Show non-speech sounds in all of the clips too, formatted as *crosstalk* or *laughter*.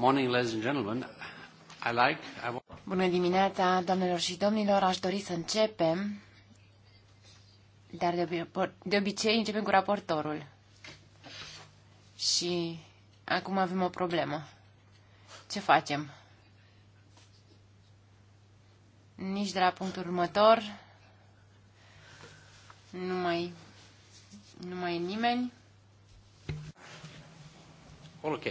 Morning, ladies and gentlemen. I like, I... Bună dimineața, doamnelor și domnilor. Aș dori să începem, dar de, obi- de obicei începem cu raportorul. Și acum avem o problemă. Ce facem? Nici de la punctul următor nu mai, nu mai e nimeni. Ok.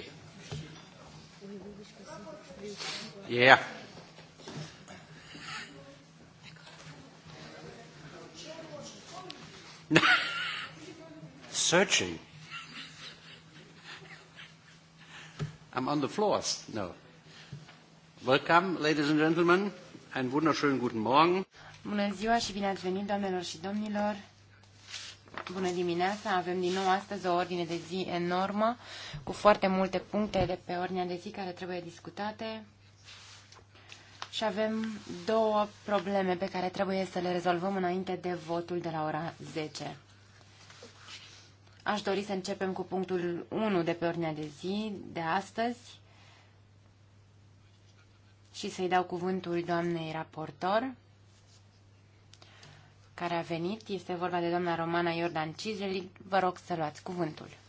Yeah. *laughs* Searching. I'm on the floors. No. Welcome, ladies and gentlemen, and wunderschönen guten Morgen. Bună ziua și bine ați venit, doamnelor și domnilor. Bună dimineața! Avem din nou astăzi o ordine de zi enormă, cu foarte multe puncte de pe ordinea de zi care trebuie discutate. Și avem două probleme pe care trebuie să le rezolvăm înainte de votul de la ora 10. Aș dori să începem cu punctul 1 de pe ordinea de zi de astăzi și să-i dau cuvântul doamnei raportor care a venit. Este vorba de doamna Romana Iordan Cizeli. Vă rog să luați cuvântul. *clears throat*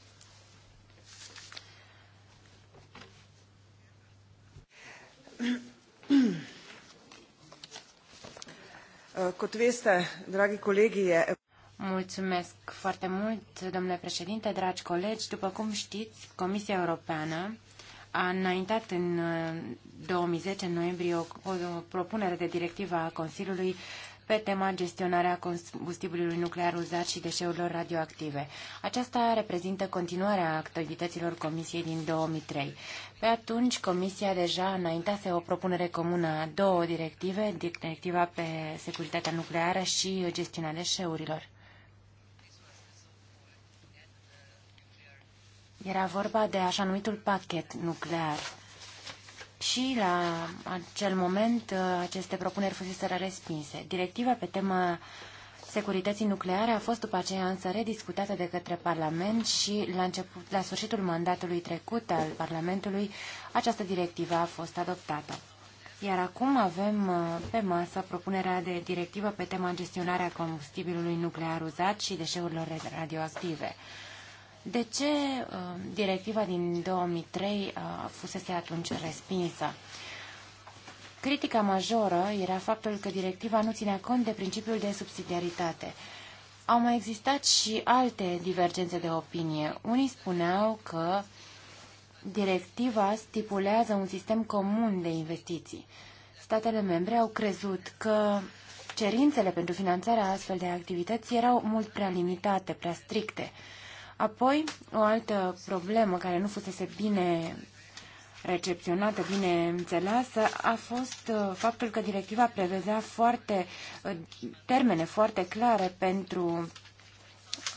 Kot veste, dragi colegi, Mulțumesc foarte mult, domnule președinte, dragi colegi. După cum știți, Comisia Europeană a înaintat în 2010, uh, în noiembrie, o, o propunere de directivă a Consiliului pe tema gestionarea combustibilului nuclear uzat și deșeurilor radioactive. Aceasta reprezintă continuarea activităților Comisiei din 2003. Pe atunci, Comisia deja înaintase o propunere comună a două directive, directiva pe securitatea nucleară și gestiunea deșeurilor. Era vorba de așa numitul pachet nuclear și la acel moment uh, aceste propuneri fusese respinse. Directiva pe tema securității nucleare a fost după aceea însă rediscutată de către Parlament și la, început, la sfârșitul mandatului trecut al Parlamentului această directivă a fost adoptată. Iar acum avem uh, pe masă propunerea de directivă pe tema gestionarea combustibilului nuclear uzat și deșeurilor radioactive. De ce uh, directiva din 2003 uh, fusese atunci respinsă? Critica majoră era faptul că directiva nu ținea cont de principiul de subsidiaritate. Au mai existat și alte divergențe de opinie. Unii spuneau că directiva stipulează un sistem comun de investiții. Statele membre au crezut că cerințele pentru finanțarea astfel de activități erau mult prea limitate, prea stricte. Apoi, o altă problemă care nu fusese bine recepționată, bine înțeleasă, a fost uh, faptul că directiva prevedea foarte, uh, termene foarte clare pentru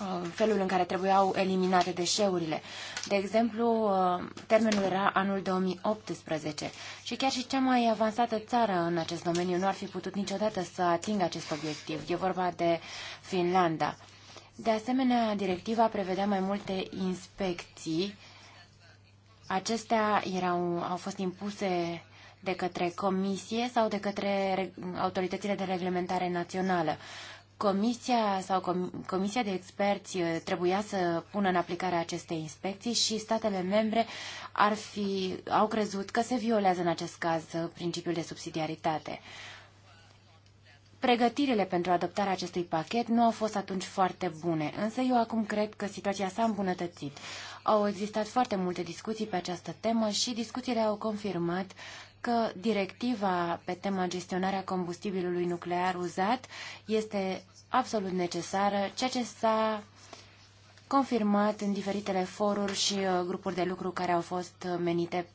uh, felul în care trebuiau eliminate deșeurile. De exemplu, termenul era anul 2018 și chiar și cea mai avansată țară în acest domeniu nu ar fi putut niciodată să atingă acest obiectiv. E vorba de Finlanda. De asemenea, directiva prevedea mai multe inspecții. Acestea erau, au fost impuse de către comisie sau de către autoritățile de reglementare națională. Comisia sau com Comisia de Experți uh, trebuia să pună în aplicare aceste inspecții și statele membre ar fi, au crezut că se violează în acest caz uh, principiul de subsidiaritate. Pregătirile pentru adoptarea acestui pachet nu au fost atunci foarte bune, însă eu acum cred că situația s-a îmbunătățit. Au existat foarte multe discuții pe această temă și discuțiile au confirmat că directiva pe tema gestionarea combustibilului nuclear uzat este absolut necesară, ceea ce s-a confirmat în diferitele foruri și uh, grupuri de lucru care au fost uh, menite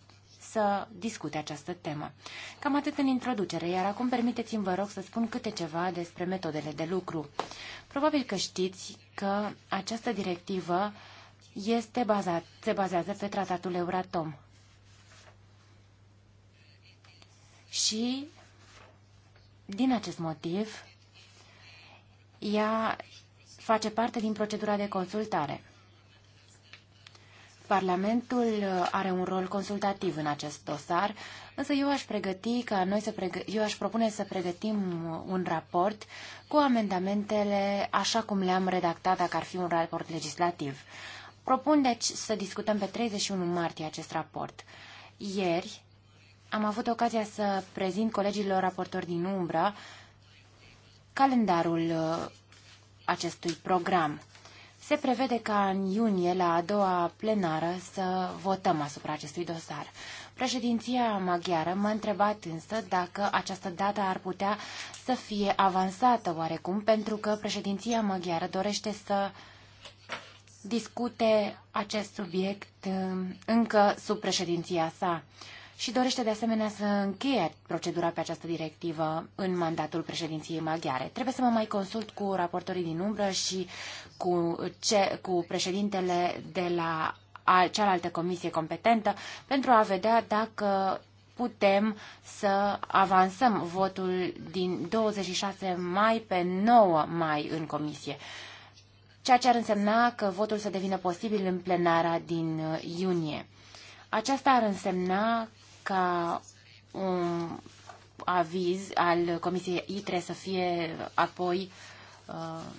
să discute această temă. Cam atât în introducere, iar acum permiteți-mi, vă rog, să spun câte ceva despre metodele de lucru. Probabil că știți că această directivă este bazat, se bazează pe tratatul Euratom. Și din acest motiv, ea face parte din procedura de consultare. Parlamentul uh, are un rol consultativ în acest dosar, însă eu aș pregăti ca noi să pregă- eu aș propune să pregătim uh, un raport cu amendamentele așa cum le-am redactat dacă ar fi un raport legislativ. Propun deci să discutăm pe 31 martie acest raport. Ieri am avut ocazia să prezint colegilor raportori din umbră calendarul uh, acestui program. Se prevede ca în iunie, la a doua plenară, să votăm asupra acestui dosar. Președinția maghiară m-a întrebat însă dacă această dată ar putea să fie avansată oarecum, pentru că președinția maghiară dorește să discute acest subiect um, încă sub președinția sa și dorește de asemenea să încheie procedura pe această directivă în mandatul președinției maghiare. Trebuie să mă mai consult cu raportorii din umbră și cu, ce, cu președintele de la cealaltă comisie competentă pentru a vedea dacă putem să avansăm votul din 26 mai pe 9 mai în comisie ceea ce ar însemna că votul să devină posibil în plenara din iunie. Aceasta ar însemna ca un aviz al Comisiei ITRE să fie apoi uh,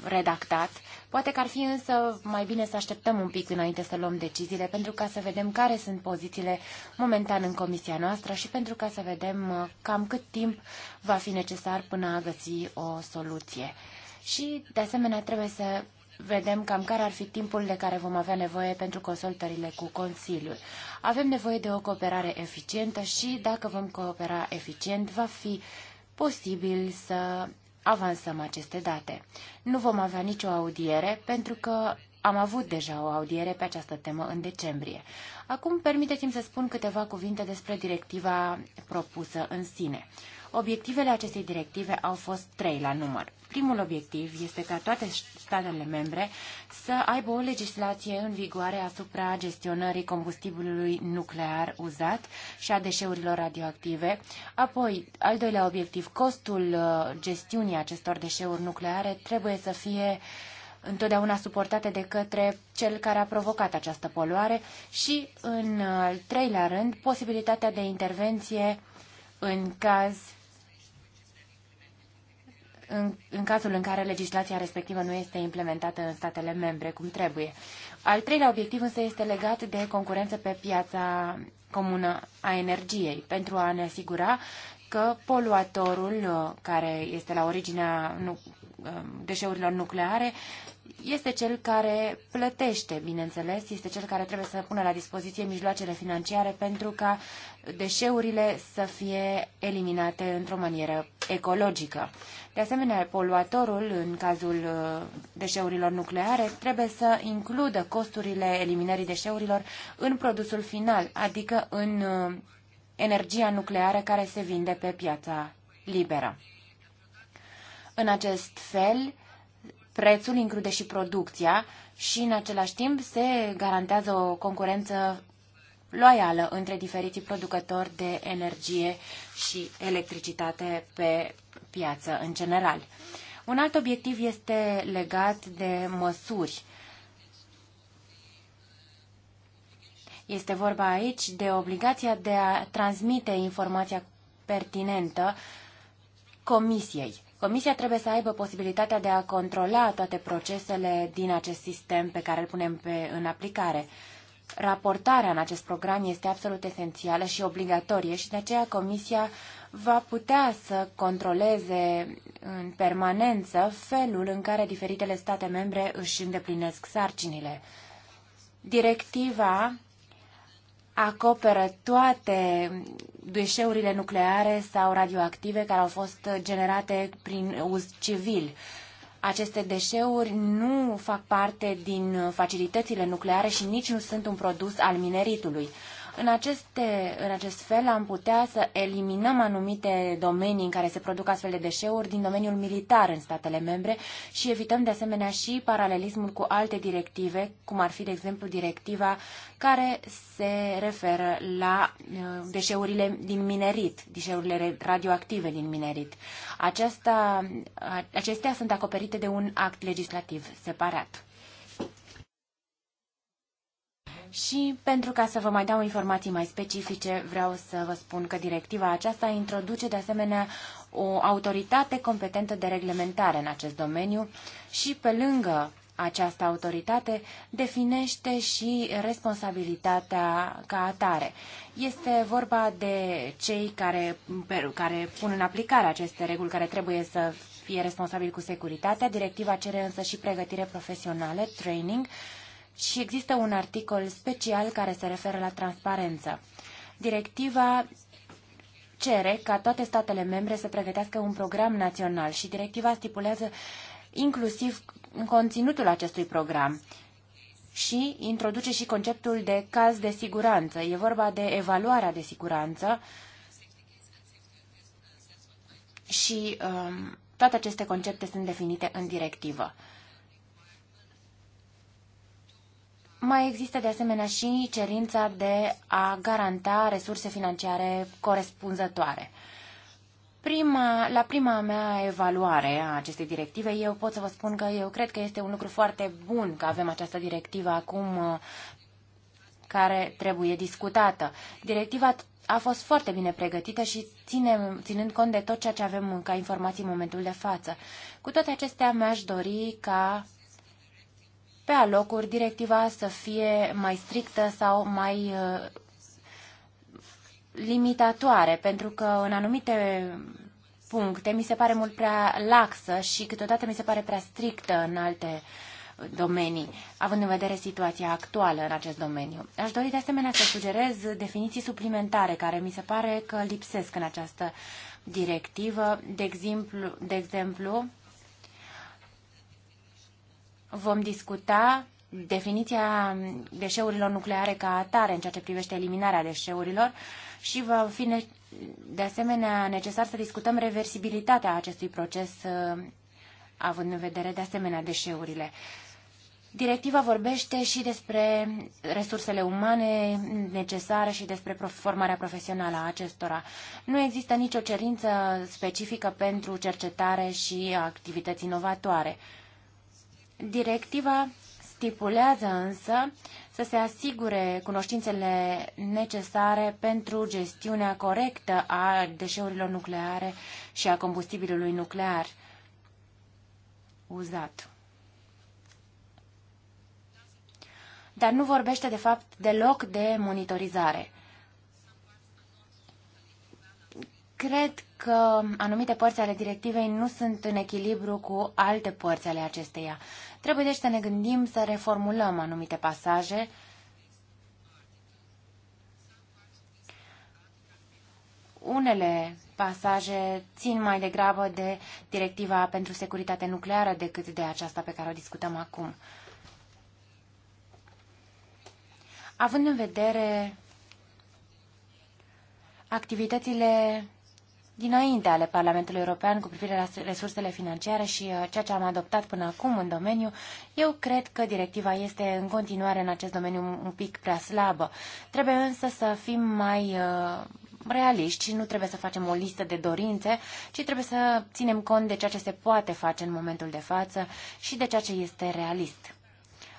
redactat. Poate că ar fi însă mai bine să așteptăm un pic înainte să luăm deciziile pentru ca să vedem care sunt pozițiile momentan în comisia noastră și pentru ca să vedem uh, cam cât timp va fi necesar până a găsi o soluție. Și, de asemenea, trebuie să vedem cam care ar fi timpul de care vom avea nevoie pentru consultările cu Consiliul. Avem nevoie de o cooperare eficientă și dacă vom coopera eficient, va fi posibil să avansăm aceste date. Nu vom avea nicio audiere pentru că am avut deja o audiere pe această temă în decembrie. Acum permiteți-mi să spun câteva cuvinte despre directiva propusă în sine. Obiectivele acestei directive au fost trei la număr. Primul obiectiv este ca toate statele membre să aibă o legislație în vigoare asupra gestionării combustibilului nuclear uzat și a deșeurilor radioactive. Apoi, al doilea obiectiv, costul uh, gestiunii acestor deșeuri nucleare trebuie să fie întotdeauna suportate de către cel care a provocat această poluare și, în al treilea rând, posibilitatea de intervenție în caz în, în cazul în care legislația respectivă nu este implementată în statele membre cum trebuie. Al treilea obiectiv însă este legat de concurență pe piața comună a energiei, pentru a ne asigura că poluatorul uh, care este la originea uh, deșeurilor nucleare este cel care plătește, bineînțeles, este cel care trebuie să pună la dispoziție mijloacele financiare pentru ca deșeurile să fie eliminate într-o manieră ecologică. De asemenea, poluatorul, în cazul uh, deșeurilor nucleare, trebuie să includă costurile eliminării deșeurilor în produsul final, adică în uh, energia nucleară care se vinde pe piața liberă. În acest fel, prețul, include și producția și în același timp se garantează o concurență loială între diferiții producători de energie și electricitate pe piață în general. Un alt obiectiv este legat de măsuri. Este vorba aici de obligația de a transmite informația pertinentă Comisiei. Comisia trebuie să aibă posibilitatea de a controla toate procesele din acest sistem pe care îl punem pe, în aplicare. Raportarea în acest program este absolut esențială și obligatorie și de aceea Comisia va putea să controleze în permanență felul în care diferitele state membre își îndeplinesc sarcinile. Directiva acoperă toate deșeurile nucleare sau radioactive care au fost generate prin uz civil. Aceste deșeuri nu fac parte din facilitățile nucleare și nici nu sunt un produs al mineritului. În, aceste, în acest fel am putea să eliminăm anumite domenii în care se produc astfel de deșeuri din domeniul militar în statele membre și evităm de asemenea și paralelismul cu alte directive, cum ar fi, de exemplu, directiva care se referă la uh, deșeurile din minerit, deșeurile radioactive din minerit. Aceasta, acestea sunt acoperite de un act legislativ separat. Și pentru ca să vă mai dau informații mai specifice, vreau să vă spun că directiva aceasta introduce de asemenea o autoritate competentă de reglementare în acest domeniu și pe lângă această autoritate definește și responsabilitatea ca atare. Este vorba de cei care, care pun în aplicare aceste reguli, care trebuie să fie responsabili cu securitatea. Directiva cere însă și pregătire profesională, training, și există un articol special care se referă la transparență. Directiva cere ca toate statele membre să pregătească un program național și directiva stipulează inclusiv conținutul acestui program și introduce și conceptul de caz de siguranță. E vorba de evaluarea de siguranță și um, toate aceste concepte sunt definite în directivă. Mai există de asemenea și cerința de a garanta resurse financiare corespunzătoare. Prima, la prima mea evaluare a acestei directive, eu pot să vă spun că eu cred că este un lucru foarte bun că avem această directivă acum uh, care trebuie discutată. Directiva a fost foarte bine pregătită și ține, ținând cont de tot ceea ce avem ca informații în momentul de față. Cu toate acestea, mi-aș dori ca pe alocuri directiva să fie mai strictă sau mai uh, limitatoare, pentru că în anumite puncte mi se pare mult prea laxă și câteodată mi se pare prea strictă în alte domenii, având în vedere situația actuală în acest domeniu. Aș dori de asemenea să sugerez definiții suplimentare care mi se pare că lipsesc în această directivă, de exemplu, de exemplu vom discuta definiția deșeurilor nucleare ca atare în ceea ce privește eliminarea deșeurilor și va fi de asemenea necesar să discutăm reversibilitatea acestui proces uh, având în vedere de asemenea deșeurile. Directiva vorbește și despre resursele umane necesare și despre formarea profesională a acestora. Nu există nicio cerință specifică pentru cercetare și activități inovatoare. Directiva stipulează însă să se asigure cunoștințele necesare pentru gestiunea corectă a deșeurilor nucleare și a combustibilului nuclear uzat. Dar nu vorbește de fapt deloc de monitorizare. Cred că anumite părți ale directivei nu sunt în echilibru cu alte părți ale acesteia. Trebuie deci să ne gândim să reformulăm anumite pasaje unele pasaje țin mai degrabă de directiva pentru securitate nucleară decât de aceasta pe care o discutăm acum. Având în vedere activitățile dinainte ale Parlamentului European cu privire la resursele financiare și uh, ceea ce am adoptat până acum în domeniu, eu cred că directiva este în continuare în acest domeniu un pic prea slabă. Trebuie însă să fim mai uh, realiști și nu trebuie să facem o listă de dorințe, ci trebuie să ținem cont de ceea ce se poate face în momentul de față și de ceea ce este realist.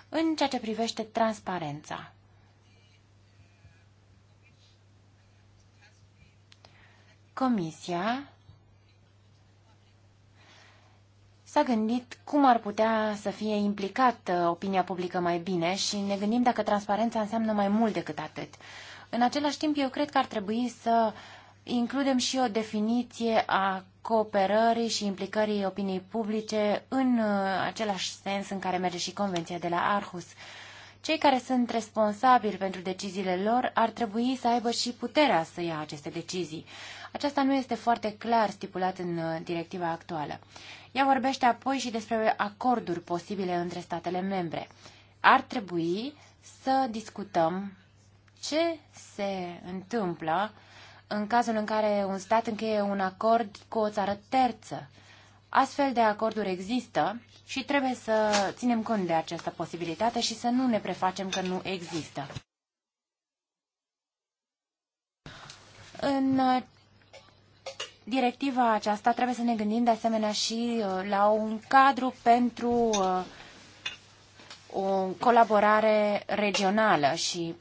În ceea ce privește transparența. Comisia s-a gândit cum ar putea să fie implicată opinia publică mai bine și ne gândim dacă transparența înseamnă mai mult decât atât. În același timp, eu cred că ar trebui să includem și o definiție a cooperării și implicării opiniei publice în uh, același sens în care merge și Convenția de la Arhus. Cei care sunt responsabili pentru deciziile lor ar trebui să aibă și puterea să ia aceste decizii. Aceasta nu este foarte clar stipulat în uh, directiva actuală. Ea vorbește apoi și despre acorduri posibile între statele membre. Ar trebui să discutăm ce se întâmplă în cazul în care un stat încheie un acord cu o țară terță. Astfel de acorduri există și trebuie să ținem cont de această posibilitate și să nu ne prefacem că nu există. În uh, directiva aceasta trebuie să ne gândim de asemenea și uh, la un cadru pentru uh, o colaborare regională și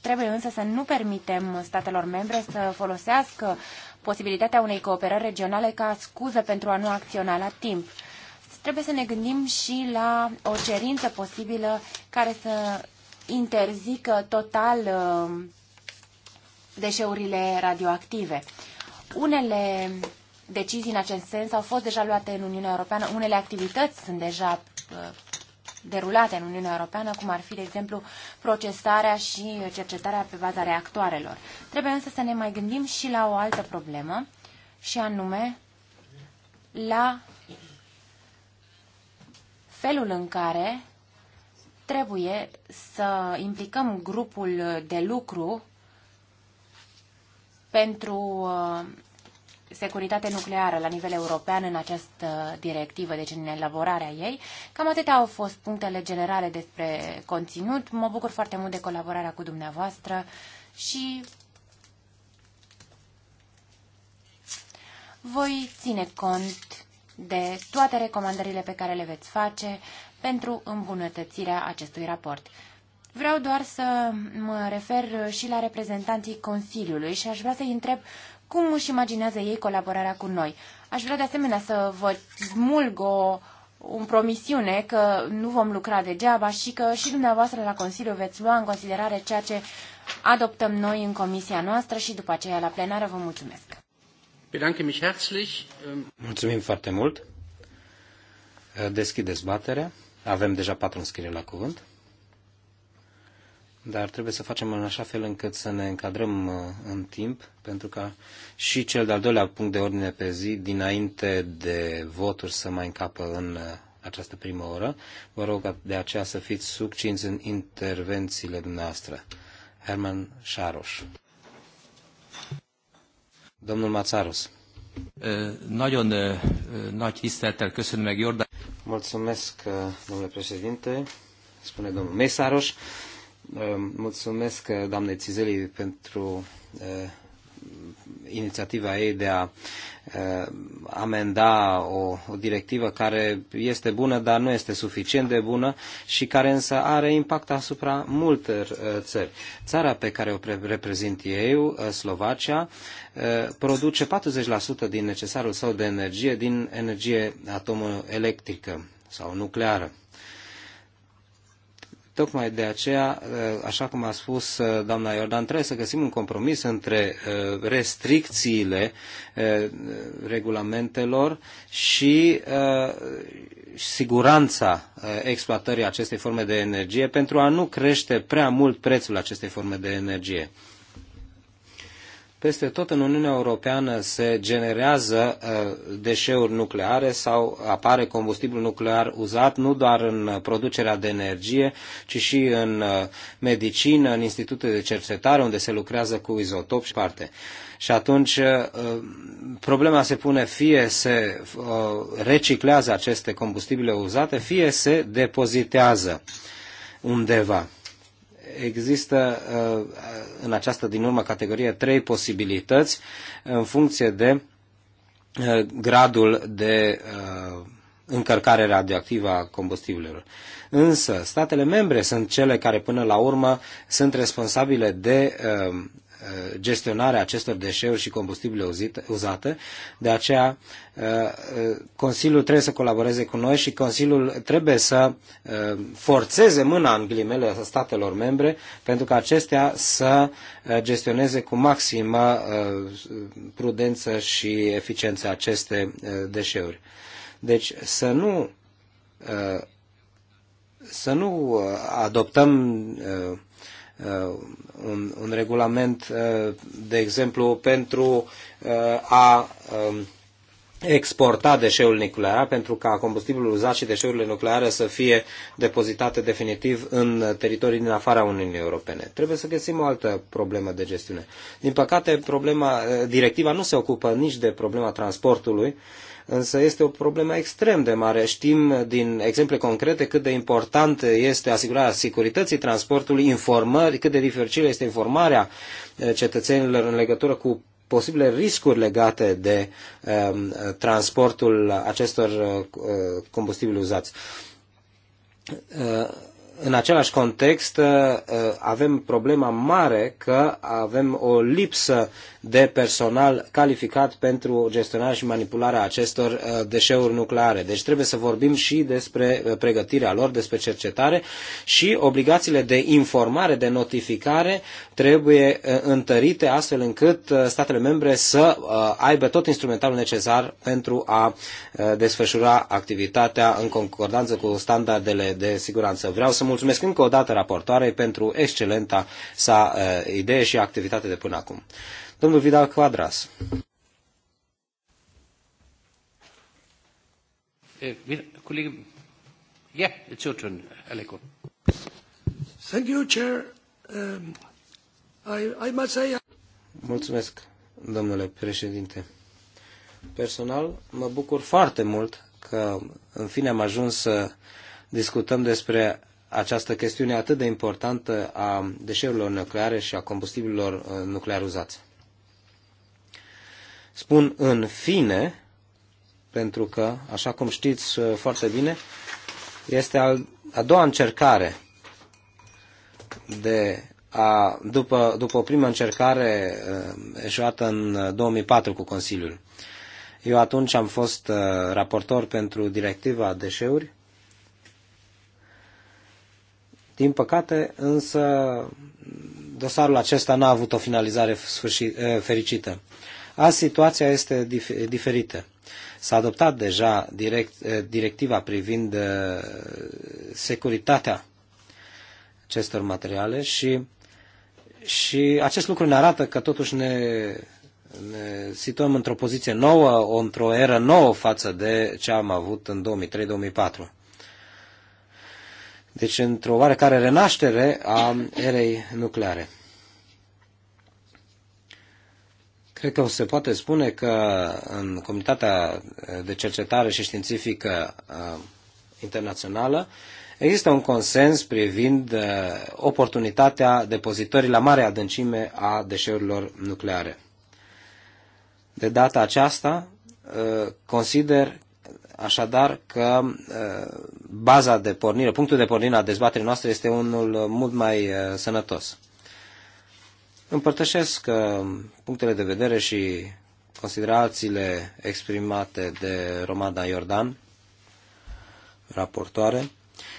trebuie însă să nu permitem statelor membre să folosească posibilitatea unei cooperări regionale ca scuză pentru a nu acționa la timp. Trebuie să ne gândim și la o cerință posibilă care să interzică total uh, deșeurile radioactive. Unele decizii în acest sens au fost deja luate în Uniunea Europeană, unele activități sunt deja uh, derulate în Uniunea Europeană, cum ar fi, de exemplu, procesarea și cercetarea pe baza reactoarelor. Trebuie însă să ne mai gândim și la o altă problemă, și anume la felul în care trebuie să implicăm grupul de lucru pentru uh, securitate nucleară la nivel european în această directivă, deci în elaborarea ei. Cam atâtea au fost punctele generale despre conținut. Mă bucur foarte mult de colaborarea cu dumneavoastră și voi ține cont de toate recomandările pe care le veți face pentru îmbunătățirea acestui raport. Vreau doar să mă refer și la reprezentanții Consiliului și aș vrea să-i întreb cum își imaginează ei colaborarea cu noi. Aș vrea de asemenea să vă smulg o, o promisiune că nu vom lucra degeaba și că și dumneavoastră la Consiliu veți lua în considerare ceea ce adoptăm noi în comisia noastră și după aceea la plenară vă mulțumesc. Ähm, Mulțumim foarte mult. Deschid dezbaterea. Avem deja patru înscrieri la cuvânt dar trebuie să facem în așa fel încât să ne încadrăm uh, în timp, pentru ca și cel de-al doilea punct de ordine pe zi, dinainte de voturi, să mai încapă în uh, această primă oră. Vă rog de aceea să fiți succinți în intervențiile dumneavoastră. Herman Sáros. Domnul Mațaros. Uh, Mulțumesc, domnule președinte, spune domnul Mészáros. Mulțumesc uh, doamnei Țizeli pentru uh, inițiativa ei de a uh, amenda o, o directivă care este bună, dar nu este suficient de bună și care însă are impact asupra multor țări. Țara pe care o reprezint eu, Slovacia, produce 40% din necesarul său de energie din energie atomoelectrică sau nucleară. Tocmai de aceea, uh, așa cum a spus uh, doamna Iordan, trebuie să găsim un compromis între uh, restricțiile regulamentelor și siguranța exploatării acestei forme de energie pentru a nu crește prea mult prețul acestei forme de energie peste tot în Uniunea Europeană se generează uh, deșeuri nucleare sau apare combustibil nuclear uzat nu doar în uh, producerea de energie, ci și în uh, medicină, în institute de cercetare unde se lucrează cu izotop și parte. Și atunci problema se pune fie se reciclează aceste combustibile uzate, fie se depozitează undeva există uh, în această din urmă categorie trei posibilități în funcție de uh, gradul de uh, încărcare radioactivă a combustibilelor. Însă, statele membre sunt cele care până la urmă sunt responsabile de uh, Uh, gestionarea acestor deșeuri și combustibile uzate. De aceea, uh, uh, Consiliul trebuie să colaboreze cu noi și Consiliul trebuie să forțeze mâna în ghilimele statelor membre pentru ca acestea să gestioneze cu maximă prudență și eficiență aceste deșeuri. Deci să nu să nu adoptăm Uh, un, un regulament, uh, de exemplu, pentru uh, a um, exporta deșeul nuclear pentru ca combustibilul uzat și deșeurile nucleare să fie depozitate definitiv în teritorii din afara Uniunii Europene. Trebuie să găsim o altă problemă de gestiune. Din păcate, problema, directiva nu se ocupă nici de problema transportului, uh, însă este o problemă extrem de mare. Știm din exemple concrete cât de important este asigurarea securității transportului, informări, cât de dificilă este informarea eh, cetățenilor în legătură cu posibile riscuri legate de uh, transportul acestor uh, combustibili uzați. Uh, în același context avem problema mare că avem o lipsă de personal calificat pentru gestionarea și manipularea acestor uh, deșeuri nucleare. Deci trebuie să vorbim și despre uh, pregătirea lor, despre cercetare și obligațiile de informare, de notificare trebuie uh, întărite astfel încât statele membre să aibă tot instrumentalul necesar pentru a desfășura activitatea în concordanță cu standardele de siguranță. Vreau să mulțumesc încă o dată raportoarei pentru excelenta sa idee și activitate de până acum. Domnul Vidal Quadras. Eh, yeah, it's your turn, Aleko. Thank you, Chair. Um, I, I must say... Mulțumesc, domnule președinte. Personal, mă bucur foarte mult că în fine am ajuns să discutăm despre această chestiune atât de importantă a deșeurilor nucleare și a combustibililor uh, nuclear uzați. Spun în fine, pentru că, așa cum știți uh, foarte bine, este al, a doua încercare de a, după, după o primă încercare uh, eșuată în 2004 uh, cu Consiliul. Eu atunci am fost raportor pentru directiva deșeuri. Din păcate, însă, dosarul acesta n-a avut o finalizare fericită. Azi situația este dif- diferită. S-a adoptat deja direct, eh, directiva privind eh, securitatea acestor materiale și, și acest lucru ne arată că totuși ne, ne situăm într-o poziție nouă, într-o eră nouă față de ce am avut în 2003-2004. Deci într-o oarecare renaștere a erei nucleare. Cred că se poate spune că în comunitatea de cercetare și științifică uh, internațională există un consens privind uh, oportunitatea depozitării la mare adâncime a deșeurilor nucleare. De data aceasta, uh, consider așadar că baza de pornire, punctul de pornire a dezbaterii noastre este unul mult mai sănătos. Împărtășesc uh, punctele de vedere și considerațiile exprimate de Romana Iordan, raportoare,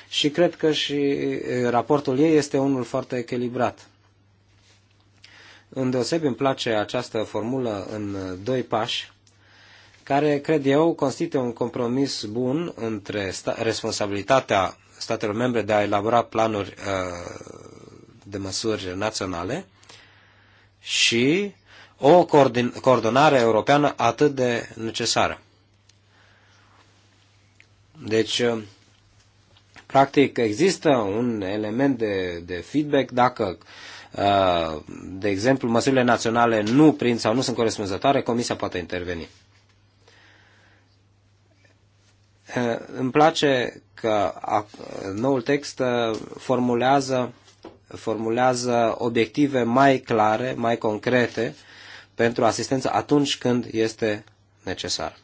și cred că și uh, raportul ei este unul foarte echilibrat. Îndeosebi îmi place această formulă în doi pași, care, cred eu, constituie un compromis bun între sta responsabilitatea statelor membre de a elabora planuri uh, de măsuri naționale și o coordonare europeană atât de necesară. Deci, uh, practic, există un element de, de feedback dacă, uh, de exemplu, măsurile naționale nu prind sau nu sunt corespunzătoare, Comisia poate interveni. Uh, îmi place că noul text formulează formulează obiective mai clare, mai concrete pentru asistență atunci când este necesar.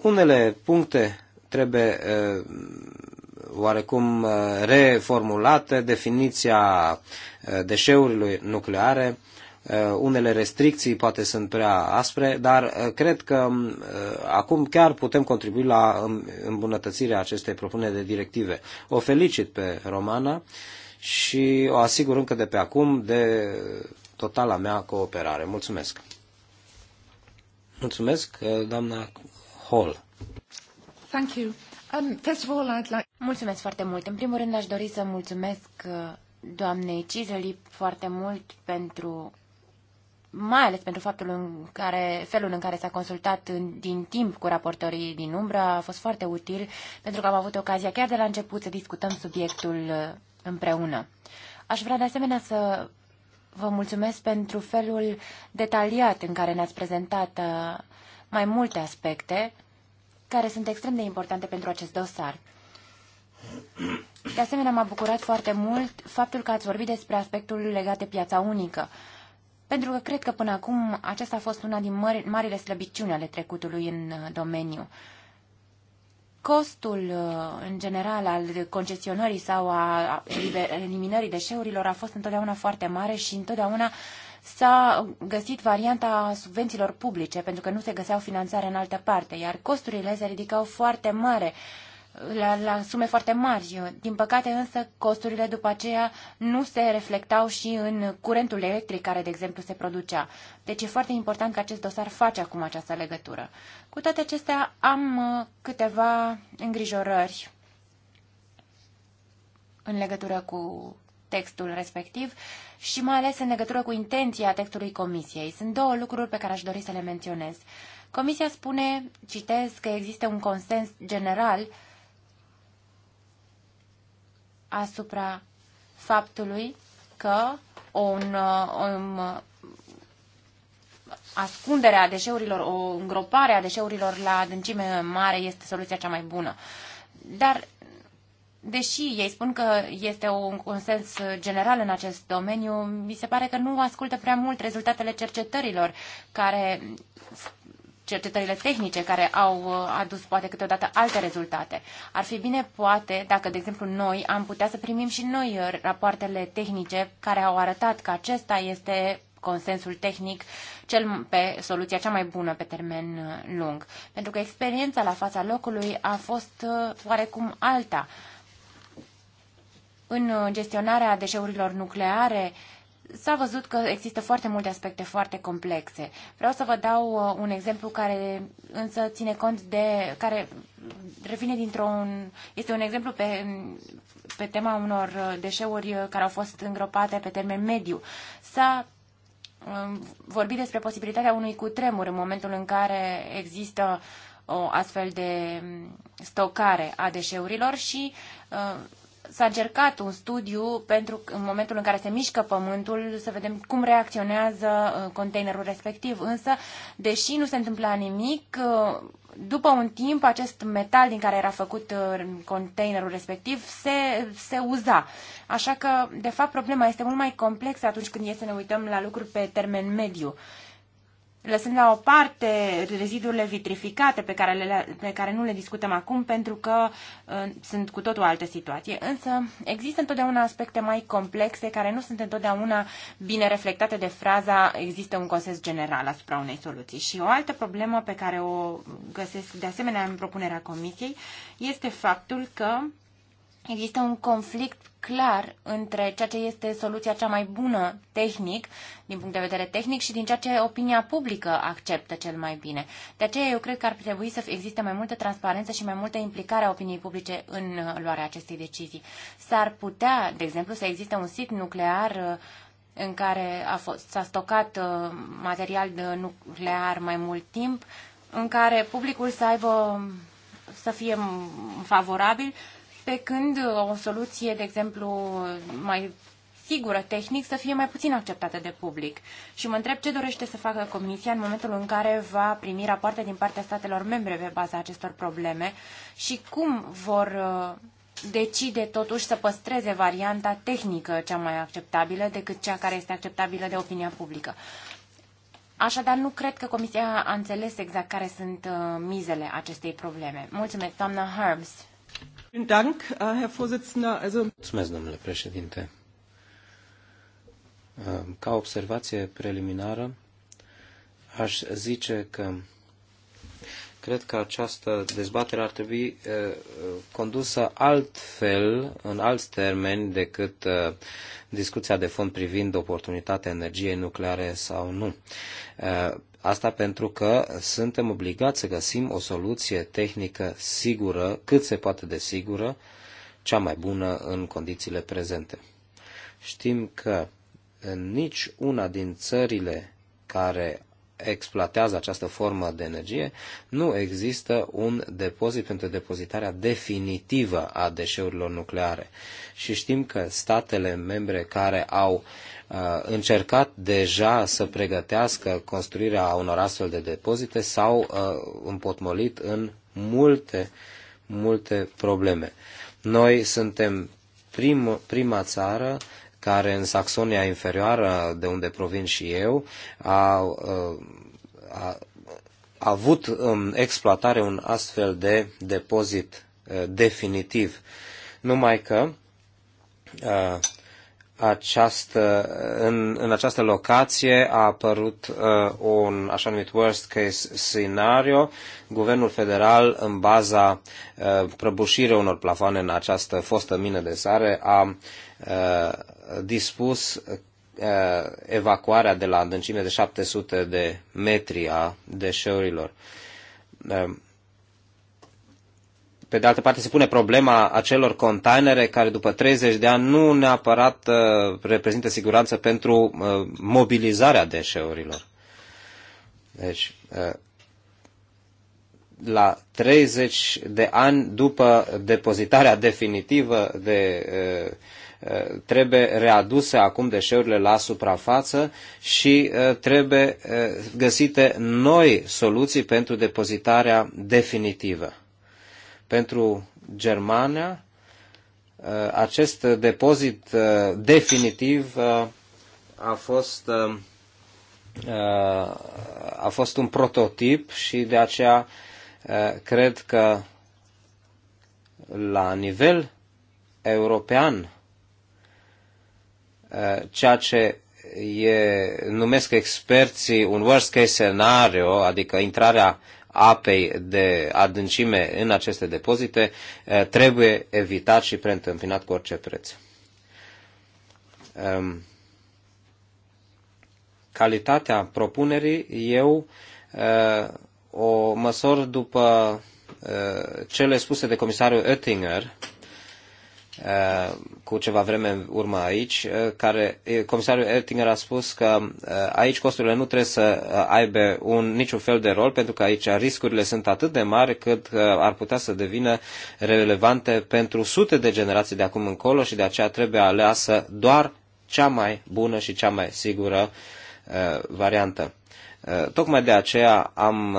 Unele puncte trebuie eh, oarecum eh, reformulate, definiția eh, deșeurilor nucleare, unele restricții poate sunt prea aspre, dar cred că mm, acum chiar putem contribui la mm, îmbunătățirea acestei propuneri de directive. O felicit pe Romana și o asigur încă de pe acum de totala mea cooperare. Mulțumesc! Mulțumesc, uh, doamna Hall. Thank you. Um, first of all, I'd like... Mulțumesc foarte mult. În primul rând, aș dori să mulțumesc uh, doamnei Cizeli foarte mult pentru mai ales pentru faptul în care, felul în care s-a consultat în, din timp cu raportorii din umbră a fost foarte util, pentru că am avut ocazia chiar de la început să discutăm subiectul uh, împreună. Aș vrea de asemenea să vă mulțumesc pentru felul detaliat în care ne-ați prezentat uh, mai multe aspecte care sunt extrem de importante pentru acest dosar. De asemenea, m-a bucurat foarte mult faptul că ați vorbit despre aspectul legat de piața unică, pentru că cred că până acum acesta a fost una din marile slăbiciuni ale trecutului în uh, domeniu costul uh, în general al concesionării sau a eliminării deșeurilor a fost întotdeauna foarte mare și întotdeauna s-a găsit varianta subvențiilor publice, pentru că nu se găseau finanțare în altă parte, iar costurile se ridicau foarte mare la, la sume foarte mari. Din păcate însă costurile după aceea nu se reflectau și în curentul electric care, de exemplu, se producea. Deci e foarte important că acest dosar face acum această legătură. Cu toate acestea am uh, câteva îngrijorări în legătură cu textul respectiv și mai ales în legătură cu intenția textului comisiei. Sunt două lucruri pe care aș dori să le menționez. Comisia spune, citez, că există un consens general uh, asupra faptului că un, uh, un, uh, ascunderea deșeurilor, o îngropare a deșeurilor la adâncime mare este soluția cea mai bună. Dar, deși ei spun că este un consens general în acest domeniu, mi se pare că nu ascultă prea mult rezultatele cercetărilor care cercetările tehnice care au uh, adus poate câteodată alte rezultate. Ar fi bine poate dacă, de exemplu, noi am putea să primim și noi uh, rapoartele tehnice care au arătat că acesta este consensul tehnic cel pe soluția cea mai bună pe termen uh, lung. Pentru că experiența la fața locului a fost oarecum alta. În gestionarea deșeurilor nucleare, S-a văzut că există foarte multe aspecte foarte complexe. Vreau să vă dau uh, un exemplu care însă ține cont de, care revine dintr-un, este un exemplu pe, pe tema unor uh, deșeuri uh, care au fost îngropate pe termen mediu. S-a um, vorbit despre posibilitatea unui cutremur în momentul în care există o astfel de um, stocare a deșeurilor și s-a încercat un studiu pentru în momentul în care se mișcă pământul să vedem cum reacționează uh, containerul respectiv. Însă, deși nu se întâmpla nimic, uh, după un timp acest metal din care era făcut uh, containerul respectiv se, se uza. Așa că, de fapt, problema este mult mai complexă atunci când e să ne uităm la lucruri pe termen mediu lăsând la o parte rezidurile vitrificate pe care, le, pe care nu le discutăm acum pentru că uh, sunt cu totul alte situații. Însă există întotdeauna aspecte mai complexe care nu sunt întotdeauna bine reflectate de fraza există un consens general asupra unei soluții. Și o altă problemă pe care o găsesc de asemenea în propunerea comisiei este faptul că există un conflict clar între ceea ce este soluția cea mai bună tehnic, din punct de vedere tehnic, și din ceea ce opinia publică acceptă cel mai bine. De aceea eu cred că ar trebui să existe mai multă transparență și mai multă implicare a opiniei publice în luarea acestei decizii. S-ar putea, de exemplu, să existe un sit nuclear uh, în care a fost, s-a stocat uh, material nuclear mai mult timp, în care publicul să aibă să fie favorabil pe când o soluție, de exemplu, mai sigură tehnic să fie mai puțin acceptată de public. Și mă întreb ce dorește să facă Comisia în momentul în care va primi rapoarte din partea statelor membre pe baza acestor probleme și cum vor uh, decide totuși să păstreze varianta tehnică cea mai acceptabilă decât cea care este acceptabilă de opinia publică. Așadar, nu cred că Comisia a înțeles exact care sunt uh, mizele acestei probleme. Mulțumesc, doamna Harms. Äh, Mulțumesc, domnule președinte. Ca observație preliminară, aș zice că cred că această dezbatere ar trebui condusă altfel, în alți termeni, decât discuția de fond privind oportunitatea energiei nucleare sau nu. Asta pentru că suntem obligați să găsim o soluție tehnică sigură, cât se poate de sigură, cea mai bună în condițiile prezente. Știm că în nici una din țările care exploatează această formă de energie, nu există un depozit pentru depozitarea definitivă a deșeurilor nucleare. Și știm că statele membre care au uh, încercat deja să pregătească construirea unor astfel de depozite s-au uh, împotmolit în multe, multe probleme. Noi suntem prim, prima țară care în Saxonia inferioară, de unde provin și eu, a, a, a avut în um, exploatare un astfel de depozit uh, definitiv. Numai că a, uh, această, în, în această locație a apărut uh, un așa numit worst case scenario. Guvernul federal, în baza uh, prăbușirii unor plafoane în această fostă mină de sare, a Uh, dispus uh, evacuarea de la adâncime de 700 de metri a deșeurilor. Um, pe de altă parte, se pune problema acelor containere care după 30 de ani nu neapărat uh, reprezintă siguranță pentru mobilizarea deșeurilor. Deci, la 30 de ani după depozitarea definitivă de uh, trebuie readuse acum deșeurile la suprafață și uh, trebuie uh, găsite noi soluții pentru depozitarea definitivă. Pentru Germania, uh, acest depozit definitiv a fost, a fost un prototip și de aceea cred că la nivel european Eh, ceea ce e, numesc experții un worst case scenario, adică intrarea apei de adâncime în aceste depozite, eh, trebuie evitat și preîntâmpinat cu orice preț. Ehm, calitatea propunerii, eu eh, o măsor după cele spuse de comisarul Oettinger, Uh, cu ceva vreme în urmă aici, uh, care comisarul Ertinger a spus că uh, aici costurile nu trebuie să aibă un, niciun fel de rol, pentru că aici riscurile sunt atât de mari cât ar putea să devină relevante pentru sute de generații de acum încolo și de aceea trebuie aleasă doar cea mai bună și cea mai sigură variantă. tocmai de aceea am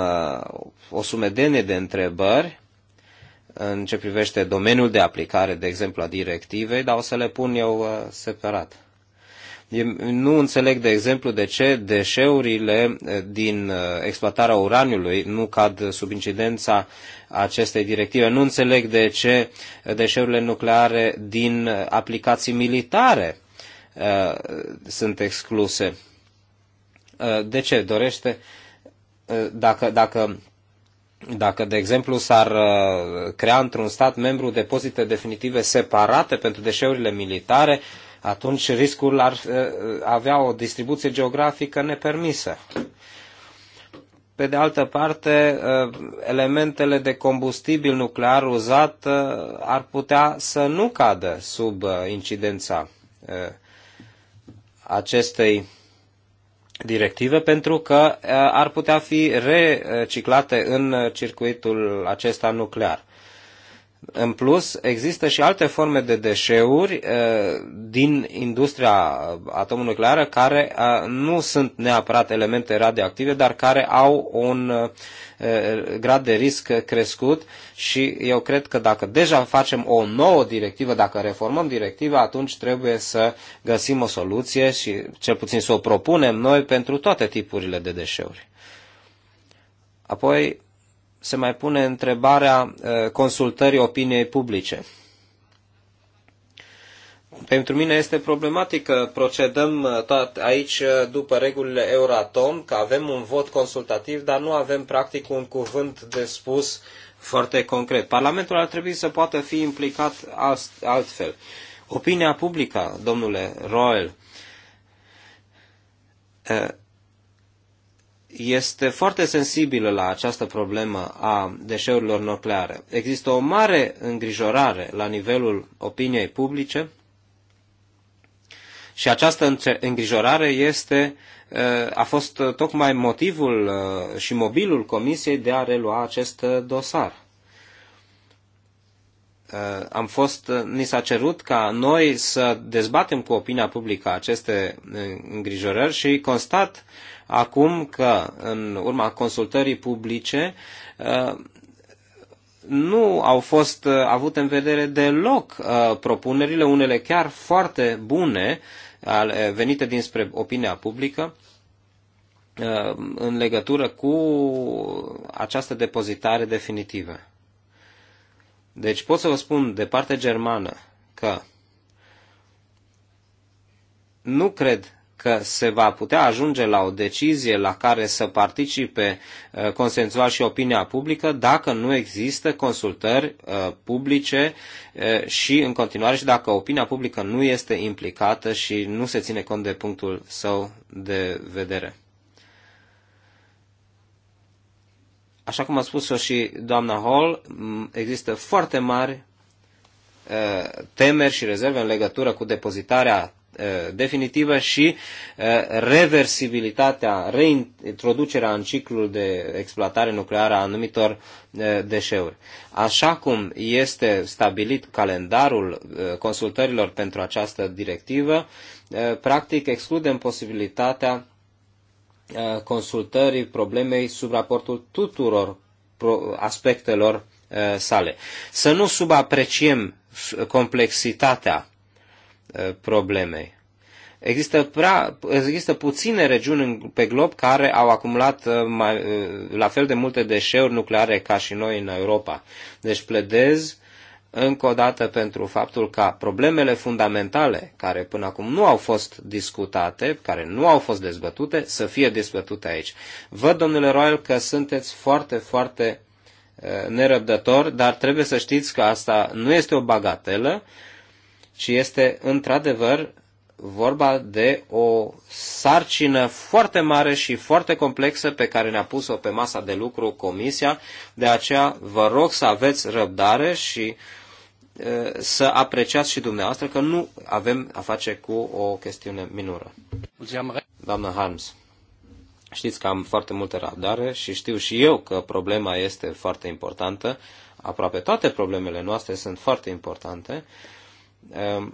o sumedenie de întrebări în ce privește domeniul de aplicare, de exemplu, a directivei, dar o să le pun eu uh, separat. Nu înțeleg, de exemplu, de ce deșeurile uh, din uh, exploatarea uraniului nu cad sub incidența acestei directive. Nu înțeleg de ce deșeurile nucleare din aplicații militare sunt excluse. de ce? Dorește, dacă, dacă dacă, de exemplu, s-ar uh, crea într-un stat membru depozite definitive separate pentru deșeurile militare, atunci riscul ar uh, avea o distribuție geografică nepermisă. Pe de altă parte, uh, elementele de combustibil nuclear uzat ar putea să nu cadă sub incidența acestei directive pentru că uh, ar putea fi reciclate în circuitul acesta nuclear. În plus, există și alte forme de deșeuri uh, din industria atomonucleară care uh, nu sunt neapărat elemente radioactive, dar care au un uh, grad de risc crescut și eu cred că dacă deja facem o nouă directivă, dacă reformăm directiva, atunci trebuie să găsim o soluție și cel puțin să o propunem noi pentru toate tipurile de deșeuri. Apoi, se mai pune întrebarea uh, consultării opiniei publice. Pentru mine este problematic că procedăm uh, tot aici uh, după regulile Euratom, că avem un vot consultativ, dar nu avem practic un cuvânt de spus foarte concret. Parlamentul ar trebui să poată fi implicat altfel. Opinia publică, domnule Royal, este foarte sensibilă la această problemă a deșeurilor nucleare. Există o mare îngrijorare la nivelul opiniei publice și această îngrijorare este, uh, a fost tocmai motivul uh, și mobilul Comisiei de a relua acest uh, dosar. Am fost, ni s-a cerut ca noi să dezbatem cu opinia publică aceste îngrijorări și constat uh, acum că, în urma consultării publice, uh, nu au fost uh, avute în vedere deloc uh, propunerile, unele chiar foarte bune, venite dinspre opinia publică, în legătură cu această depozitare definitivă. Deci pot să vă spun de partea germană că nu cred că se va putea ajunge la o decizie la care să participe uh, consensual și opinia publică dacă nu există consultări uh, publice uh, și în continuare și dacă opinia publică nu este implicată și nu se ține cont de punctul său de vedere. Așa cum a spus-o și doamna Hall, există foarte mari temeri și rezerve în legătură cu depozitarea Eh, definitivă și eh, reversibilitatea, reintroducerea în ciclul de exploatare nucleară a anumitor eh, deșeuri. Așa cum este stabilit calendarul consultărilor pentru această directivă, practic excludem posibilitatea consultării problemei sub raportul tuturor aspectelor sale. Să nu subapreciem complexitatea Uh, problemei. Există, prea, există puține regiuni pe glob care au acumulat uh, mai, uh, la fel de multe deșeuri nucleare ca și noi în Europa. Deci pledez încă o dată pentru faptul că problemele fundamentale care până acum nu au fost discutate, care nu au fost dezbătute, să fie dezbătute aici. Văd, domnule Royal, că sunteți foarte, foarte nerăbdător, dar trebuie să știți că asta nu este o bagatelă, ci este într-adevăr vorba de o sarcină foarte mare și foarte complexă pe care ne-a pus-o pe masa de lucru Comisia. De aceea vă rog să aveți răbdare și să apreciați și dumneavoastră că nu avem a face cu o chestiune minoră. Doamnă Harms, știți că am foarte multă răbdare și știu și eu că problema este foarte importantă. Aproape toate problemele noastre sunt foarte importante Ehm,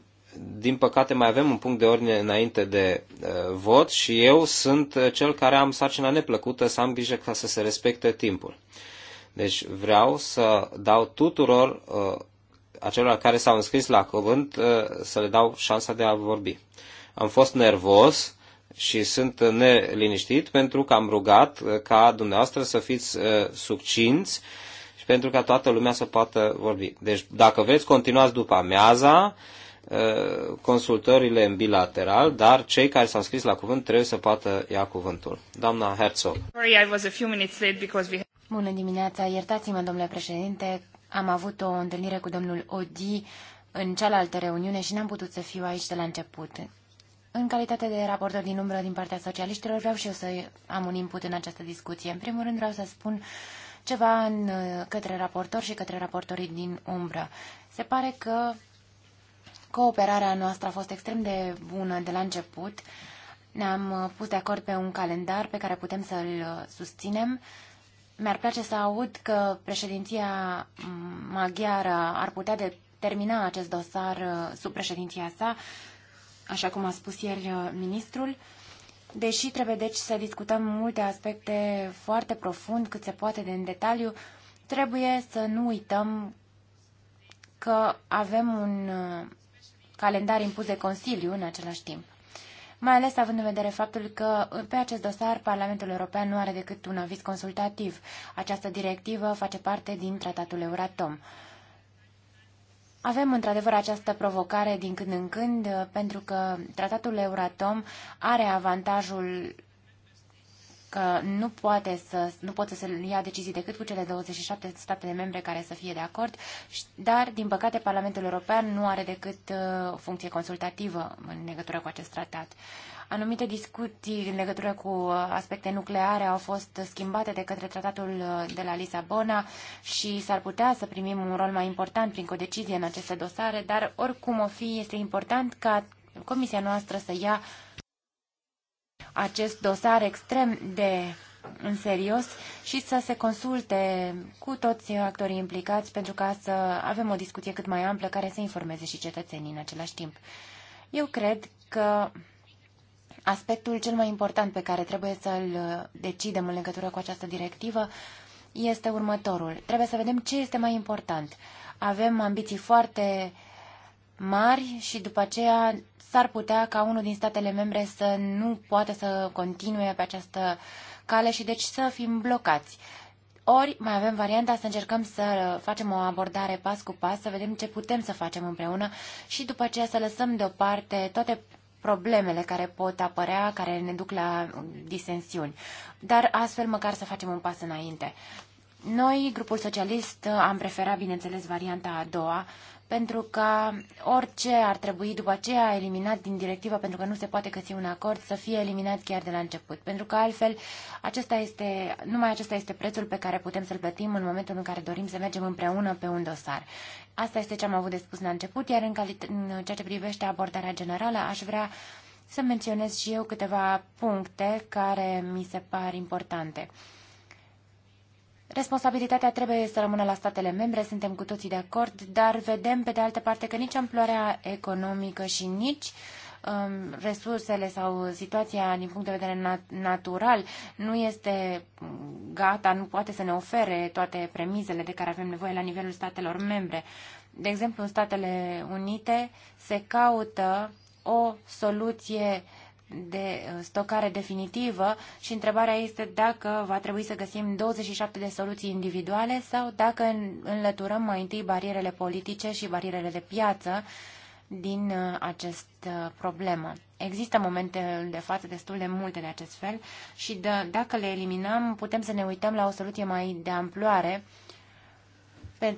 din păcate mai avem un punct de ordine înainte de eh, vot și eu sunt eh, cel care am sarcina neplăcută să am grijă ca să se respecte timpul. Deci vreau să dau tuturor eh, acelor care s-au înscris la cuvânt să le dau șansa de a vorbi. Am fost nervos și sunt neliniștit pentru că am rugat ca dumneavoastră să fiți succinți pentru ca toată lumea să poată vorbi. Deci, dacă vreți, continuați după amiaza, uh, consultările în bilateral, dar cei care s-au scris la cuvânt trebuie să poată ia cuvântul. Doamna Herzog. Bună dimineața, iertați-mă, domnule președinte, am avut o întâlnire cu domnul Odi în cealaltă reuniune și n-am putut să fiu aici de la început. În calitate de raportor din umbră din partea socialiștilor, vreau și eu să am un input în această discuție. În primul rând vreau să spun ceva în, uh, către raportor și către raportorii din umbră. Se pare că cooperarea noastră a fost extrem de bună de la început. Ne-am uh, pus de acord pe un calendar pe care putem să-l uh, susținem. Mi-ar place să aud că președinția mm, maghiară ar putea de termina acest dosar sub președinția sa, așa cum a spus ieri ministrul. Deși trebuie deci să discutăm multe aspecte foarte profund, cât se poate de în detaliu, trebuie să nu uităm că avem un uh, calendar impus de Consiliu în același timp. Mai ales având în vedere faptul că uh, pe acest dosar Parlamentul European nu are decât un aviz consultativ. Această directivă face parte din tratatul Euratom. Avem într-adevăr această provocare din când în când, pentru că tratatul Euratom are avantajul că nu, poate să, nu pot să se ia decizii decât cu cele 27 state de membre care să fie de acord, dar, din păcate, Parlamentul European nu are decât uh, funcție consultativă în legătură cu acest tratat. Anumite discuții în legătură cu uh, aspecte nucleare au fost schimbate de către tratatul uh, de la Lisabona și s-ar putea să primim un rol mai important prin codecizie în aceste dosare, dar oricum o fi, este important ca Comisia noastră să ia acest dosar extrem de în serios și să se consulte cu toți actorii implicați pentru ca să avem o discuție cât mai amplă care să informeze și cetățenii în același timp. Eu cred că aspectul cel mai important pe care trebuie să-l decidem în legătură cu această directivă este următorul. Trebuie să vedem ce este mai important. Avem ambiții foarte mari și după aceea s-ar putea ca unul din statele membre să nu poată să continue pe această cale și deci să fim blocați. Ori mai avem varianta să încercăm să facem o abordare pas cu pas, să vedem ce putem să facem împreună și după aceea să lăsăm deoparte toate problemele care pot apărea, care ne duc la disensiuni. Dar astfel măcar să facem un pas înainte. Noi, grupul socialist, am preferat, bineînțeles, varianta a doua, pentru că orice ar trebui după aceea eliminat din directivă, pentru că nu se poate găsi un acord, să fie eliminat chiar de la început. Pentru că altfel, acesta este, numai acesta este prețul pe care putem să-l plătim în momentul în care dorim să mergem împreună pe un dosar. Asta este ce am avut de spus la început, iar în, în ceea ce privește abordarea generală, aș vrea să menționez și eu câteva puncte care mi se par importante. Uh, Responsabilitatea trebuie să rămână la statele membre, suntem cu toții de acord, dar vedem pe de altă parte că nici amploarea economică și nici um, resursele sau situația din punct de vedere nat- natural nu este gata, nu poate să ne ofere toate premizele de care avem nevoie la nivelul statelor membre. De exemplu, în Statele Unite se caută o soluție uh, de uh, stocare definitivă și întrebarea este dacă va trebui să găsim 27 de soluții individuale sau dacă înlăturăm mai întâi barierele politice și barierele de piață din uh, această uh, problemă. Există momente de față destul de multe de acest fel și de, dacă le eliminăm, putem să ne uităm la o soluție mai de amploare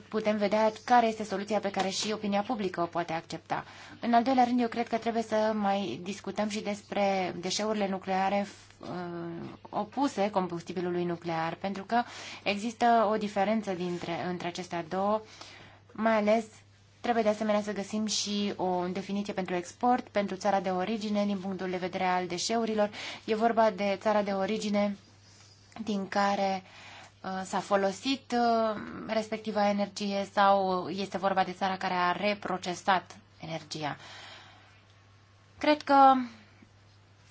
putem vedea care este soluția pe care și opinia publică o poate accepta. În al doilea rând, eu cred că trebuie să mai discutăm și despre deșeurile nucleare uh, opuse combustibilului nuclear, pentru că există o diferență dintre, între acestea două, mai ales Trebuie de asemenea să găsim și o definiție pentru export, pentru țara de origine, din punctul de vedere al deșeurilor. E vorba de țara de origine din care Uh, s-a folosit uh, respectiva energie sau este vorba de țara care a reprocesat energia. Cred că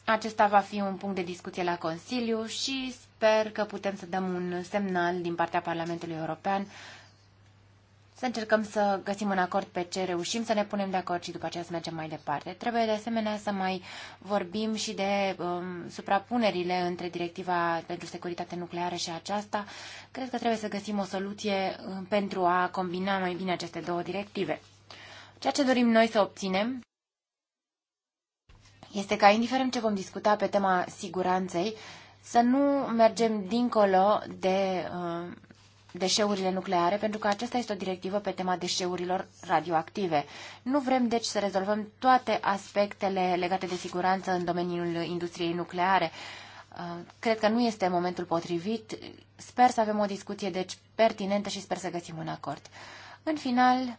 acesta va fi un punct de discuție la Consiliu și sper că putem să dăm un semnal din partea Parlamentului European să încercăm să găsim un acord pe ce reușim, să ne punem de acord și după aceea să mergem mai departe. Trebuie de asemenea să mai vorbim și de um, suprapunerile între directiva pentru securitate nucleară și aceasta. Cred că trebuie să găsim o soluție um, pentru a combina mai bine aceste două directive. Ceea ce dorim noi să obținem este ca, indiferent ce vom discuta pe tema siguranței, să nu mergem dincolo de uh, deșeurile nucleare, pentru că aceasta este o directivă pe tema deșeurilor radioactive. Nu vrem, deci, să rezolvăm toate aspectele legate de siguranță în domeniul industriei nucleare. Uh, cred că nu este momentul potrivit. Sper să avem o discuție, deci, pertinentă și sper să găsim un acord. În final,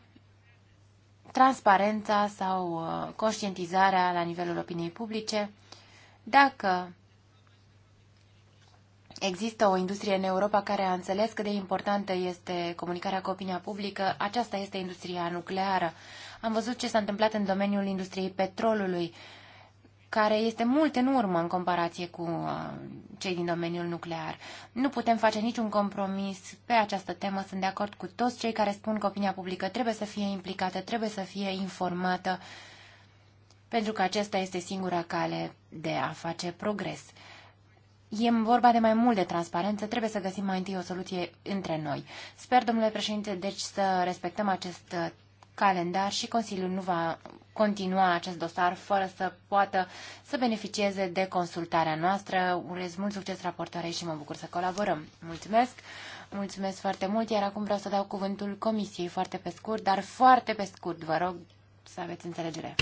transparența sau uh, conștientizarea la nivelul opiniei publice. Dacă Există o industrie în Europa care a înțeles cât de importantă este comunicarea cu opinia publică. Aceasta este industria nucleară. Am văzut ce s-a întâmplat în domeniul industriei petrolului, care este mult în urmă în comparație cu uh, cei din domeniul nuclear. Nu putem face niciun compromis pe această temă. Sunt de acord cu toți cei care spun că opinia publică trebuie să fie implicată, trebuie să fie informată, pentru că acesta este singura cale de a face progres. E vorba de mai mult de transparență, trebuie să găsim mai întâi o soluție între noi. Sper, domnule președinte, deci să respectăm acest uh, calendar și Consiliul nu va continua acest dosar fără să poată să beneficieze de consultarea noastră. Urez mult succes raportoarei și mă bucur să colaborăm. Mulțumesc! Mulțumesc foarte mult, iar acum vreau să dau cuvântul Comisiei foarte pe scurt, dar foarte pe scurt, vă rog să aveți înțelegere.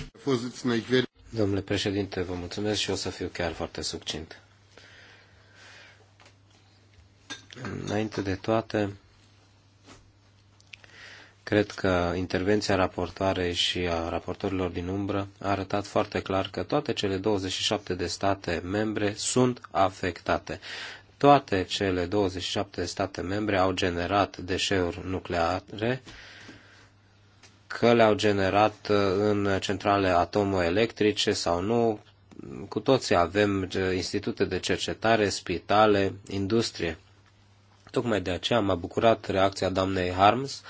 Domnule președinte, vă mulțumesc și o să fiu chiar foarte succint. Înainte de toate, cred că intervenția raportoarei și a raportorilor din umbră a arătat foarte clar că toate cele 27 de state membre sunt afectate. Toate cele 27 de state membre au generat deșeuri nucleare, că le-au generat uh, în centrale atomoelectrice sau nu, cu toții avem uh, institute de cercetare, spitale, industrie Tocmai de aceea m-a bucurat reacția doamnei Harms,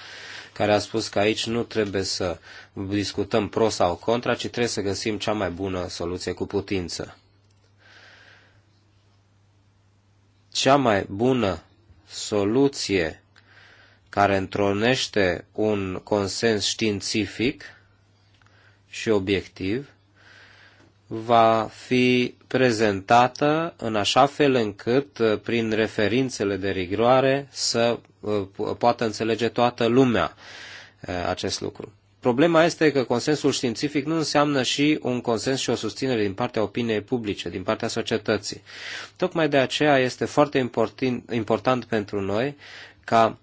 care a spus că aici nu trebuie să discutăm pro sau contra, ci trebuie să găsim cea mai bună soluție cu putință. Cea mai bună soluție care întronește un consens științific și obiectiv va fi prezentată în așa fel încât, uh, prin referințele de rigroare, să uh, poată înțelege toată lumea uh, acest lucru. Problema este că consensul științific nu înseamnă și un consens și o susținere din partea opiniei publice, din partea societății. Tocmai de aceea este foarte important, important pentru noi ca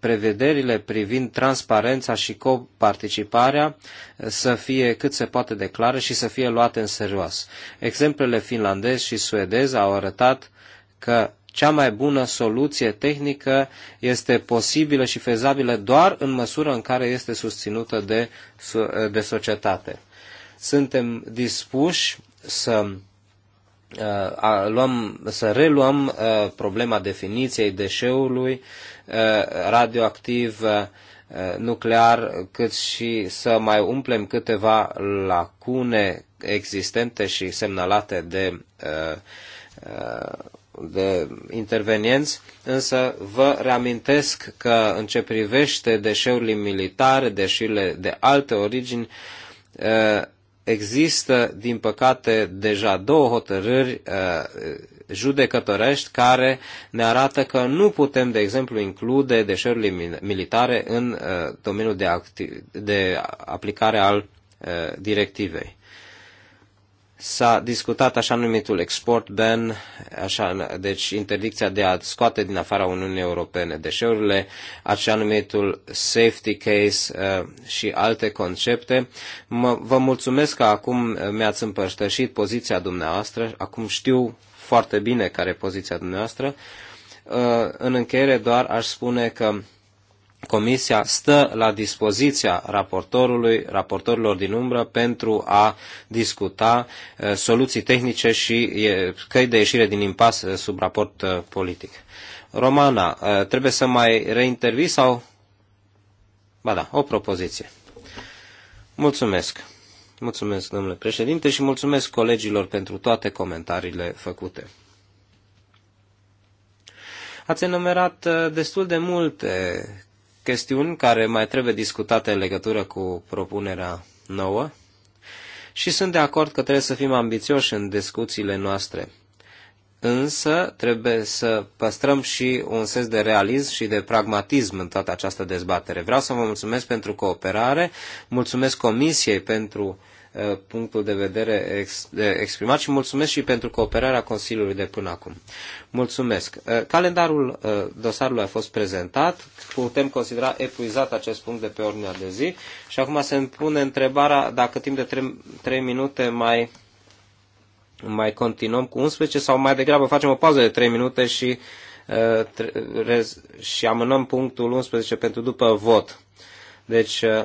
prevederile privind transparența și coparticiparea să fie cât se poate de clare și să fie luate în serios. Exemplele finlandez și suedez au arătat că cea mai bună soluție tehnică este posibilă și fezabilă doar în măsură în care este susținută de, de societate. Suntem dispuși să uh, a, luăm, să reluăm a, uh, problema definiției deșeului, Eh, radioactiv eh, eh, nuclear, cât și să mai umplem câteva lacune existente și semnalate de, de intervenienți, însă vă reamintesc că în ce privește deșeurile militare, deșeurile de alte origini, există, din păcate, deja două hotărâri judecătorești care ne arată că nu putem, de exemplu, include deșeurile militare în uh, domeniul de, acti- de aplicare al uh, directivei. S-a discutat așa numitul export ban, așa, deci interdicția de a scoate din afara Uniunii Europene deșeurile, așa numitul safety case uh, și alte concepte. M- vă mulțumesc că acum uh, mi-ați împărtășit poziția dumneavoastră, acum știu foarte bine care e poziția dumneavoastră. Uh, în încheiere doar aș spune că Comisia stă la dispoziția raportorului, raportorilor din umbră pentru a discuta uh, soluții tehnice și căi de ieșire din impas uh, sub raport politic. Romana, trebuie să mai reintervii sau? Ba da, o propoziție. Mulțumesc. Mulțumesc, domnule președinte, și mulțumesc colegilor pentru toate comentariile făcute. Ați enumerat uh, destul de multe chestiuni care mai trebuie discutate în legătură cu propunerea nouă și sunt de acord că trebuie să fim ambițioși în discuțiile noastre însă trebuie să păstrăm și un sens de realism și de pragmatism în toată această dezbatere. Vreau să vă mulțumesc pentru cooperare, mulțumesc Comisiei pentru uh, punctul de vedere exprimat și mulțumesc și pentru cooperarea Consiliului de până acum. Mulțumesc. Uh, calendarul uh, dosarului a fost prezentat, putem considera epuizat acest punct de pe ordinea de zi și acum se îmi pune întrebarea dacă timp de 3 minute mai mai continuăm cu 11 sau mai degrabă facem o pauză de 3 minute și, uh, și amânăm punctul 11 pentru după vot. Deci, uh,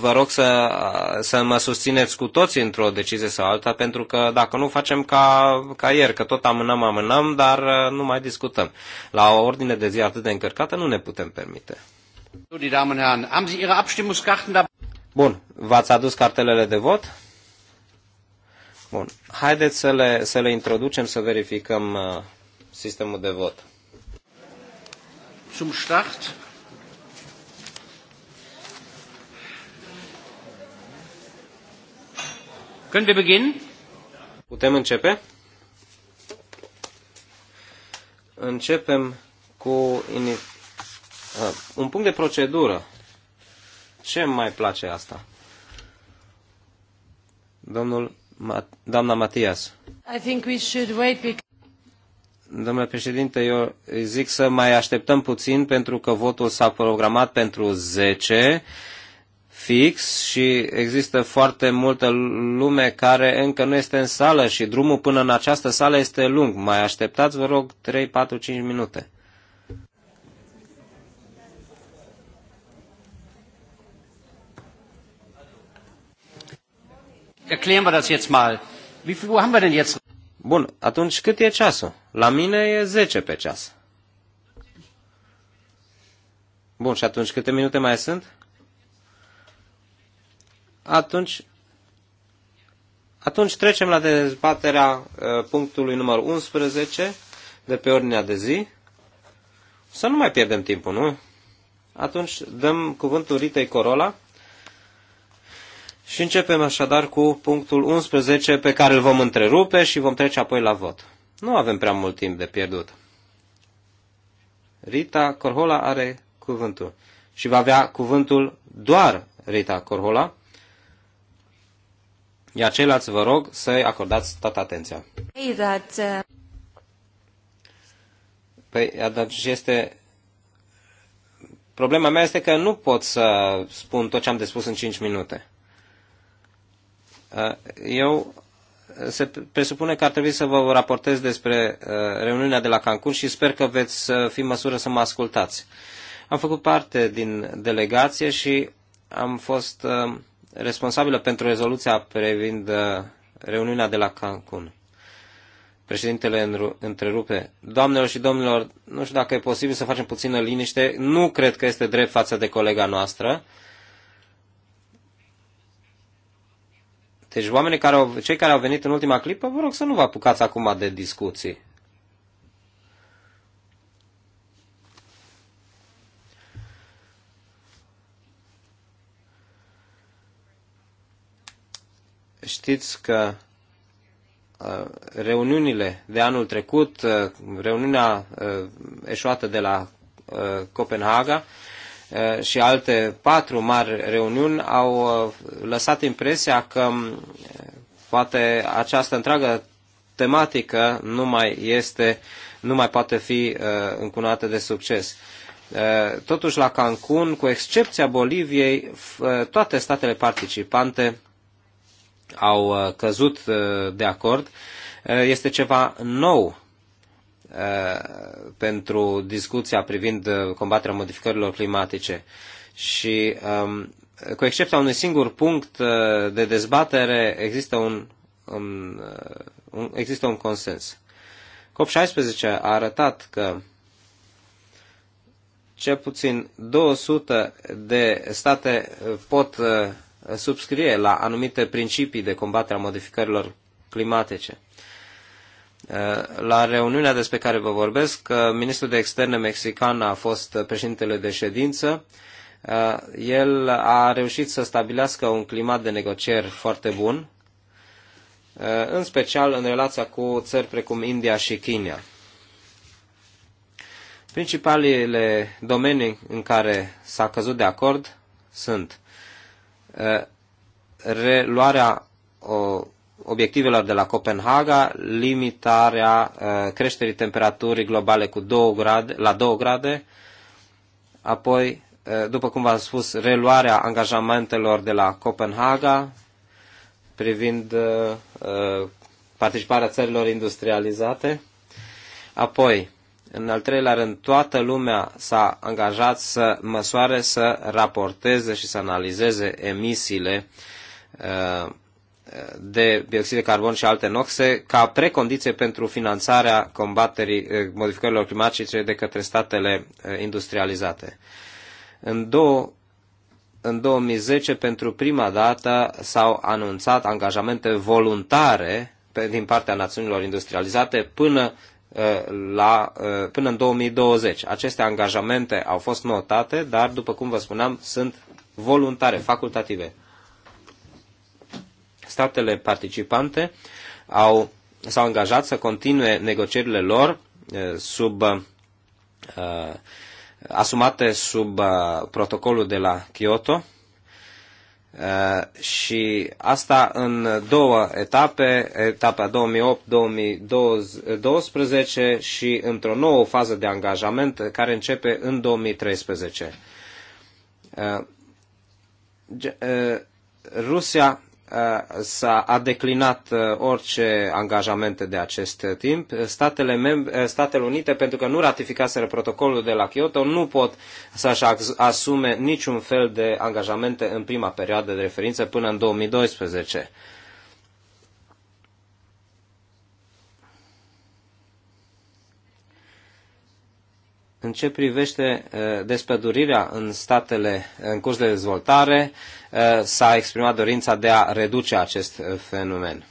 vă rog să, să mă susțineți cu toții într-o decizie sau alta, pentru că dacă nu facem ca, ca ieri, că tot amânăm, amânăm, dar uh, nu mai discutăm. La o ordine de zi atât de încărcată nu ne putem permite. Da- Bun, v-ați adus cartelele de vot? Bun. Haideți să le, să le introducem, să verificăm uh, sistemul de vot. Zum Start. Können wir beginnen? Putem începe? Începem cu ini... uh, un punct de procedură. Ce mai place asta? Domnul doamna Matias. I think we should wait because... Domnule președinte, eu zic să mai așteptăm puțin pentru că votul s-a programat pentru 10 fix și există foarte multă lume care încă nu este în sală și drumul până în această sală este lung. Mai așteptați, vă rog, 3, 4, 5 minute. erklären wir das jetzt mal. Wie viel Uhr haben wir denn jetzt? Bun, atunci cât e ceasul? La mine e 10 pe ceas. Bun, și atunci câte minute mai sunt? Atunci, atunci trecem la dezbaterea ă, punctului numărul 11 de pe ordinea de zi. Să nu mai pierdem timpul, nu? Atunci dăm cuvântul Ritei Corola și începem așadar cu punctul 11 pe care îl vom întrerupe și vom trece apoi la vot. Nu avem prea mult timp de pierdut. Rita Corhola are cuvântul și va avea cuvântul doar Rita Corhola, iar ceilalți vă rog să-i acordați toată atenția. Hey, that, uh, Păi, este... Problema mea este că nu pot să spun tot ce am de spus în 5 minute. Uh, eu uh, se presupune că ar trebui să vă raportez despre uh, reuniunea de la Cancun și sper că veți fi măsură să mă ascultați. Am făcut parte din delegație și am fost responsabilă pentru rezoluția privind reuniunea de la Cancun. Președintele întrerupe. Doamnelor și domnilor, nu știu dacă e posibil să facem puțină liniște. Nu cred că este drept față de colega noastră. Deci oamenii care au, cei care au venit în ultima clipă, vă rog să nu vă apucați acum de discuții. Știți că uh, reuniunile de anul trecut, uh, reuniunea uh, eșuată de la Copenhaga, Eh, și alte patru mari reuniuni au eh, lăsat impresia că mm, eh, poate această întreagă tematică nu mai este, nu mai poate fi încunată de succes. Totuși, la Cancun, cu excepția Boliviei, toate statele participante au căzut de acord. Este ceva nou Uh, pentru discuția privind uh, combaterea modificărilor climatice. Și um, cu excepția unui singur punct uh, de dezbatere există un, un, un, există un consens. COP16 a arătat că cel puțin 200 de state pot subscrie la anumite principii de combatere a modificărilor climatice. Eh, la reuniunea despre care vă vorbesc, eh, ministrul de externe mexican a fost președintele de ședință. Eh, el a reușit să stabilească un climat de negocieri foarte bun, în special în relația cu țări precum India și China. Principalele domenii în care s-a căzut de acord sunt reluarea obiectivelor de la Copenhaga, limitarea uh, creșterii temperaturii globale cu 2 grade, la 2 grade, apoi, uh, după cum v-am spus, reluarea angajamentelor de la Copenhaga privind uh, participarea țărilor industrializate, apoi, în al treilea rând, toată lumea s-a angajat să măsoare, să raporteze și să analizeze emisiile uh, de dioxid de carbon și alte noxe ca precondiție pentru finanțarea combaterii eh, modificărilor climatice de către statele eh, industrializate. În, două, în 2010, pentru prima dată, s-au anunțat angajamente voluntare din partea națiunilor industrializate până, eh, la, până în 2020. Aceste angajamente au fost notate, dar, după cum vă spuneam, sunt voluntare, facultative statele participante au, s-au angajat să continue negocierile lor eh, sub, eh, asumate sub eh, protocolul de la Kyoto și asta în două etape, etapa 2008-2012 și într-o nouă fază de angajament care începe în 2013. Rusia Uh, s-a a declinat uh, orice angajamente de acest timp. Statele, mem- uh, Statele Unite, pentru că nu ratificaseră protocolul de la Kyoto, nu pot să-și asume niciun fel de angajamente în prima perioadă de referință până în 2012. în ce privește uh, despădurirea în statele în curs de dezvoltare, uh, s-a exprimat dorința de a reduce acest uh, fenomen.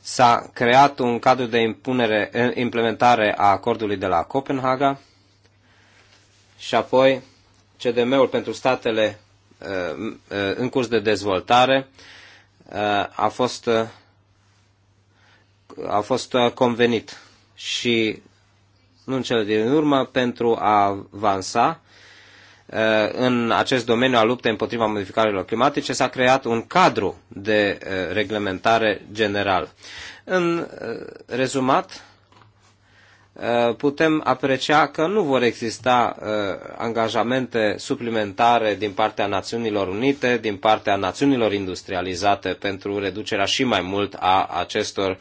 S-a creat un cadru de impunere, implementare a acordului de la Copenhaga și apoi CDM-ul pentru statele în curs de dezvoltare a fost, a fost convenit și nu în cele din urmă, pentru a avansa uh, în acest domeniu al luptei împotriva modificărilor climatice s-a creat un cadru de uh, reglementare general. În uh, rezumat, putem aprecia că nu vor exista angajamente suplimentare din partea Națiunilor Unite, din partea națiunilor industrializate pentru reducerea și mai mult a acestor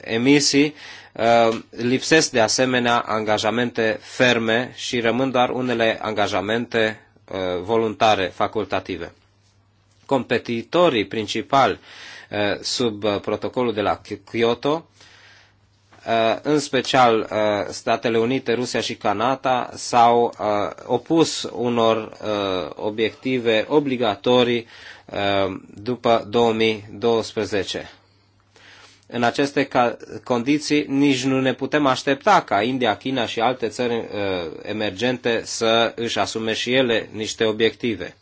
emisii Uh, lipsesc de asemenea angajamente ferme și rămân doar unele angajamente uh, voluntare, facultative. Competitorii principali uh, sub protocolul de la Kyoto, în special Statele Unite, Rusia și Canada, s-au opus unor obiective obligatorii după 2012 în aceste condiții nici nu ne putem aștepta ca India, China și alte țări uh, emergente să își asume și ele niște obiective.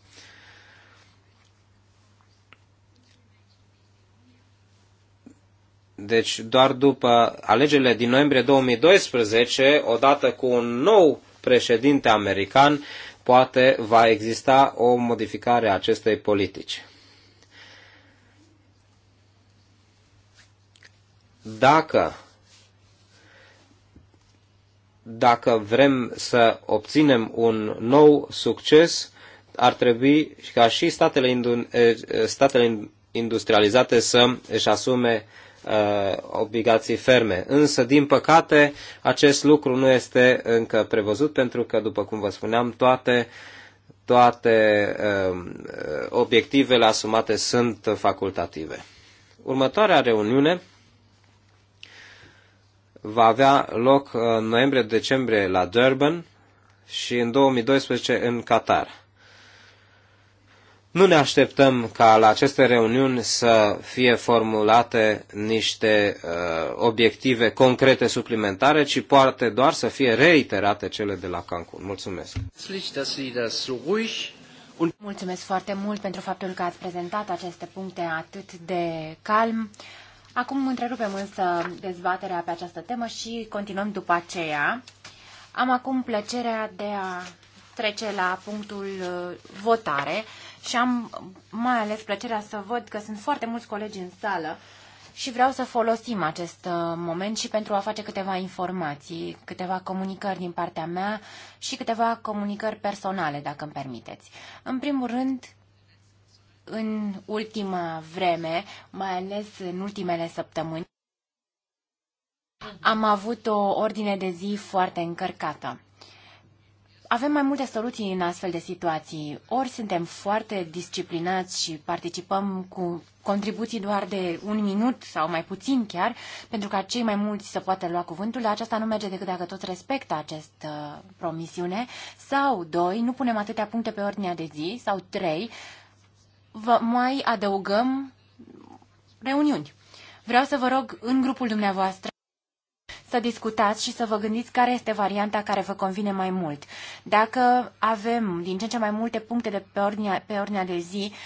Deci doar după alegerile din noiembrie 2012, odată cu un nou președinte american, poate va exista o modificare a acestei politici. Dacă dacă vrem să obținem un nou succes, ar trebui ca și statele, statele industrializate să își asume uh, obligații ferme. Însă, din păcate, acest lucru nu este încă prevăzut pentru că, după cum vă spuneam, toate, toate uh, obiectivele asumate sunt facultative. Următoarea reuniune va avea loc în noiembrie-decembrie la Durban și în 2012 în Qatar. Nu ne așteptăm ca la aceste reuniuni să fie formulate niște uh, obiective concrete suplimentare, ci poate doar să fie reiterate cele de la Cancun. Mulțumesc! Mulțumesc foarte mult pentru faptul că ați prezentat aceste puncte atât de calm. Acum întrerupem însă dezbaterea pe această temă și continuăm după aceea. Am acum plăcerea de a trece la punctul uh, votare și am mai ales plăcerea să văd că sunt foarte mulți colegi în sală și vreau să folosim acest uh, moment și pentru a face câteva informații, câteva comunicări din partea mea și câteva comunicări personale, dacă îmi permiteți. În primul rând, în ultima vreme, mai ales în ultimele săptămâni, am avut o ordine de zi foarte încărcată. Avem mai multe soluții în astfel de situații. Ori suntem foarte disciplinați și participăm cu contribuții doar de un minut sau mai puțin chiar, pentru ca cei mai mulți să poată lua cuvântul, dar aceasta nu merge decât dacă toți respectă această promisiune, sau doi, nu punem atâtea puncte pe ordinea de zi, sau trei, vă mai adăugăm reuniuni. Vreau să vă rog în grupul dumneavoastră să discutați și să vă gândiți care este varianta care vă convine mai mult. Dacă avem din ce în ce mai multe puncte de pe, ordinea, pe ordinea de zi, uh,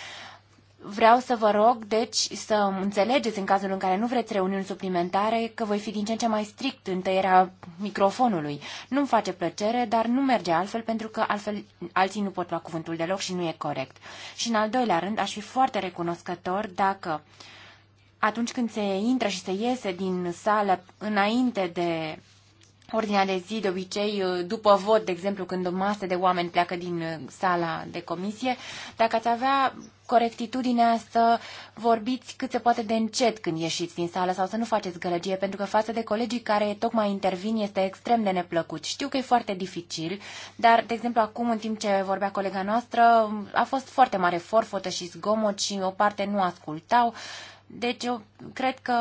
Vreau să vă rog, deci, să înțelegeți în cazul în care nu vreți reuniuni suplimentare că voi fi din ce în ce mai strict în tăierea microfonului. Nu-mi face plăcere, dar nu merge altfel pentru că altfel alții nu pot lua cuvântul deloc și nu e corect. Și în al doilea rând, aș fi foarte recunoscător dacă atunci când se intră și se iese din sală înainte de ordinea de zi de obicei uh, după vot, de exemplu, când o masă de oameni pleacă din uh, sala de comisie, dacă ați avea corectitudinea să vorbiți cât se poate de încet când ieșiți din sală sau să nu faceți gălăgie, pentru că față de colegii care tocmai intervin este extrem de neplăcut. Știu că e foarte dificil, dar, de exemplu, acum, în timp ce vorbea colega noastră, a fost foarte mare forfotă și zgomot și o parte nu ascultau. Deci eu cred că,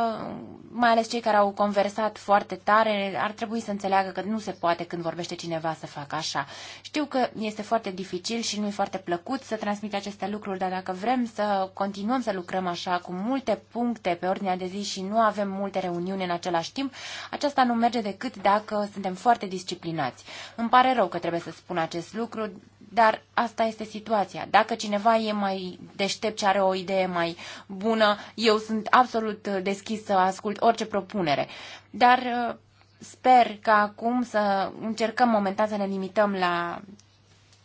mai ales cei care au conversat foarte tare, ar trebui să înțeleagă că nu se poate când vorbește cineva să facă așa. Știu că este foarte dificil și nu e foarte plăcut să transmit aceste lucruri, dar dacă vrem să continuăm să lucrăm așa cu multe puncte pe ordinea de zi și nu avem multe reuniuni în același timp, aceasta nu merge decât dacă suntem foarte disciplinați. Îmi pare rău că trebuie să spun acest lucru, dar asta este situația. Dacă cineva e mai deștept și are o idee mai bună, eu sunt absolut deschis să ascult orice propunere. Dar uh, sper că acum să încercăm momentan să ne limităm la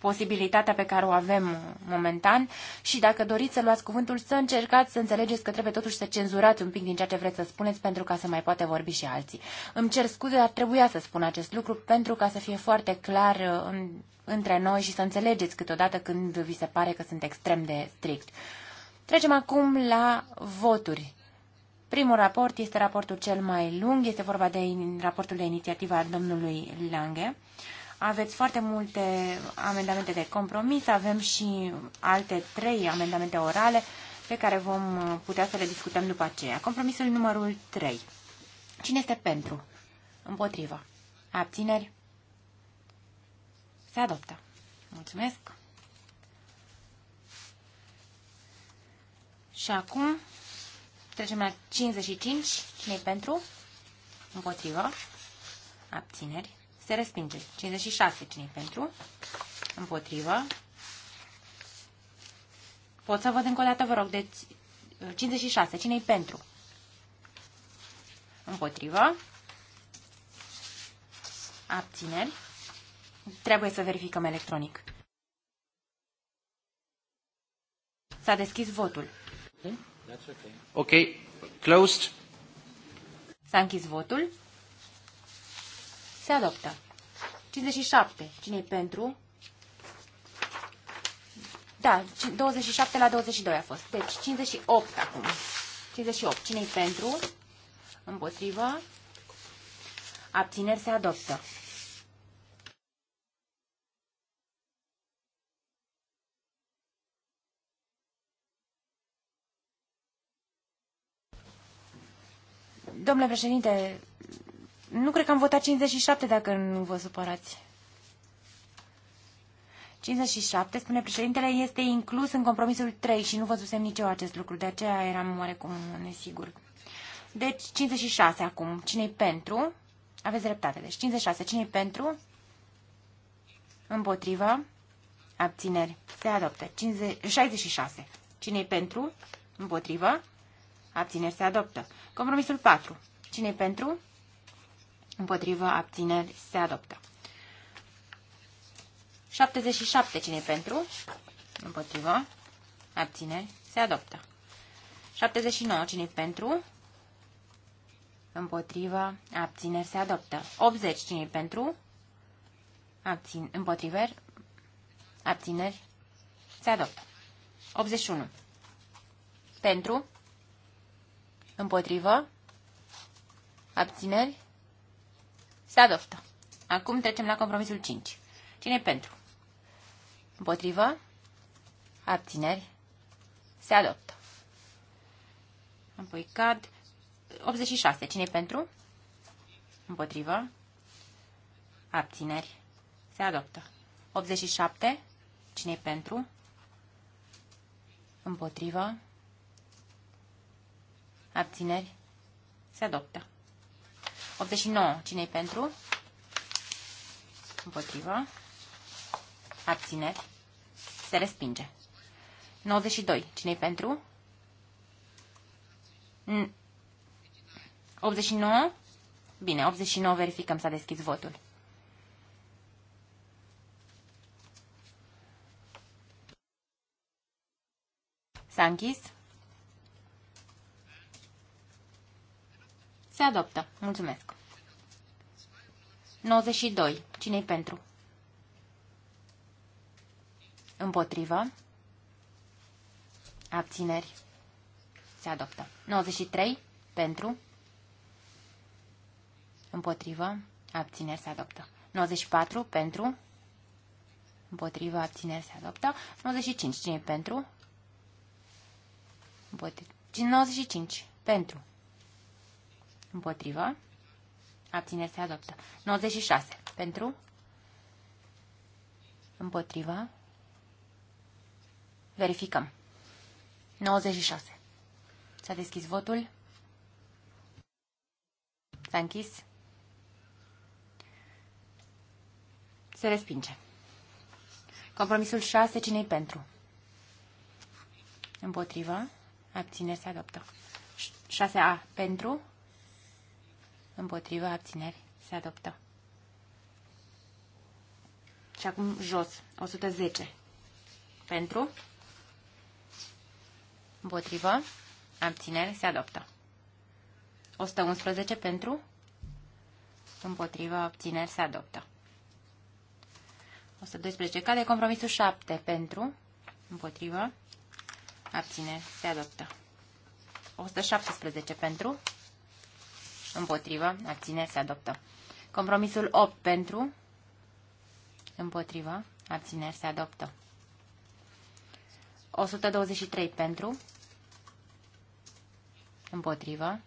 posibilitatea pe care o avem momentan și dacă doriți să luați cuvântul, să încercați să înțelegeți că trebuie totuși să cenzurați un pic din ceea ce vreți să spuneți pentru ca să mai poate vorbi și alții. Îmi cer scuze, dar trebuia să spun acest lucru pentru ca să fie foarte clar uh, în, între noi și să înțelegeți câteodată când vi se pare că sunt extrem de strict. Trecem acum la voturi. Primul raport este raportul cel mai lung, este vorba de raportul de inițiativă a domnului Lange. Uh, aveți foarte multe amendamente de compromis, avem și alte trei amendamente orale pe care vom putea să le discutăm după aceea. Compromisul numărul 3. Cine este pentru? Împotrivă. Abțineri? Se adoptă. Mulțumesc. Și acum trecem la 55. cine e pentru? Împotrivă. Abțineri se respinge. 56 cine pentru? Împotrivă. Pot să văd încă o dată, vă rog, deci 56. Cine-i pentru? Împotrivă. Abțineri. Trebuie să verificăm electronic. S-a deschis votul. Ok, okay. closed. S-a închis votul. Se adoptă. 57. cine pentru? Da, 27 la 22 a fost. Deci 58 acum. 58. cine pentru? Împotrivă. Abțineri se adoptă. Domnule președinte, nu cred că am votat 57, dacă nu vă supărați. 57, spune președintele, este inclus în compromisul 3 și nu văzusem nici eu acest lucru, de aceea eram oarecum nesigur. Deci 56 acum, cine-i pentru? Aveți dreptate, deci 56, cine-i pentru? Împotriva? Abțineri. Se adoptă. 50, 66. Cine-i pentru? Împotriva? Abțineri se adoptă. Compromisul 4. Cine-i pentru? Împotrivă abțineri se adoptă. 77 cine pentru? Împotrivă. Abțineri se adoptă. 79 cine pentru? Împotrivă. Abțineri se adoptă. 80 cine pentru? Abțin, împotrivă Abțineri se adoptă. 81. Pentru? Împotrivă. Abțineri se adoptă. Acum trecem la compromisul 5. cine pentru? Împotrivă? Abțineri? Se adoptă. Apoi cad 86. cine pentru? Împotrivă? Abțineri? Se adoptă. 87. cine pentru? Împotrivă? Abțineri? Se adoptă. 89. Cine-i pentru? Împotrivă. Abțineri. Se respinge. 92. Cine-i pentru? 89? Bine, 89 verificăm s-a deschis votul. S-a închis. adoptă. Mulțumesc. 92. Cine-i pentru? Împotrivă. Abțineri. Se adoptă. 93. Pentru. Împotrivă. Abțineri se adoptă. 94. Pentru. Împotrivă. Abțineri se adoptă. 95. Cine pentru? Împotrivă. 95. Pentru. Împotrivă. Abțineri se adoptă. 96. Pentru. Împotrivă. Verificăm. 96. S-a deschis votul. S-a închis. Se respinge. Compromisul 6. Cine-i pentru? Împotrivă. Abțineri se adoptă. 6A. Pentru împotriva, abțineri, se adoptă. Și acum jos, 110. Pentru, împotriva, abțineri, se adoptă. 111 pentru, împotriva, abțineri, se adoptă. 112 cade, compromisul 7 pentru, împotriva, abțineri, se adoptă. 117 pentru, Împotrivă. Abțineri se adoptă. Compromisul 8 pentru. Împotrivă. Abțineri se adoptă. 123 pentru. Împotrivă.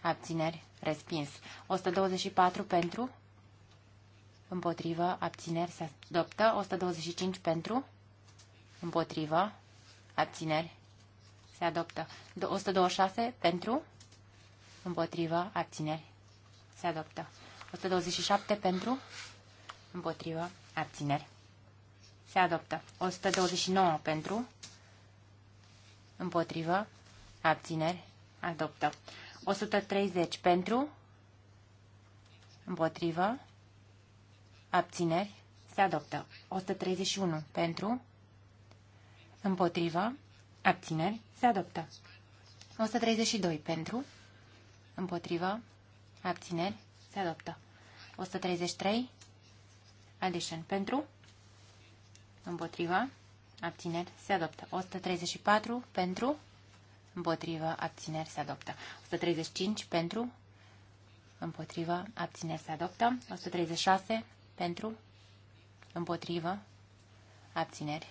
Abțineri. Respins. 124 pentru. Împotrivă. Abțineri se adoptă. 125 pentru. Împotrivă. Abțineri se adoptă. 126 pentru împotrivă, abțineri, se adoptă. 127 pentru, împotrivă, abțineri, se adoptă. 129 pentru, împotrivă, abțineri, adoptă. 130 pentru, împotrivă, abțineri, se adoptă. 131 pentru, împotrivă, abțineri, se adoptă. 132 pentru, Împotrivă. Abțineri. Se adoptă. 133. Addition. Pentru. Împotrivă. Abțineri. Se adoptă. 134. Pentru. Împotrivă. Abțineri. Se adoptă. 135. Pentru. Împotrivă. Abțineri. Se adoptă. 136. Pentru. Împotrivă. Abțineri.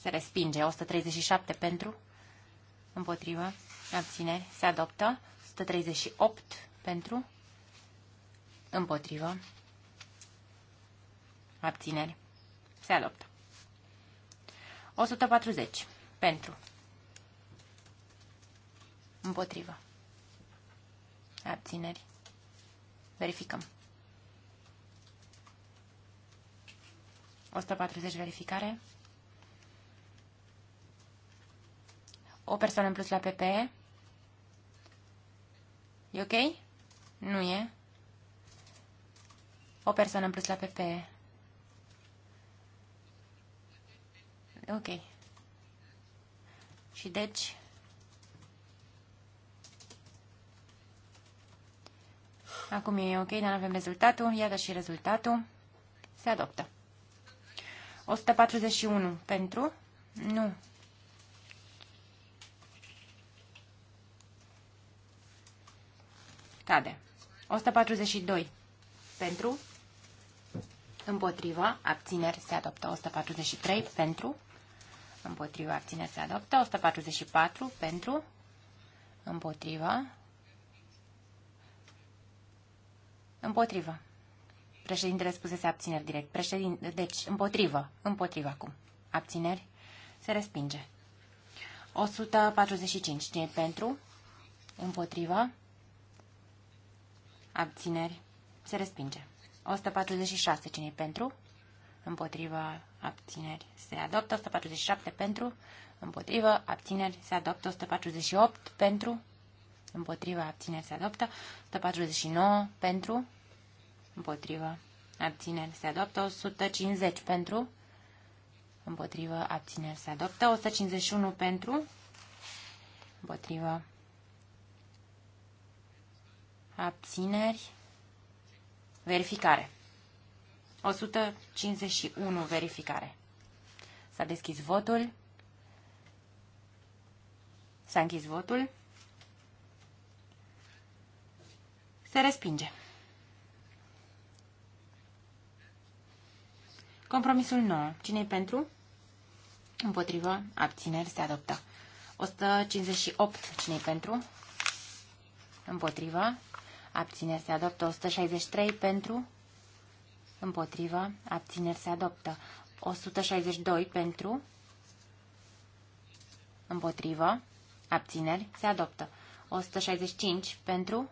Se respinge. 137 pentru. Împotrivă. Abțineri. Se adoptă. 138 pentru, împotrivă, abțineri, se adoptă. 140 pentru, împotrivă, abțineri, verificăm. 140 verificare. O persoană în plus la PPE. E ok? Nu e. O persoană în plus la PP. Ok. Și deci... Acum e ok, dar nu avem rezultatul. Iată și rezultatul. Se adoptă. 141 pentru? Nu. Cade. 142. Pentru. Împotriva. Abțineri se adoptă. 143. Pentru. Împotriva. Abțineri se adoptă. 144. Pentru. Împotriva. Împotriva. Președintele spusese abțineri direct. Președin... Deci, împotrivă. Împotrivă acum. Abțineri. Se respinge. 145. Cine pentru? Împotriva abțineri, se respinge. 146, cine pentru? Împotrivă, abțineri, se adoptă. 147 pentru, împotrivă, abțineri, se adoptă. 148 pentru, împotrivă, abțineri, se adoptă. 149 pentru, împotrivă, abțineri, se adoptă. 150 pentru, împotrivă, abțineri, se adoptă. 151 pentru, împotrivă, abțineri, verificare. 151, verificare. S-a deschis votul. S-a închis votul. Se respinge. Compromisul 9. Cine-i pentru? Împotrivă. Abțineri. Se adoptă. 158. Cine-i pentru? Împotrivă abțineri se adoptă. 163 pentru, împotrivă, abțineri se adoptă. 162 pentru, împotrivă, abțineri se adoptă. 165 pentru,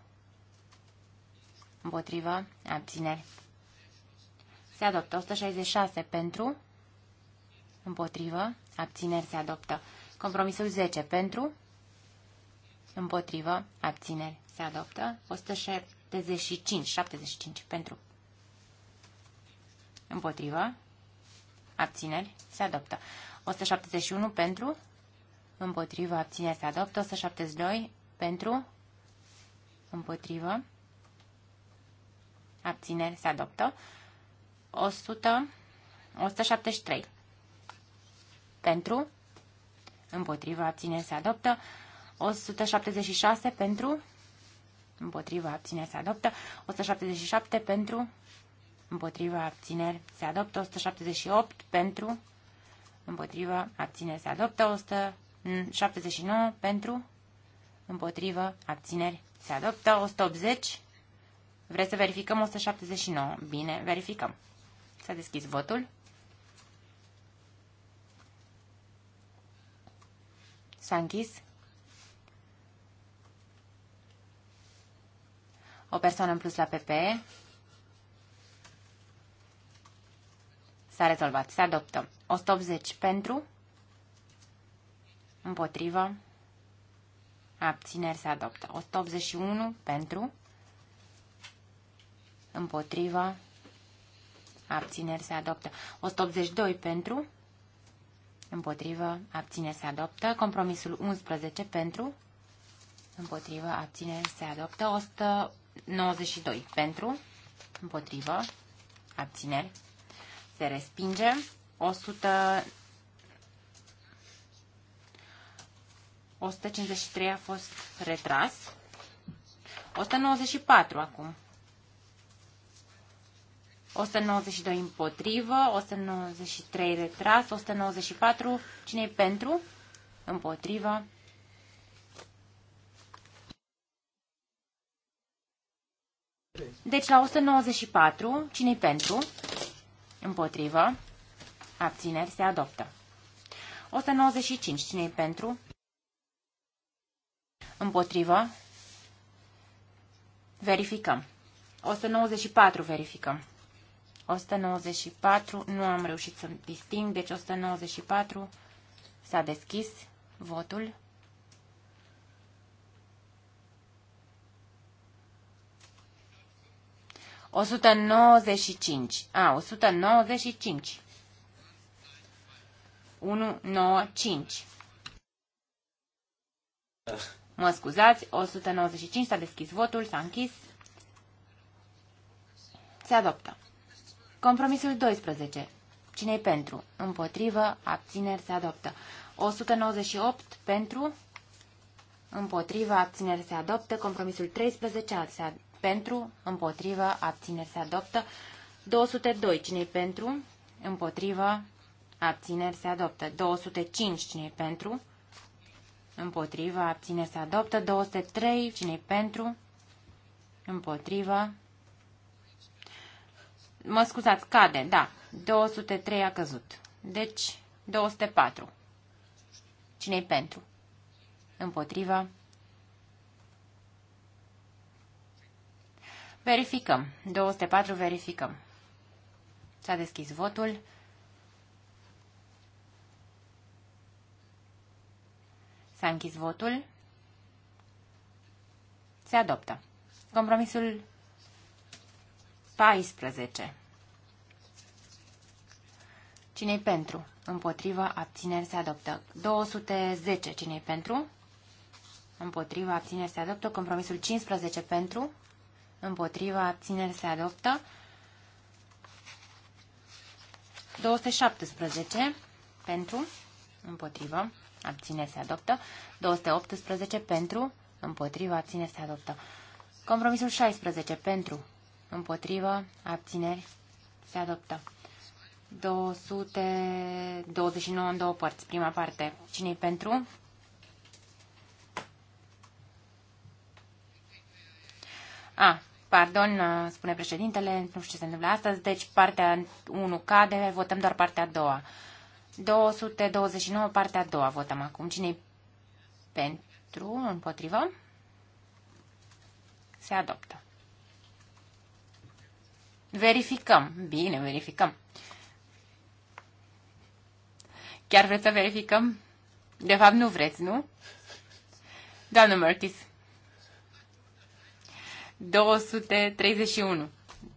împotrivă, abțineri. Se adoptă 166 pentru, împotrivă, abțineri se adoptă. Compromisul 10 pentru, împotrivă, abțineri se adoptă. 175, 75 pentru. Împotrivă. Abțineri. Se adoptă. 171 pentru. Împotrivă. Abțineri. Se adoptă. 172 pentru. Împotrivă. Abțineri. Se adoptă. 100, 173 pentru. Împotrivă. Abțineri. Se adoptă. 176 pentru împotriva abțineri se adoptă, 177 pentru, împotriva abțineri se adoptă, 178 pentru, împotriva abțineri se adoptă, 179 pentru, împotriva abțineri se adoptă, 180, vreți să verificăm 179, bine, verificăm. S-a deschis votul. S-a închis. o persoană în plus la PPE. S-a rezolvat. Se adoptă. 180 pentru. Împotrivă. Abțineri se adoptă. 181 pentru. Împotrivă. Abțineri se adoptă. 182 pentru. Împotrivă. Abțineri se adoptă. Compromisul 11 pentru. Împotrivă. Abțineri se adoptă. 92 pentru, împotrivă, abțineri, se respinge. 100, 153 a fost retras. 194 acum. 192 împotrivă, 193 retras, 194 cine pentru? Împotrivă, Deci la 194, cine pentru? Împotrivă. Abțineri se adoptă. 195, cine pentru? Împotrivă. Verificăm. 194 verificăm. 194, nu am reușit să disting, deci 194 s-a deschis votul. 195. A, 195. 195. Mă scuzați, 195 s-a deschis votul, s-a închis. Se adoptă. Compromisul 12. cine e pentru? Împotrivă, abțineri, se adoptă. 198 pentru, împotrivă, abțineri, se adoptă. Compromisul 13 se adoptă pentru, împotrivă, abțineri se adoptă. 202, cine pentru, împotrivă, abțineri se adoptă. 205, cine pentru, împotrivă, abțineri se adoptă. 203, cine pentru, împotrivă, mă scuzați, cade, da, 203 a căzut. Deci, 204. cine pentru, pentru? Împotrivă, Verificăm. 204 verificăm. S-a deschis votul. S-a închis votul. Se adoptă. Compromisul 14. cine pentru? Împotriva, abțineri se adoptă. 210. cine pentru? Împotriva, abțineri se adoptă. Compromisul 15 pentru împotriva, abțineri se adoptă. 217 pentru, împotrivă, abține se adoptă. 218 pentru, împotrivă, abține se adoptă. Compromisul 16 pentru, împotrivă, abțineri se adoptă. 229 în două părți. Prima parte, cine pentru? A, Pardon, spune președintele, nu știu ce se întâmplă astăzi, deci partea 1 cade, votăm doar partea a doua. 229, partea a doua votăm acum. Cine-i pentru, împotrivă? Se adoptă. Verificăm. Bine, verificăm. Chiar vreți să verificăm? De fapt, nu vreți, nu? Doamnă Mertis. 231.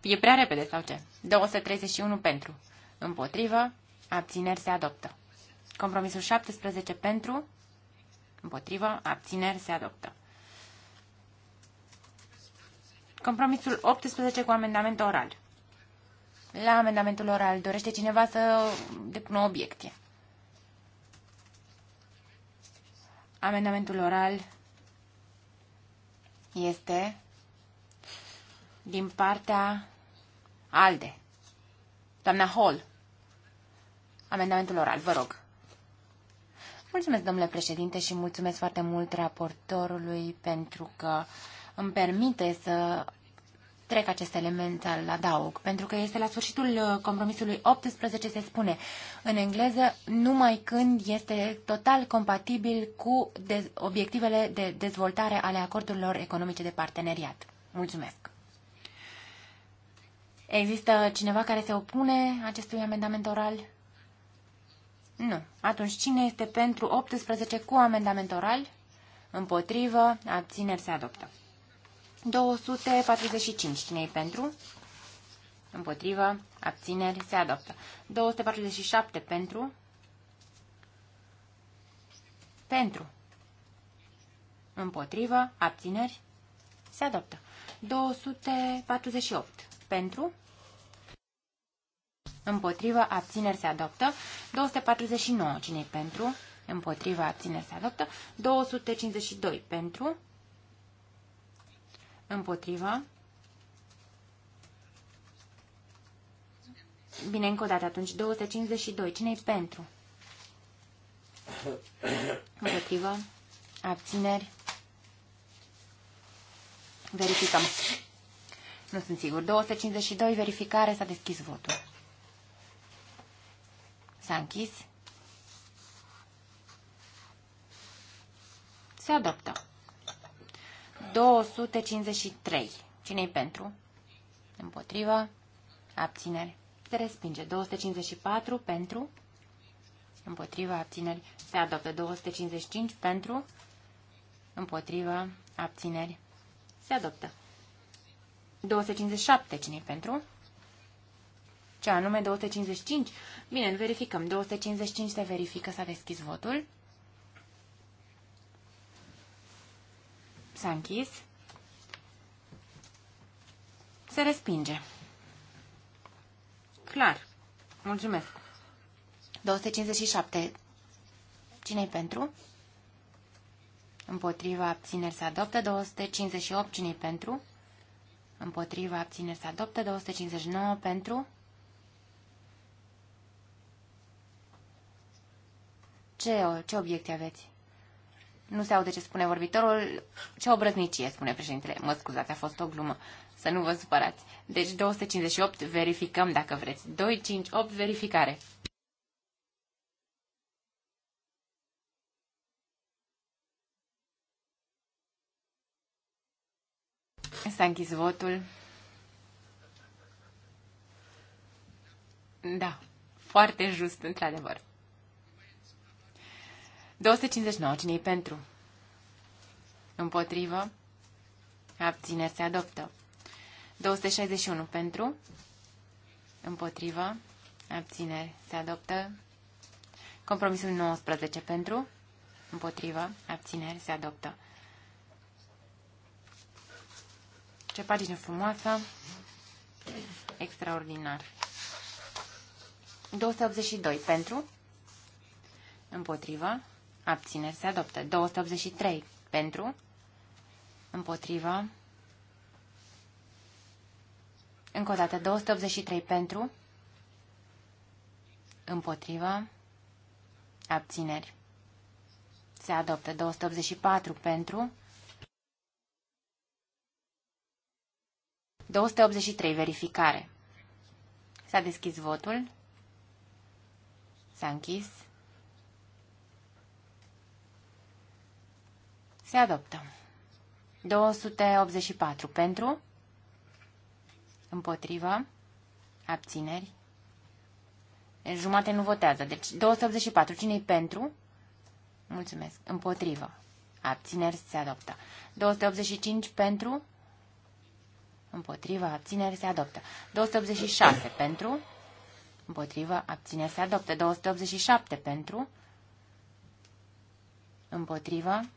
E prea repede sau ce? 231 pentru. Împotrivă. Abțineri se adoptă. Compromisul 17 pentru. Împotrivă. Abțineri se adoptă. Compromisul 18 cu amendament oral. La amendamentul oral dorește cineva să depună o obiecție. Amendamentul oral este din partea ALDE. Doamna Hall, amendamentul oral, vă rog. Mulțumesc, domnule președinte, și mulțumesc foarte mult raportorului pentru că îmi permite să trec acest element al adaug, pentru că este la sfârșitul uh, compromisului 18, se spune în engleză, numai când este total compatibil cu obiectivele de dezvoltare ale acordurilor economice de parteneriat. Mulțumesc! Există cineva care se opune acestui amendament oral? Nu. Atunci cine este pentru 18 cu amendament oral? Împotrivă, abțineri se adoptă. 245. Cine e pentru? Împotrivă, abțineri se adoptă. 247 pentru? Pentru. Împotrivă, abțineri se adoptă. 248 pentru, împotrivă, abțineri se adoptă, 249 cine pentru, împotrivă, abțineri se adoptă, 252 pentru, împotrivă, Bine, încă o dată atunci, 252. Cine-i pentru? Împotrivă. Abțineri. Verificăm. Nu sunt sigur. 252, verificare, s-a deschis votul. S-a închis. Se adoptă. 253. Cine-i pentru? Împotrivă. Abțineri. Se respinge. 254 pentru. Împotrivă. Abțineri. Se adoptă. 255 pentru. Împotrivă. Abțineri. Se adoptă. 257. cine pentru? Ce anume 255? Bine, îl verificăm. 255 se verifică. S-a deschis votul. S-a închis. Se respinge. Clar. Mulțumesc. 257. Cine-i pentru? Împotriva abțineri se adoptă. 258. Cine-i pentru? împotriva, abține să adopte 259 pentru, Ce, ce obiecte aveți? Nu se aude ce spune vorbitorul. Ce obrăznicie, spune președintele. Mă scuzați, a fost o glumă. Să nu vă supărați. Deci 258 verificăm dacă vreți. 258 verificare. S-a închis votul. Da, foarte just, într-adevăr. 259. cine pentru? Împotrivă? Abțineri se adoptă. 261 pentru? Împotrivă? Abțineri se adoptă. Compromisul 19 pentru? Împotrivă? Abțineri se adoptă. Ce pagină frumoasă! Extraordinar! 282 pentru, împotrivă, abțineri se adoptă. 283 pentru, împotrivă, încă o dată, 283 pentru, împotrivă, abțineri. Se adoptă 284 pentru, 283. Verificare. S-a deschis votul. S-a închis. Se adoptă. 284 pentru, împotrivă, abțineri. Jumate nu votează. Deci 284. cine pentru? Mulțumesc. Împotrivă. Abțineri se adoptă. 285 pentru, Împotrivă, abțineri, se adoptă. 286 pentru. Împotrivă, abțineri, se adoptă. 287 pentru. Împotrivă. Pe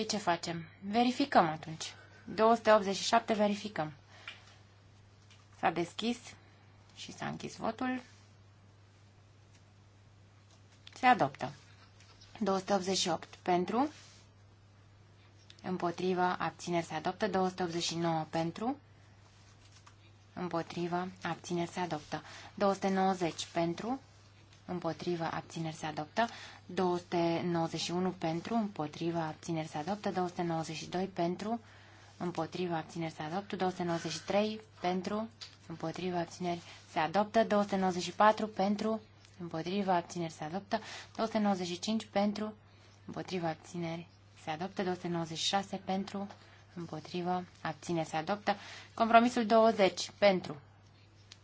păi ce facem? Verificăm atunci. 287 verificăm. S-a deschis și s-a închis votul. Se adoptă. 288 pentru, Împotrivă, abțineri se adoptă, 289 pentru, Împotrivă, abțineri se adoptă, 290 pentru, Împotrivă, abțineri se adoptă, 291 pentru, Împotrivă, abțineri se adoptă, 292 pentru, Împotrivă, abțineri se adoptă, 293 pentru, Împotrivă, abțineri se adoptă, 294 pentru, Împotrivă, abțineri se adoptă, 295 pentru, Împotrivă, abțineri se adoptă, 296 pentru, împotrivă, abține, se adoptă. Compromisul 20 pentru,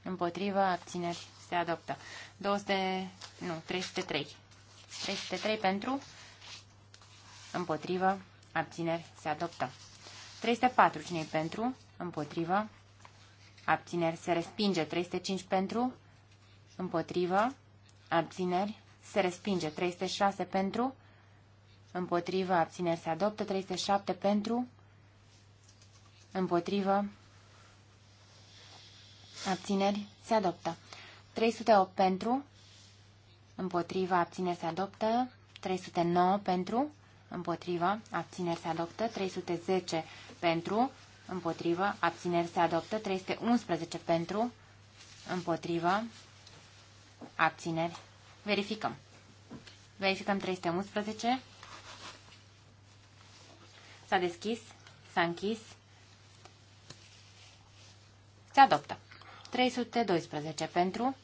împotrivă, abțineri, se adoptă. 200, nu, 303. 303 pentru, împotrivă, abțineri, se adoptă. 304 cine pentru, împotrivă, abțineri, se respinge. 305 pentru, împotrivă, abțineri, se respinge. 306 pentru, împotrivă, abțineri se adoptă, 307 pentru, împotrivă, abțineri se adoptă, 308 pentru, împotrivă, abțineri se adoptă, 309 pentru, împotrivă, abțineri se adoptă, 310 pentru, împotrivă, abțineri se adoptă, 311 pentru, împotrivă, abțineri. Verificăm. Verificăm 311. S-a deschis, s-a închis. Se adoptă. 312 pentru,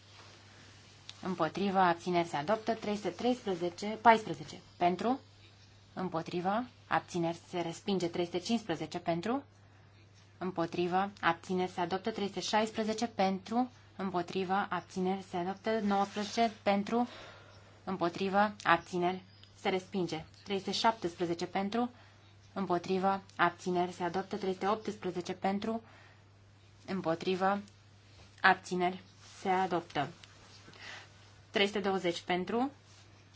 împotriva, abțineri se adoptă. 313, 14 pentru, împotriva, abțineri se respinge. 315 pentru, împotriva, abțineri se adoptă. 316 pentru, împotriva, abțineri se adoptă. 19 pentru, împotriva, abțineri se respinge. 317 pentru, Împotrivă. abțineri se adoptă 318 pentru, Împotrivă. abțineri se adoptă. 320 pentru,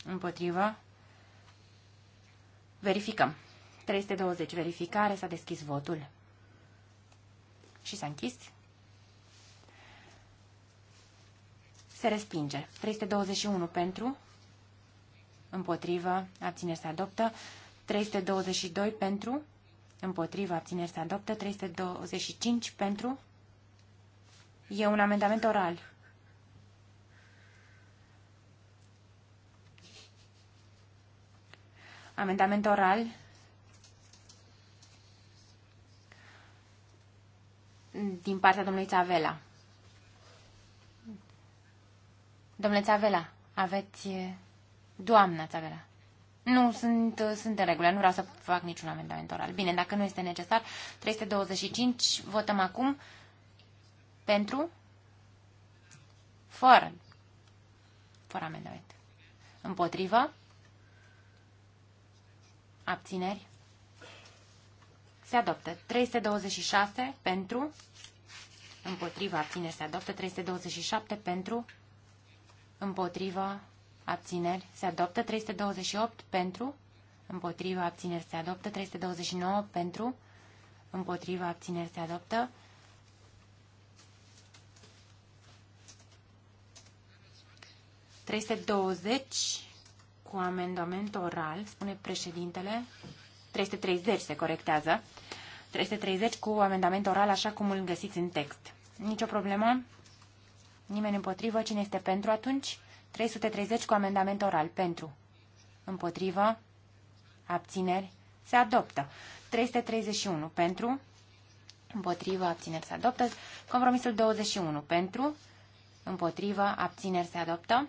Împotrivă. verificăm. 320 verificare, s-a deschis votul și s-a închis. Se respinge. 321 pentru, împotrivă, Abțineri. se adoptă. 322 pentru, împotriva, abțineri se adoptă, 325 pentru. E un amendament oral. Amendament oral din partea domnului Țavela. Domnule Țavela, aveți... Doamna Țavela. Nu, sunt, sunt în regulă, nu vreau să fac niciun amendament oral. Bine, dacă nu este necesar, 325, votăm acum pentru, fără, fără amendament. Împotrivă, abțineri, se adoptă. 326 pentru, împotrivă, abțineri, se adoptă. 327 pentru, împotrivă, abțineri se adoptă, 328 pentru, împotriva abțineri se adoptă, 329 pentru, împotriva abțineri se adoptă. Trei 20 cu amendament oral, spune președintele. 330 se corectează. 330 cu amendament oral, așa cum îl găsiți în text. Nicio problemă? Nimeni împotrivă? Cine este pentru atunci? 330 cu amendament oral. Pentru. Împotrivă. Abțineri. Se adoptă. 331. Pentru. Împotrivă. Abțineri. Se adoptă. Compromisul 21. Pentru. Împotrivă. Abțineri. Se adoptă.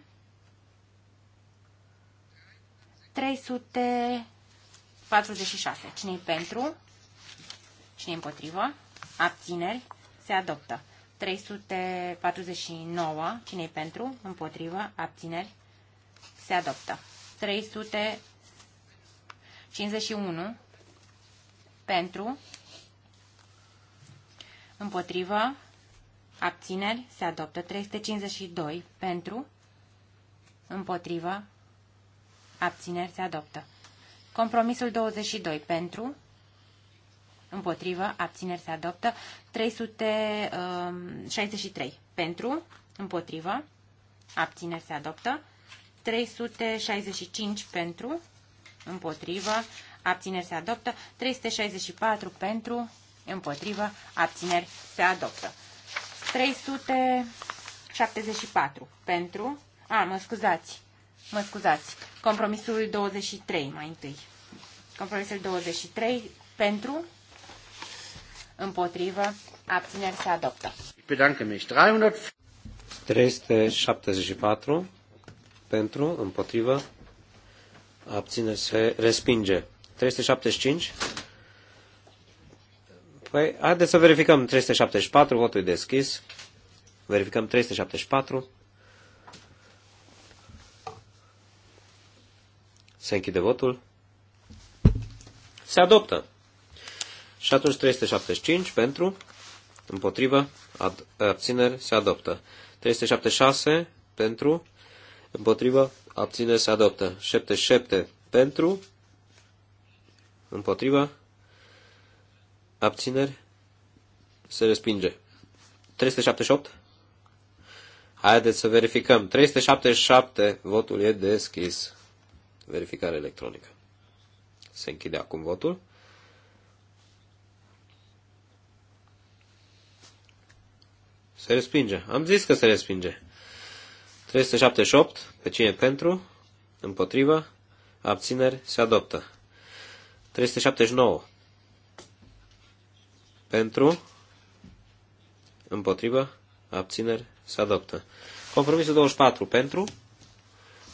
346. Cine-i pentru? Cine-i împotrivă? Abțineri. Se adoptă. 349. Cine-i pentru? Împotrivă. Abțineri. Se adoptă. 351. Pentru. Împotrivă. Abțineri. Se adoptă. 352. Pentru. Împotrivă. Abțineri. Se adoptă. Compromisul 22. Pentru împotrivă, abțineri se adoptă. 363 um, pentru, împotrivă, abțineri se adoptă. 365 pentru, împotrivă, abțineri se adoptă. 364 pentru, împotrivă, abțineri se adoptă. 374 pentru, a, mă scuzați, mă scuzați, compromisul 23 mai întâi. Compromisul 23 pentru, împotrivă, abțineri se adoptă. 374 pentru, împotrivă, abține se respinge. 375. Păi, haideți să verificăm 374, votul e deschis. Verificăm 374. Se închide votul. Se adoptă. Și atunci 375 pentru, împotrivă, ad, abțineri se adoptă. 376 pentru, împotrivă, abțineri se adoptă. 77 pentru, împotrivă, abțineri se respinge. 378? Haideți să verificăm. 377, votul e deschis. Verificare electronică. Se închide acum votul. Se respinge. Am zis că se respinge. 378. Pe cine pentru? Împotrivă. Abțineri. Se adoptă. 379. Pentru. Împotrivă. Abțineri. Se adoptă. Compromisul 24. Pentru.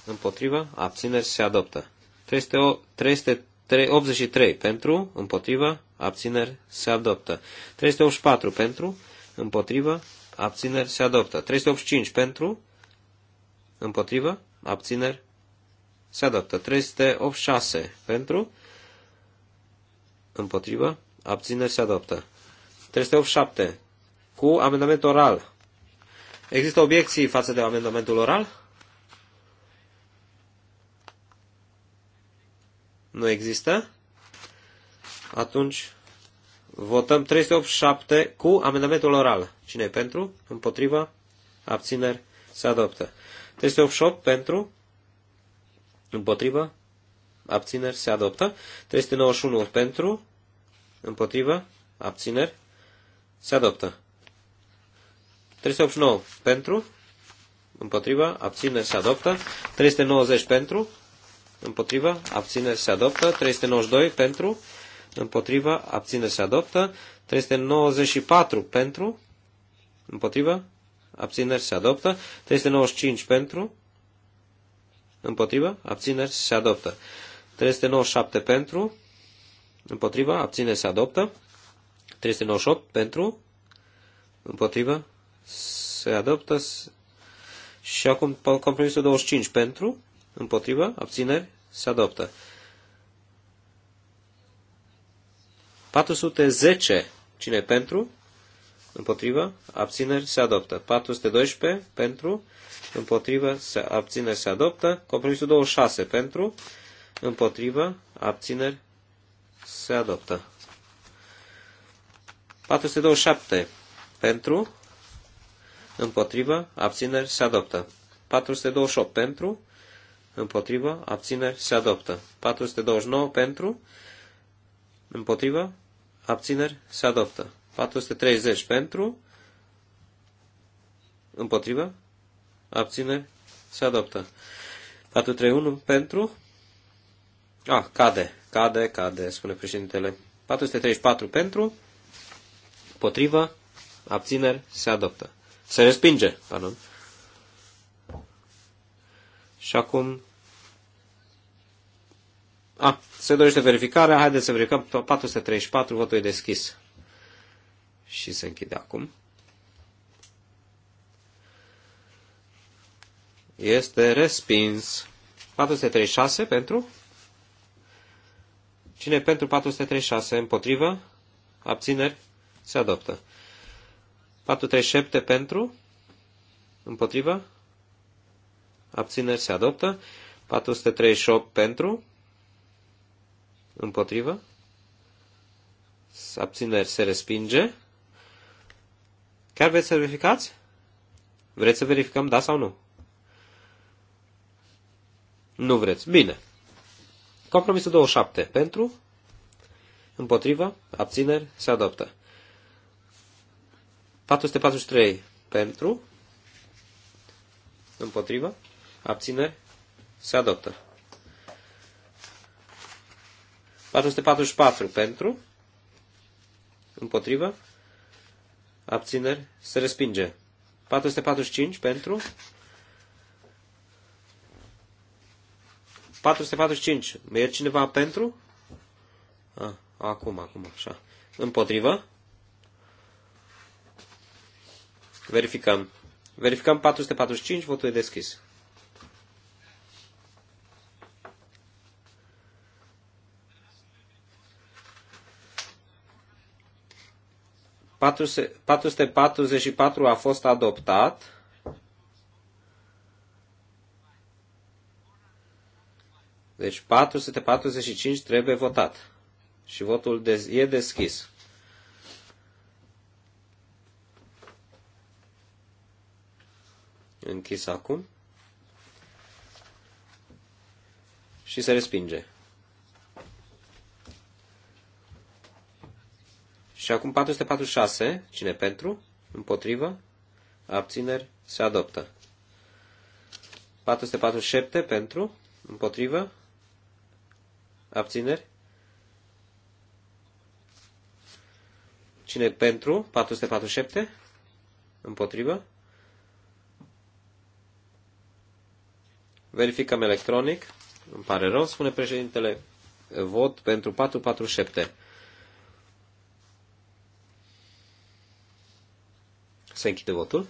Împotrivă. Abțineri. Se adoptă. 383. Pentru. Împotrivă. Abțineri. Se adoptă. 384. Pentru. Împotrivă abțineri, se adoptă. 385 pentru, împotrivă, abțineri, se adoptă. 386 pentru, împotrivă, abțineri, se adoptă. 387 cu amendament oral. Există obiecții față de amendamentul oral? Nu există? Atunci Votăm 387 cu amendamentul oral. Cine e pentru? Împotriva? Abțineri? Se adoptă. 388 pentru? Împotriva? Abțineri? Se adoptă. 391 pentru? Împotriva? Abțineri? Se adoptă. 389 pentru? Împotriva? Abțineri? Se adoptă. 390 pentru? Împotriva? Abțineri? Se adoptă. 392 pentru? împotrivă, abține se adoptă. 394 pentru, împotrivă, abțineri se adoptă. 395 pentru, împotrivă, abțineri se adoptă. 397 pentru, împotrivă, abțineri se adoptă. 398 pentru, împotrivă, se adoptă. Și acum compromisul 25 pentru, împotrivă, abțineri se adoptă. 410. Cine pentru? Împotrivă? Abțineri se adoptă. 412 pentru? Împotrivă? Se, abțineri se adoptă. Compromisul 26 pentru? Împotrivă? Abțineri se adoptă. 427 pentru? Împotrivă? Abțineri se adoptă. 428 pentru? Împotrivă? Abțineri se adoptă. 429 pentru? Împotrivă? abțineri, se adoptă. 430 pentru, împotrivă, abțineri, se adoptă. 431 pentru, a, ah, cade, cade, cade, spune președintele. 434 pentru, împotrivă, abțineri, se adoptă. Se respinge, pardon. Și acum a, se dorește verificarea. Haideți să verificăm. 434, votul e deschis. Și se închide acum. Este respins. 436 pentru? Cine pentru 436? Împotrivă? Abțineri? Se adoptă. 437 pentru? Împotrivă? Abțineri? Se adoptă. 438 pentru? Împotrivă? Abțineri se respinge. Chiar vreți să verificați? Vreți să verificăm da sau nu? Nu vreți. Bine. Compromisul 27. Pentru? Împotrivă? Abțineri? Se adoptă. 443 pentru, împotrivă, abțineri, se adoptă. 444 pentru, împotrivă, abțineri, se respinge. 445 pentru, 445, Merge cineva pentru? Ah, acum, acum, așa. Împotrivă? Verificăm. Verificăm 445, votul e deschis. 444 a fost adoptat. Deci 445 trebuie votat. Și votul e deschis. Închis acum. Și se respinge. Și acum 446, cine pentru, împotrivă, abțineri, se adoptă. 447 pentru, împotrivă, abțineri. Cine pentru, 447, împotrivă. Verificăm electronic. Îmi pare rău, spune președintele. Vot pentru 447. Se închide votul.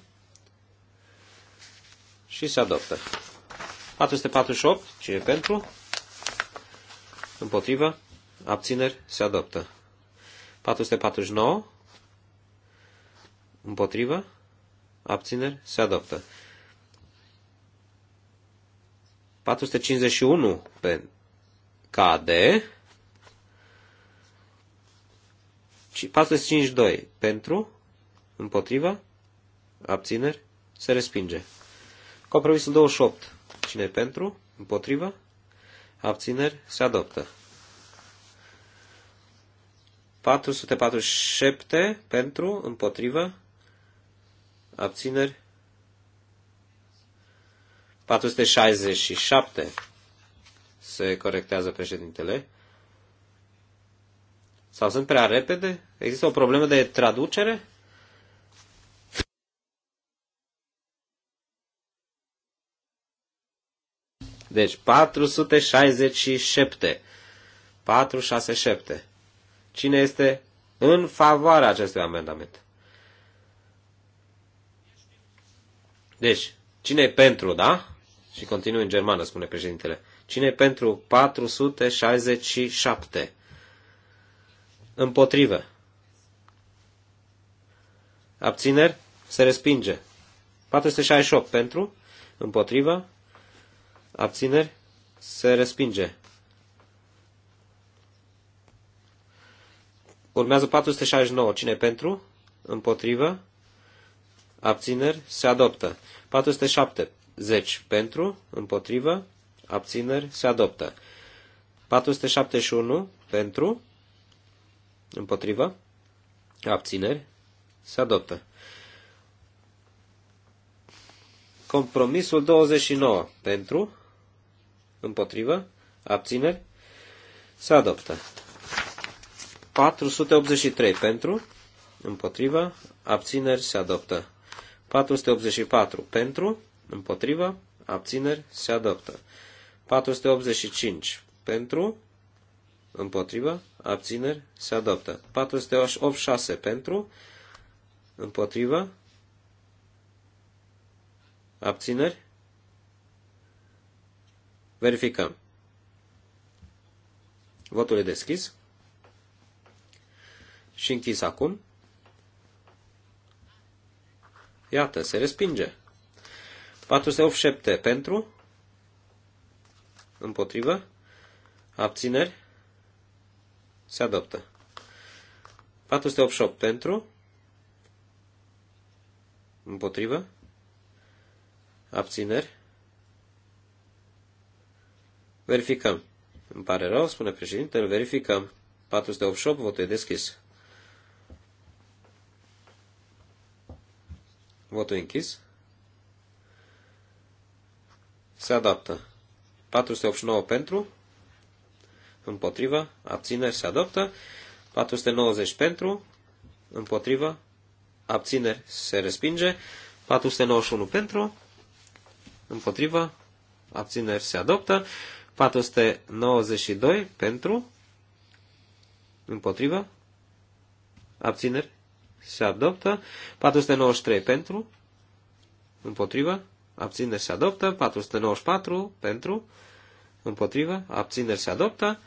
Și se adoptă. 448. Cine pentru? Împotrivă. Abțineri. Se adoptă. 449. Împotrivă. Abțineri. Se adoptă. 451 pe KD. 452 pentru, împotrivă, Abțineri? Se respinge. Compromisul 28. Cine pentru? Împotrivă? Abțineri? Se adoptă. 447 pentru, împotrivă, abțineri. 467 se corectează președintele. Sau sunt prea repede? Există o problemă de traducere? Deci 467. 467. Cine este în favoarea acestui amendament? Deci, cine e pentru, da? Și continui în germană, spune președintele. Cine e pentru 467? Împotrivă. Abțineri? Se respinge. 468 pentru, împotrivă, abțineri, se respinge. Urmează 469. Cine pentru? Împotrivă? Abțineri? Se adoptă. 470. Pentru? Împotrivă? Abțineri? Se adoptă. 471. Pentru? Împotrivă? Abțineri? Se adoptă. Compromisul 29. Pentru? Împotrivă? Abțineri? Se adoptă. 483 pentru, împotriva, abțineri se adoptă. 484 pentru, împotriva, abțineri se adoptă. 485 pentru, împotriva, abțineri se adoptă. 486 pentru, împotriva, abțineri Verificăm. Votul e deschis și închis acum. Iată, se respinge. 487 pentru, împotrivă, abțineri, se adoptă. 488 pentru, împotrivă, abțineri, Verificăm. Îmi pare rău, spune președintele, verificăm. 488, votul e deschis. Votul e închis. Se adaptă. 489 pentru, împotriva, abțineri se adoptă. 490 pentru, împotriva, abțineri se respinge. 491 pentru, împotriva, abțineri se adoptă. 492 pentru, împotrivă, abțineri, se adoptă. 493 pentru, împotrivă, abțineri, se adoptă. 494 pentru, împotrivă, abțineri, se adoptă.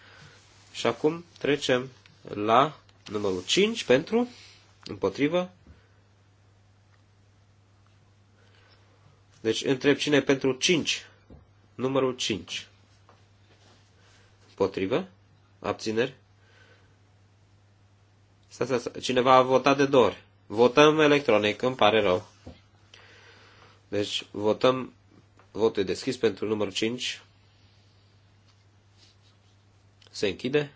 Și acum trecem la numărul 5 pentru, împotrivă. Deci întreb cine pentru 5. Numărul 5. Potrivă? Abțineri? Stai, stai, stai. Cineva a votat de două ori. Votăm electronic, îmi pare rău. Deci votăm, votul e deschis pentru numărul 5. Se închide.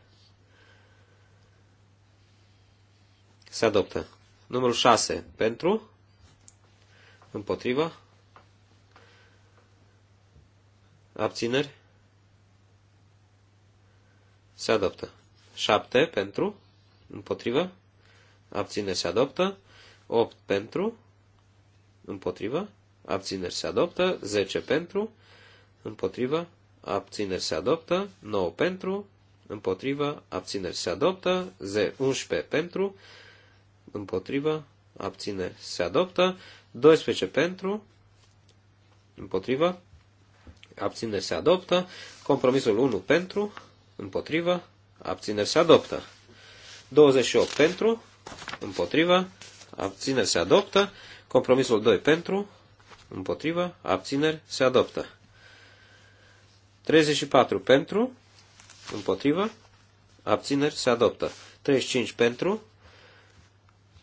Se adoptă. Numărul 6 pentru. Împotrivă. Abțineri se adoptă. 7 pentru, împotrivă, abține se adoptă. 8 pentru, împotrivă, abțineri se adoptă. 10 pentru, împotrivă, abțineri se adoptă. 9 pentru, împotrivă, abțineri se adoptă. 11 pentru, împotrivă, abțineri se adoptă. 12 pentru, împotrivă, abțineri se adoptă. Compromisul 1 pentru, împotrivă, abțineri se adoptă. 28 pentru, împotrivă, abțineri se adoptă. Compromisul 2 pentru, împotrivă, abțineri se adoptă. 34 pentru, împotrivă, abțineri se adoptă. 35 pentru,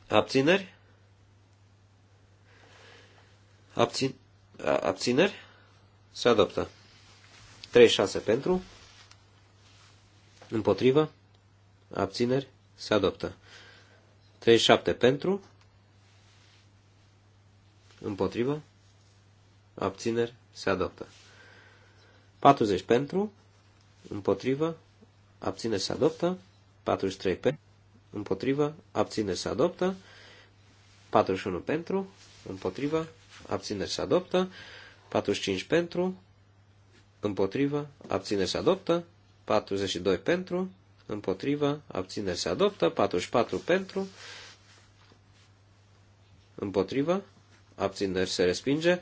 abțineri, abțin, abțineri se adoptă. 36 pentru, Împotrivă? Abțineri? Se adoptă. 37 pentru? Împotrivă? Abțineri? Se adoptă. 40 pentru? Împotrivă? Abțineri? Se adoptă. 43 pentru? Împotrivă? Abțineri? Se adoptă. 41 pentru? Împotrivă? Abțineri? Se adoptă. 45 pentru? Împotrivă? Abțineri? Se adoptă. 42 pentru, împotrivă, abțineri se adoptă, 44 pentru, împotrivă, abțineri se respinge,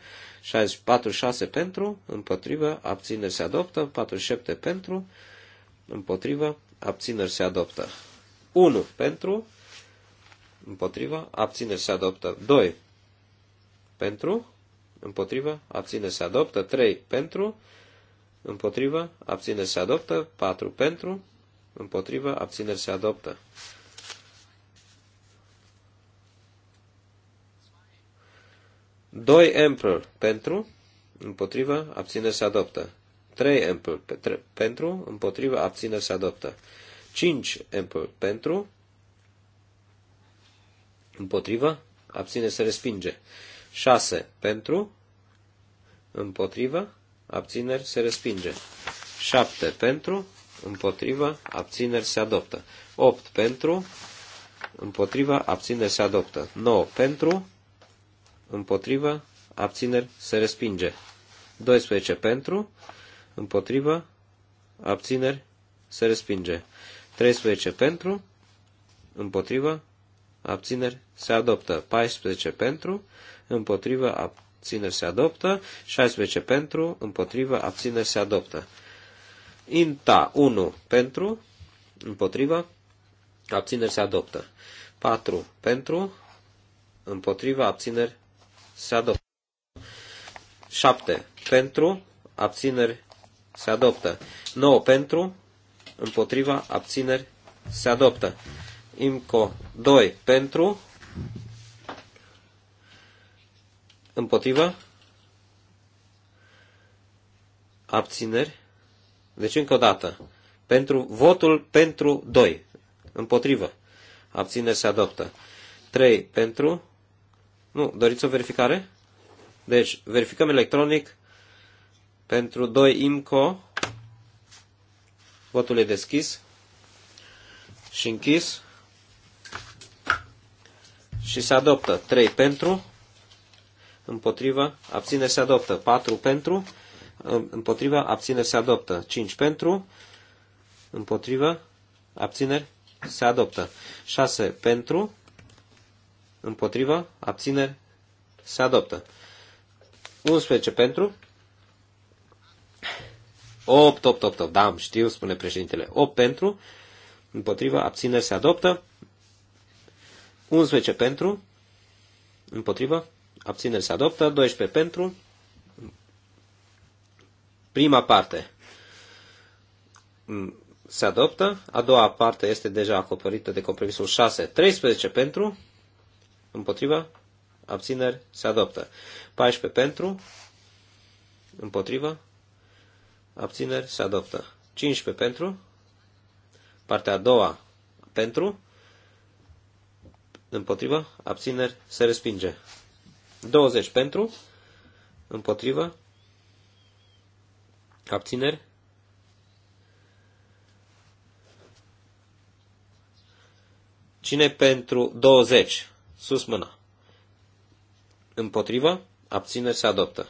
46 pentru, împotrivă, abțineri se adoptă, 47 pentru, împotrivă, abțineri se adoptă. 1 pentru, împotrivă, abțineri se adoptă. 2 pentru, împotrivă, abțineri se adoptă. 3 pentru, împotrivă, abțineri se adoptă, 4 pentru, împotrivă, abțineri se adoptă. Doi Emperor pentru, împotrivă, abțineri se adoptă. 3 Emperor pe, tre, pentru, împotrivă, abțineri se adoptă. 5 Emperor pentru, împotrivă, abține se respinge. 6 pentru, împotrivă, abțineri, se respinge. 7 pentru, împotrivă, abțineri, se adoptă. 8 pentru, împotrivă, abțineri, se adoptă. 9 pentru, împotrivă, abțineri, se respinge. 12 pentru, împotrivă, abțineri, se respinge. 13 pentru, împotrivă, abțineri, se adoptă. 14 pentru, împotrivă, abțineri, abțineri se adoptă, 16 pentru, împotrivă, abțineri se adoptă. Inta 1 pentru, împotrivă, abțineri se adoptă. 4 pentru, împotrivă, abțineri se adoptă. 7 pentru, abțineri se adoptă. 9 pentru, împotriva, abțineri se adoptă. IMCO 2 pentru, Împotrivă? Abțineri? Deci încă o dată. Pentru votul pentru 2. Împotrivă. Abțineri se adoptă. 3 pentru. Nu, doriți o verificare? Deci, verificăm electronic pentru 2 IMCO. Votul e deschis și închis. Și se adoptă 3 pentru, împotrivă, abțineri se adoptă. 4 pentru, împotrivă, abțineri se adoptă. 5 pentru, împotrivă, abțineri se adoptă. 6 da, pentru, împotrivă, abțineri se adoptă. 11 pentru, 8, 8, 8, 8, da, știu, spune președintele, 8 pentru, împotriva, abțineri se adoptă, 11 pentru, împotriva, abțineri se adoptă, 12 pentru, prima parte se adoptă, a doua parte este deja acoperită de compromisul 6, 13 pentru, împotriva, abțineri se adoptă, 14 pentru, împotriva, abțineri se adoptă, 15 pentru, partea a doua pentru, împotriva, abțineri se respinge, 20 pentru, împotrivă, abțineri. Cine pentru 20? Sus mâna. Împotrivă, abțineri se adoptă.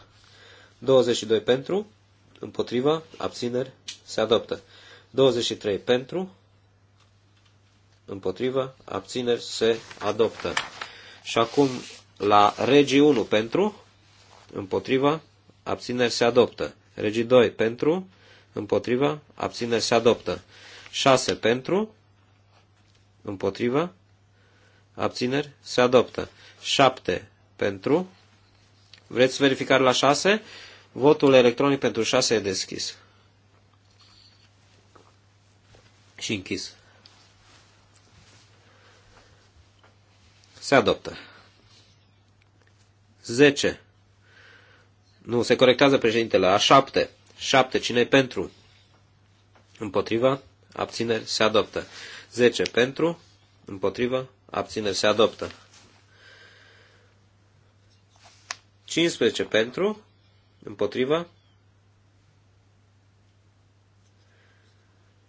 22 pentru, împotriva, abțineri, se adoptă. 23 pentru, împotriva, abțineri, se adoptă. Și acum la regii 1 pentru, împotriva, abțineri se adoptă. Regii 2 pentru, împotriva, abțineri se adoptă. 6 pentru, împotriva, abțineri se adoptă. 7 pentru, vreți verificare la 6? Votul electronic pentru 6 e deschis. Și închis. Se adoptă. 10. Nu, se corectează președintele. A 7. 7. Cine pentru? Împotriva? Abțineri? Se adoptă. 10. Pentru? Împotriva? Abțineri? Se adoptă. 15 pentru, împotriva.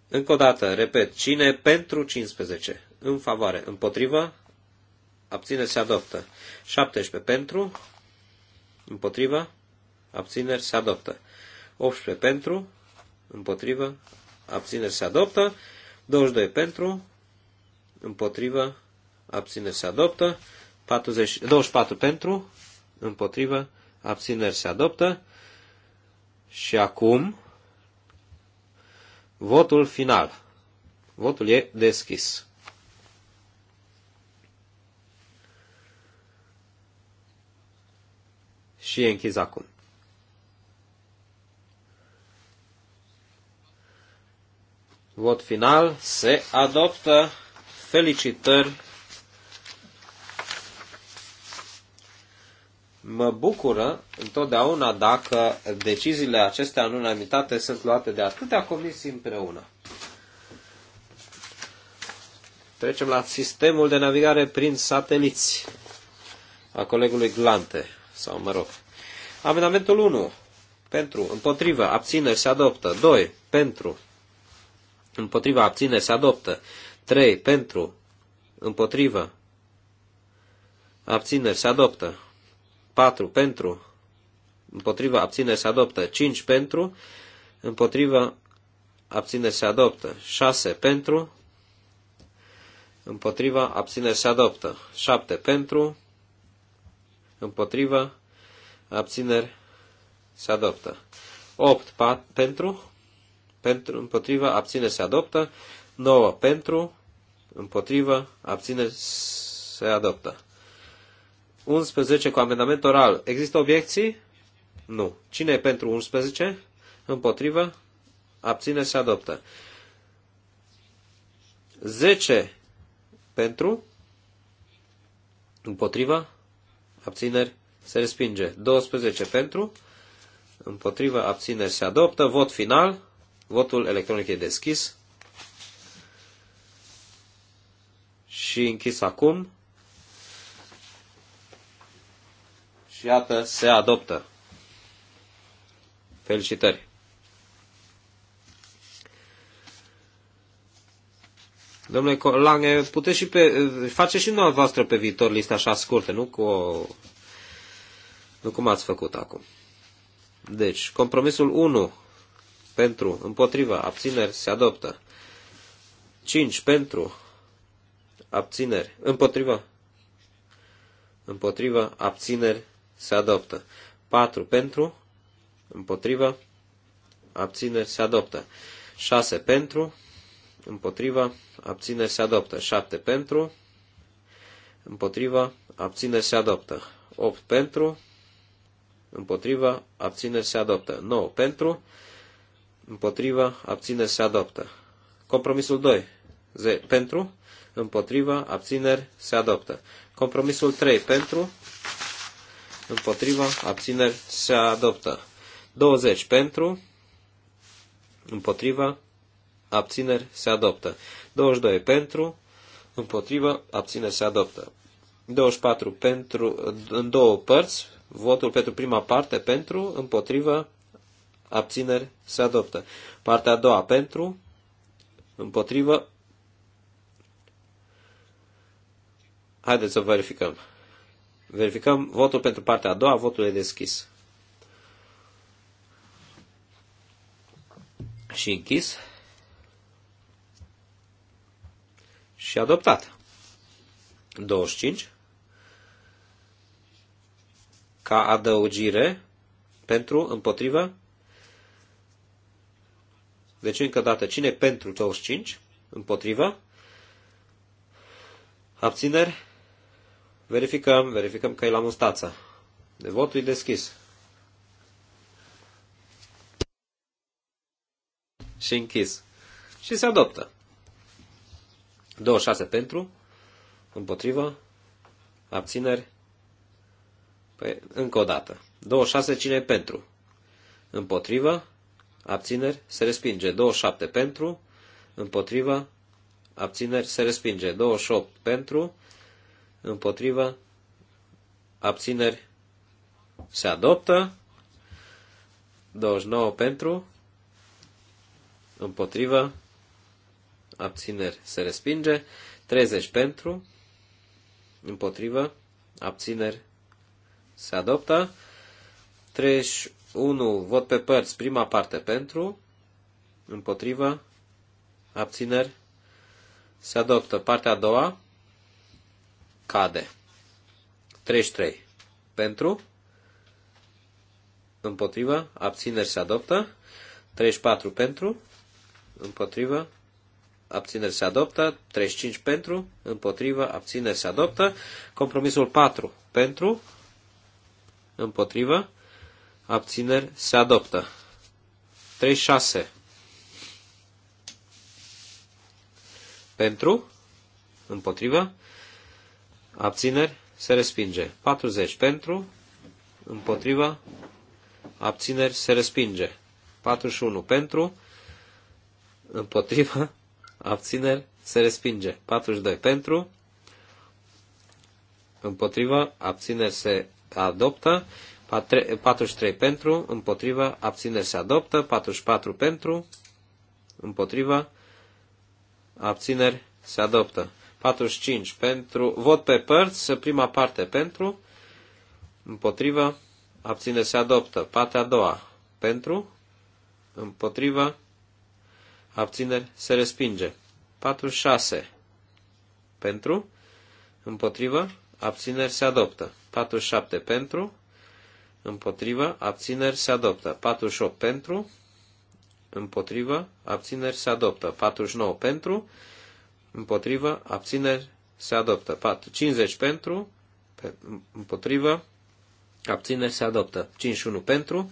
Încă o dată, repet, cine pentru 15? În favoare, împotriva, abține, se adoptă. 17 pentru, împotrivă, abțineri se adoptă. 18 pentru, împotrivă, abțineri se adoptă. 22 pentru, împotrivă, abțineri se adoptă. 40, 24 pentru, împotrivă, abțineri se adoptă. Și acum, votul final. Votul e deschis. și e închis acum. Vot final se adoptă. Felicitări! Mă bucură întotdeauna dacă deciziile acestea în unanimitate sunt luate de atâtea comisii împreună. Trecem la sistemul de navigare prin sateliți a colegului Glante sau mă rog. Amendamentul 1. Pentru, împotriva, abțineri se adoptă. 2. Pentru, împotriva, abțineri se adoptă. 3. Pentru, împotriva, abțineri se adoptă. 4. Pentru, împotriva, abțineri se adoptă. 5. Pentru, împotriva, abțineri se adoptă. 6. Pentru, împotriva, abțineri se adoptă. 7. Pentru, împotriva, abțineri, se adoptă. 8 pentru, pentru, împotriva, abțineri, se adoptă. 9 pentru, împotriva, abțineri, se adoptă. 11 cu amendament oral. Există obiecții? Nu. Cine e pentru 11? Împotrivă? Abține, se adoptă. 10 pentru? Împotrivă? abțineri, se respinge. 12 pentru, împotrivă, abțineri, se adoptă. Vot final, votul electronic e deschis. Și închis acum. Și iată, se adoptă. Felicitări! Domnule Lange, puteți și pe, face și dumneavoastră pe viitor lista așa scurtă, nu cu o, nu cum ați făcut acum. Deci, compromisul 1 pentru, împotriva, abțineri se adoptă. 5 pentru, abțineri, împotriva, împotriva, abțineri se adoptă. 4 pentru, împotriva, abțineri se adoptă. 6 pentru, împotriva, abțineri se adoptă. 7 pentru, împotriva, abțineri se adoptă. 8 pentru, împotriva, abțineri se adoptă. 9 pentru, împotriva, abțineri se adoptă. Compromisul 2, ze, pentru, împotriva, abțineri se adoptă. Compromisul 3, pentru, împotriva, abțineri se adoptă. 20 pentru, împotriva, abțineri, se adoptă. 22 pentru, împotrivă, abțineri, se adoptă. 24 pentru, în două părți, votul pentru prima parte, pentru, împotrivă, abțineri, se adoptă. Partea a doua, pentru, împotrivă, Haideți să verificăm. Verificăm votul pentru partea a doua, votul e deschis. Și închis. și adoptat. 25 ca adăugire pentru, împotrivă. Deci încă o dată, cine pentru 25, împotrivă, abțineri, verificăm, verificăm că e la mustață. De votul e deschis. Și închis. Și se adoptă. 26 pentru, împotrivă, abțineri. Păi, încă o dată. 26 cine e pentru? Împotrivă, abțineri, se respinge. 27 pentru, împotrivă, abțineri, se respinge. 28 pentru, împotrivă, abțineri, se adoptă. 29 pentru, împotrivă, abțineri se respinge, 30 pentru, împotrivă, abțineri se adoptă, 31 vot pe părți, prima parte pentru, împotrivă, abțineri se adoptă, partea a doua cade, 33 pentru, împotrivă, abțineri se adoptă, 34 pentru, împotrivă, abțineri se adoptă, 35 pentru, împotrivă, abțineri se adoptă, compromisul 4 pentru, împotrivă, abțineri se adoptă. 36 pentru, împotrivă, abțineri se respinge. 40 pentru, împotrivă, abțineri se respinge. 41 pentru, împotrivă, abțineri, se respinge. 42 pentru, împotriva, abțineri, se adoptă. 43 pentru, împotriva, abțineri, se adoptă. 44 pentru, împotriva, abțineri, se adoptă. 45 pentru, vot pe părți, prima parte pentru, împotriva, abțineri se adoptă. Partea a doua, pentru, împotriva, abțineri, se respinge. 46 pentru, împotrivă, abțineri, se adoptă. 47 pentru, împotrivă, abțineri, se adoptă. 48 pentru, împotrivă, abțineri, se adoptă. 49 pentru, împotrivă, abțineri, se adoptă. 50 pentru, împotrivă, abțineri, se adoptă. 51 pentru,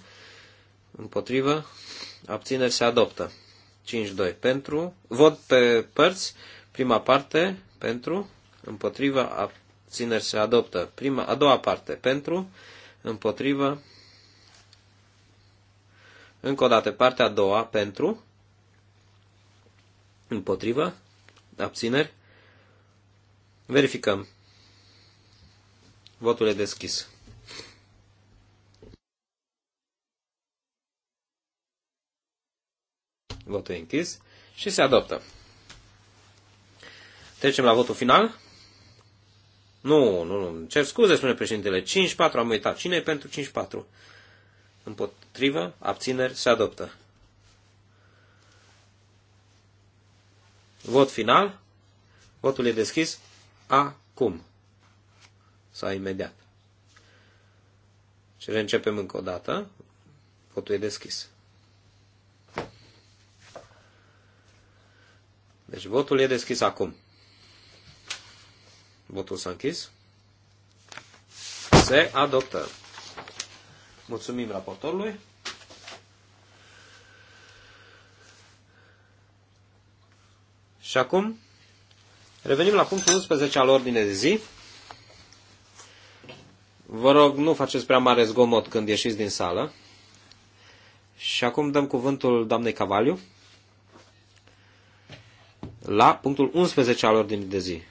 împotrivă, abțineri, se adoptă. 5.2 pentru, vot pe părți, prima parte pentru, împotriva, abțineri se adoptă, prima, a doua parte pentru, împotriva, încă o dată, partea a doua pentru, împotriva, abțineri, verificăm. Votul e deschis. Votul e închis și se adoptă. Trecem la votul final. Nu, nu, nu. Cer scuze, spune președintele. 5-4, am uitat. Cine e pentru 5-4? Împotrivă, abțineri, se adoptă. Vot final. Votul e deschis acum. Sau imediat. Și reîncepem încă o dată. Votul e deschis. Deci votul e deschis acum. Votul s-a închis. Se adoptă. Mulțumim raportorului. Și acum revenim la punctul 11 al ordinei de zi. Vă rog, nu faceți prea mare zgomot când ieșiți din sală. Și acum dăm cuvântul doamnei Cavaliu la punctul 11 al ordinii de zi.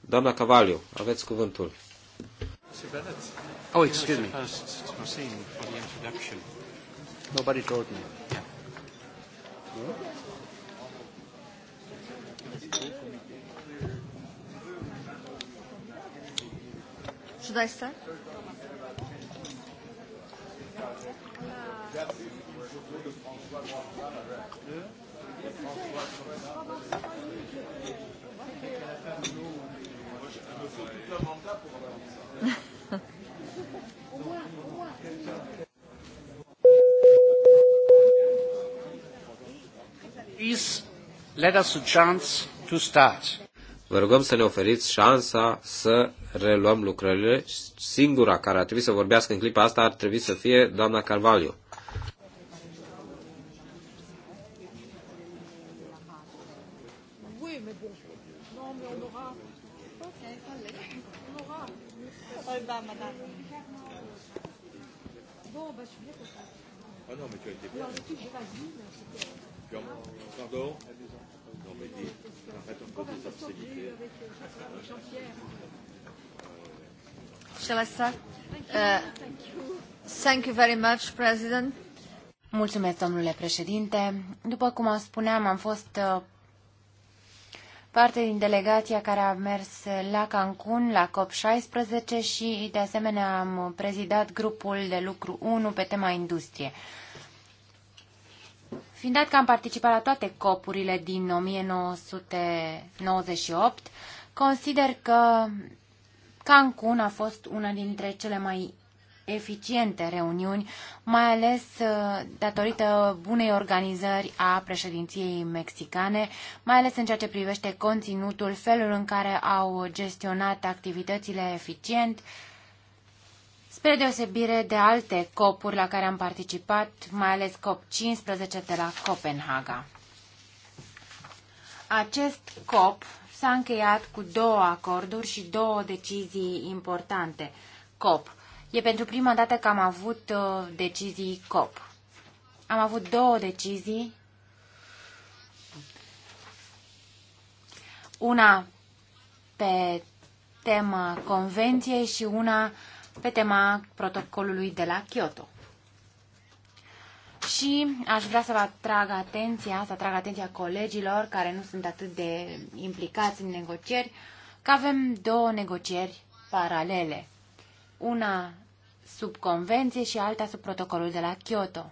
Doamna Cavaliu, aveți cuvântul. Oh, excuse me. Nobody told me. Should I start? Yeah. Please let us a chance to start. Vă rugăm să ne oferiți șansa să reluăm lucrările. Singura care ar trebui să vorbească în clipa asta ar trebui să fie doamna Carvalho. Non, bah, je suis bien Ah non, mais tu as été bien. Non, j'ai pas vu, mais c'était... Pardon Non, mais dis, arrête un peu Shall I start? Uh, thank you very much, President. Mulțumesc, domnule președinte. După cum am spuneam, am fost uh, parte din delegația care a mers la Cancun, la COP16 și, de asemenea, am prezidat grupul de lucru 1 pe tema industrie. Fiind dat că am participat la toate copurile din 1998, consider că Cancun a fost una dintre cele mai eficiente reuniuni, mai ales uh, datorită bunei organizări a președinției mexicane, mai ales în ceea ce privește conținutul, felul în care au gestionat activitățile eficient, spre deosebire de alte copuri la care am participat, mai ales COP15 de la Copenhaga. Acest COP s-a încheiat cu două acorduri și două decizii importante. COP E pentru prima dată că am avut uh, decizii COP. Am avut două decizii. Una pe tema convenției și una pe tema protocolului de la Kyoto. Și aș vrea să vă atrag atenția, să atrag atenția colegilor care nu sunt atât de implicați în negocieri, că avem două negocieri paralele una sub convenție și alta sub protocolul de la Kyoto.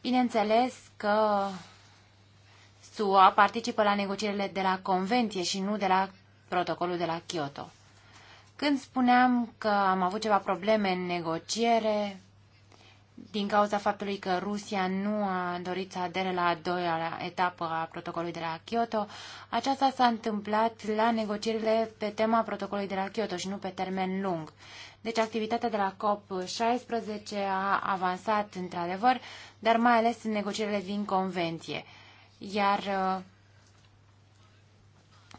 Bineînțeles că SUA participă la negocierile de la convenție și nu de la protocolul de la Kyoto. Când spuneam că am avut ceva probleme în negociere, din cauza faptului că Rusia nu a dorit să adere la a doua etapă a protocolului de la Kyoto, aceasta s-a întâmplat la negocierile pe tema protocolului de la Kyoto și nu pe termen lung. Deci activitatea de la COP16 a avansat într-adevăr, dar mai ales în negocierile din convenție. Iar uh,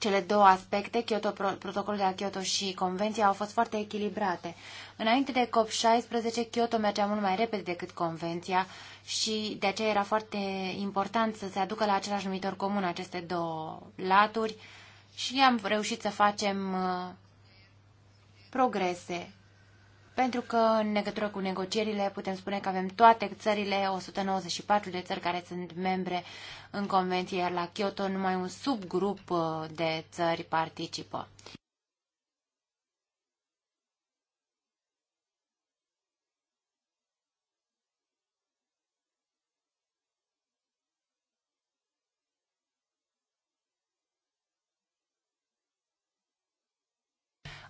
cele două aspecte, Kyoto, protocolul de la Kyoto și convenția, au fost foarte echilibrate. Înainte de COP16, Kyoto mergea mult mai repede decât convenția și de aceea era foarte important să se aducă la același numitor comun aceste două laturi și am reușit să facem uh, progrese pentru că în legătură cu negocierile putem spune că avem toate țările, 194 de țări care sunt membre în convenție, iar la Kyoto numai un subgrup uh, de țări participă.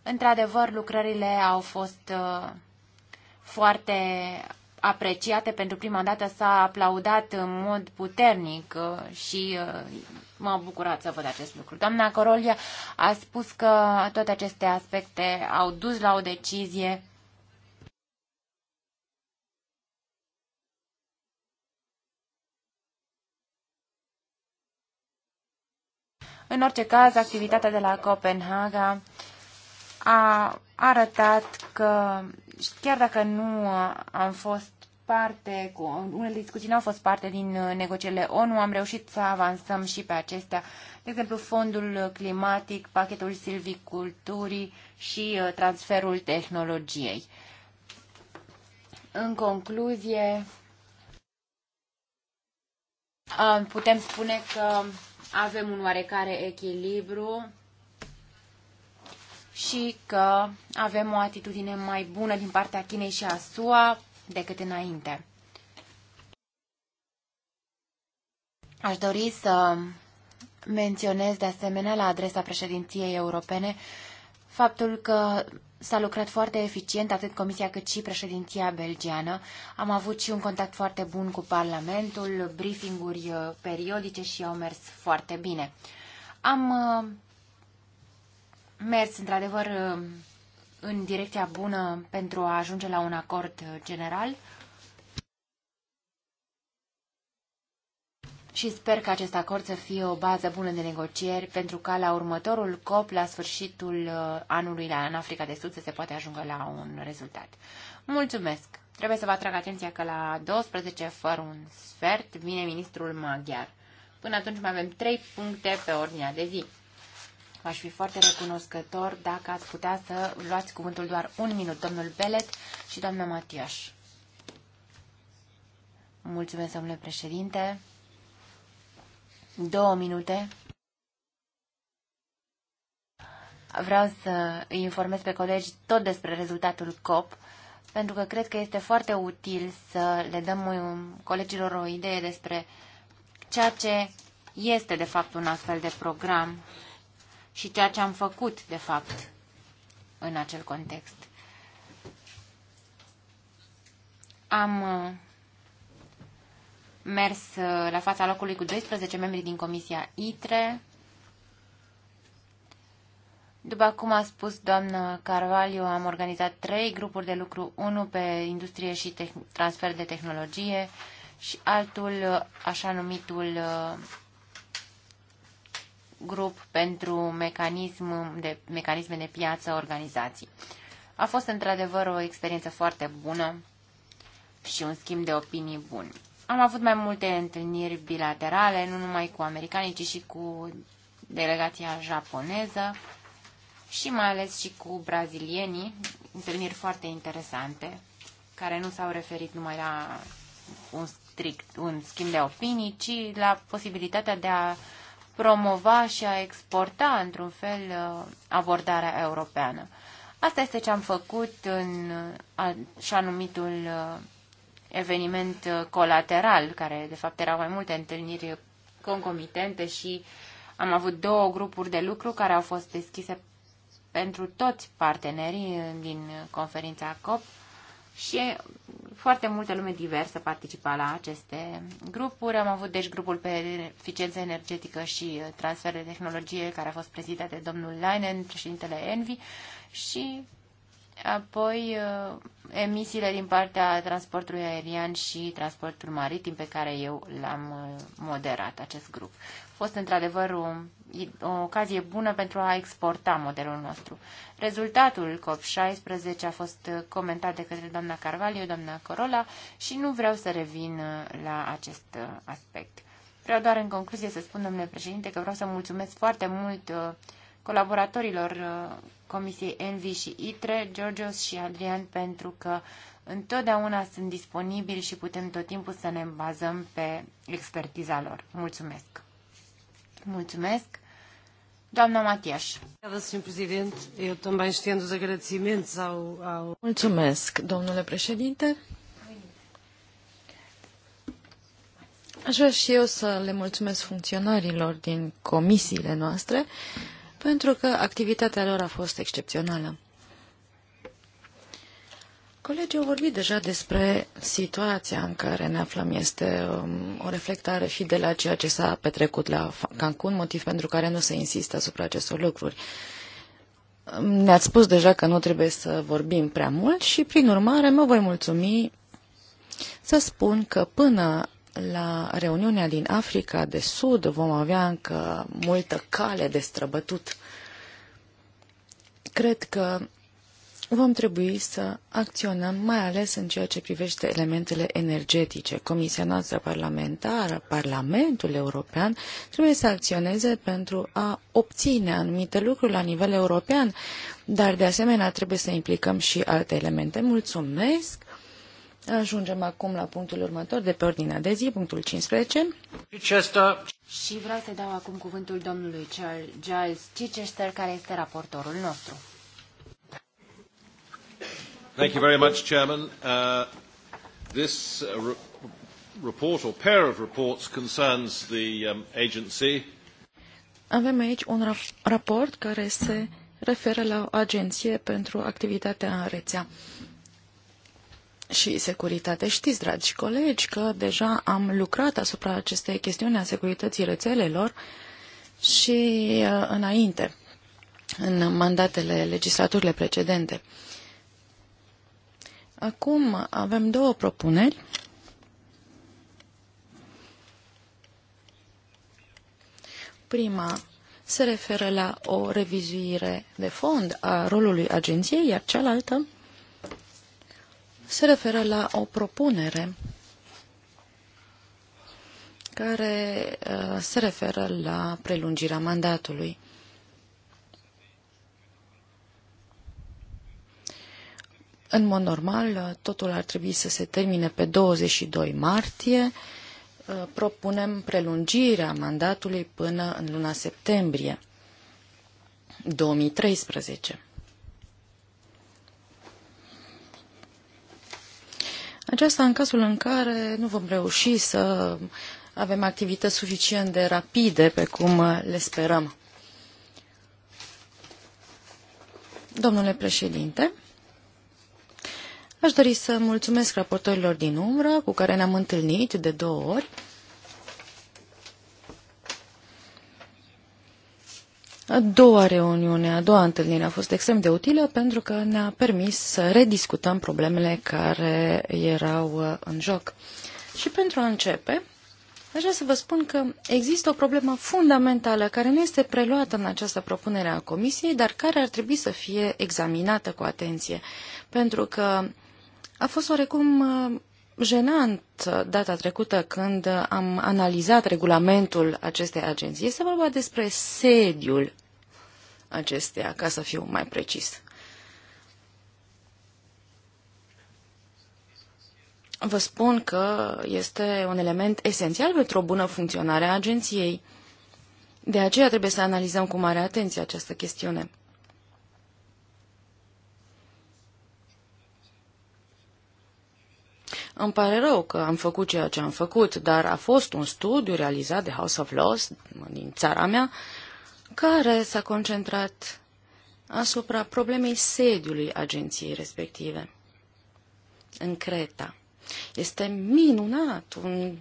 Într-adevăr, lucrările au fost uh, foarte apreciate. Pentru prima dată s-a aplaudat în mod puternic uh, și uh, m am bucurat să văd acest lucru. Doamna Corolia a spus că toate aceste aspecte au dus la o decizie În orice caz, activitatea de la Copenhaga a arătat că chiar dacă nu am fost parte, cu, unele discuții nu au fost parte din uh, negocierile ONU, am reușit să avansăm și pe acestea. De exemplu, fondul climatic, pachetul silviculturii și uh, transferul tehnologiei. În concluzie, uh, putem spune că avem un oarecare echilibru și că avem o atitudine mai bună din partea Chinei și a SUA decât înainte. Aș dori să menționez de asemenea la adresa președinției europene faptul că s-a lucrat foarte eficient atât Comisia cât și președinția belgiană. Am avut și un contact foarte bun cu Parlamentul, briefinguri uh, periodice și au mers foarte bine. Am uh, mers într-adevăr uh, în direcția bună pentru a ajunge la un acord uh, general și sper că acest acord să fie o bază bună de negocieri pentru ca la următorul COP, la sfârșitul uh, anului la, în Africa de Sud, să se poate ajunge la un rezultat. Mulțumesc! Trebuie să vă atrag atenția că la 12 fără un sfert vine ministrul maghiar. Până atunci mai avem trei puncte pe ordinea de zi. V-aș fi foarte recunoscător dacă ați putea să luați cuvântul doar un minut, domnul Belet și doamna Matiaș. Mulțumesc, domnule președinte. Două minute. Vreau să îi informez pe colegi tot despre rezultatul COP, pentru că cred că este foarte util să le dăm colegilor o idee despre ceea ce este, de fapt, un astfel de program și ceea ce am făcut, de fapt, în acel context. Am uh, mers uh, la fața locului cu 12 membri din Comisia ITRE. După cum a spus doamna Carvalho, am organizat trei grupuri de lucru, unul pe industrie și transfer de tehnologie și altul, uh, așa numitul grup pentru mecanism de, mecanisme de piață organizații. A fost într-adevăr o experiență foarte bună și un schimb de opinii bun. Am avut mai multe întâlniri bilaterale, nu numai cu americanii, ci și cu delegația japoneză și mai ales și cu brazilienii, întâlniri foarte interesante, care nu s-au referit numai la un, strict, un schimb de opinii, ci la posibilitatea de a promova și a exporta, într-un fel, uh, abordarea europeană. Asta este ce am făcut în așa uh, numitul uh, eveniment colateral, care de fapt erau mai multe întâlniri concomitente și am avut două grupuri de lucru care au fost deschise pentru toți partenerii din conferința COP și foarte multă lume diversă participa la aceste grupuri. Am avut deci grupul pe eficiență energetică și uh, transfer de tehnologie care a fost prezidat de domnul Leinen, președintele Envi și Apoi, uh, emisiile din partea transportului aerian și transportul maritim pe care eu l-am uh, moderat, acest grup. A fost într-adevăr o, o ocazie bună pentru a exporta modelul nostru. Rezultatul COP16 a fost uh, comentat de către doamna Carvalho, doamna Corola și nu vreau să revin la acest aspect. Vreau doar în concluzie să spun, domnule președinte, că vreau să mulțumesc foarte mult colaboratorilor Comisiei Envi și ITRE, Georgios și Adrian, pentru că întotdeauna sunt disponibili și putem tot timpul să ne bazăm pe expertiza lor. Mulțumesc! Mulțumesc! Doamna Matias. Mulțumesc, domnule președinte. Aș vrea și eu să le mulțumesc funcționarilor din comisiile noastre pentru că activitatea lor a fost excepțională. Colegii au vorbit deja despre situația în care ne aflăm. Este um, o reflectare de la ceea ce s-a petrecut la Cancun, motiv pentru care nu se insistă asupra acestor lucruri. Um, ne-ați spus deja că nu trebuie să vorbim prea mult și, prin urmare, mă voi mulțumi să spun că până la reuniunea din Africa de Sud vom avea încă multă cale de străbătut. Cred că vom trebui să acționăm mai ales în ceea ce privește elementele energetice. Comisia noastră parlamentară, Parlamentul European, trebuie să acționeze pentru a obține anumite lucruri la nivel european, dar de asemenea trebuie să implicăm și alte elemente. Mulțumesc! Ajungem acum la punctul următor de pe ordinea de zi, punctul 15. Chichester. Și vreau să dau acum cuvântul domnului Charles Giles Chichester, care este raportorul nostru. Thank you very much, Chairman. Uh, this uh, report or pair of reports concerns the um, agency. Avem aici un raport care se referă la o agenție pentru activitatea în rețea și securitate. Știți, dragi colegi, că deja am lucrat asupra acestei chestiuni a securității rețelelor și uh, înainte, în mandatele legislaturile precedente. Acum avem două propuneri. Prima se referă la o revizuire de fond a rolului agenției, iar cealaltă se referă la o propunere care uh, se referă la prelungirea mandatului. În mod normal, totul ar trebui să se termine pe 22 martie. Uh, propunem prelungirea mandatului până în luna septembrie 2013. Aceasta în cazul în care nu vom reuși să avem activități suficient de rapide pe cum le sperăm. Domnule președinte, aș dori să mulțumesc raportorilor din umbră cu care ne-am întâlnit de două ori A doua reuniune, a doua întâlnire a fost extrem de utilă pentru că ne-a permis să rediscutăm problemele care erau uh, în joc. Și pentru a începe, aș vrea să vă spun că există o problemă fundamentală care nu este preluată în această propunere a Comisiei, dar care ar trebui să fie examinată cu atenție, pentru că a fost oarecum uh, jenant data trecută când am analizat regulamentul acestei agenții. Este vorba despre sediul acesteia, ca să fiu mai precis. Vă spun că este un element esențial pentru o bună funcționare a agenției. De aceea trebuie să analizăm cu mare atenție această chestiune. Îmi pare rău că am făcut ceea ce am făcut, dar a fost un studiu realizat de House of Laws din țara mea care s-a concentrat asupra problemei sediului agenției respective în Creta. Este minunat, un,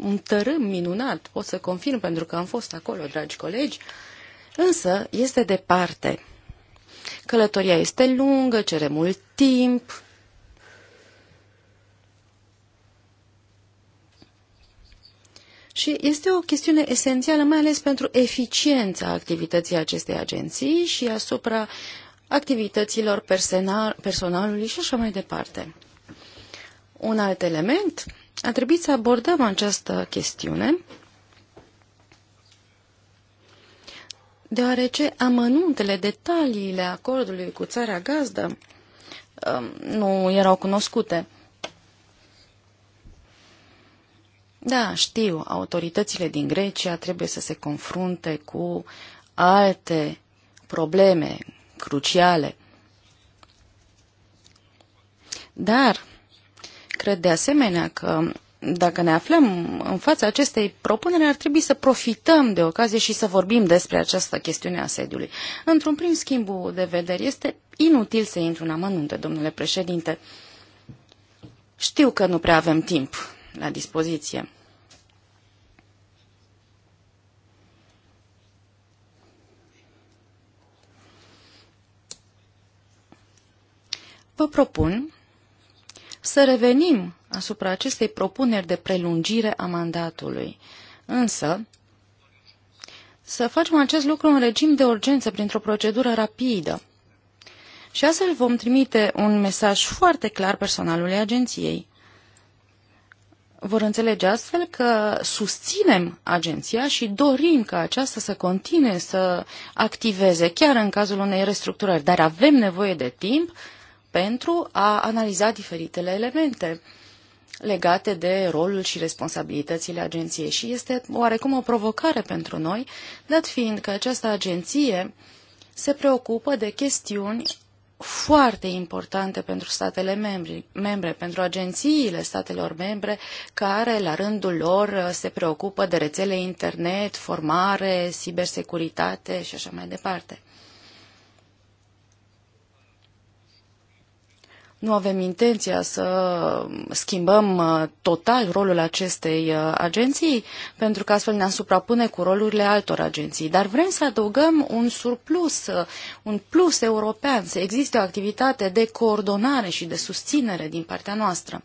un tărâm minunat, pot să confirm pentru că am fost acolo, dragi colegi, însă este departe. Călătoria este lungă, cere mult timp, Și este o chestiune esențială, mai ales pentru eficiența activității acestei agenții și asupra activităților personal, personalului și așa mai departe. Un alt element, a trebuit să abordăm această chestiune, deoarece amănuntele, detaliile acordului cu țara gazdă um, nu erau cunoscute. Da, știu, autoritățile din Grecia trebuie să se confrunte cu alte probleme cruciale. Dar cred de asemenea că dacă ne aflăm în fața acestei propuneri, ar trebui să profităm de ocazie și să vorbim despre această chestiune a sediului. Într-un prim schimb de vedere, este inutil să intru în amănunte, domnule președinte. Știu că nu prea avem timp la dispoziție. Vă propun să revenim asupra acestei propuneri de prelungire a mandatului, însă să facem acest lucru în regim de urgență, printr-o procedură rapidă. Și astfel vom trimite un mesaj foarte clar personalului agenției vor înțelege astfel că susținem agenția și dorim ca aceasta să continue să activeze chiar în cazul unei restructurări, dar avem nevoie de timp pentru a analiza diferitele elemente legate de rolul și responsabilitățile agenției și este oarecum o provocare pentru noi, dat fiind că această agenție se preocupă de chestiuni foarte importante pentru statele membri, membre, pentru agențiile statelor membre, care la rândul lor se preocupă de rețele internet, formare, cibersecuritate și așa mai departe. Nu avem intenția să schimbăm uh, total rolul acestei uh, agenții, pentru că astfel ne-am suprapune cu rolurile altor agenții. Dar vrem să adăugăm un surplus, uh, un plus european, să existe o activitate de coordonare și de susținere din partea noastră.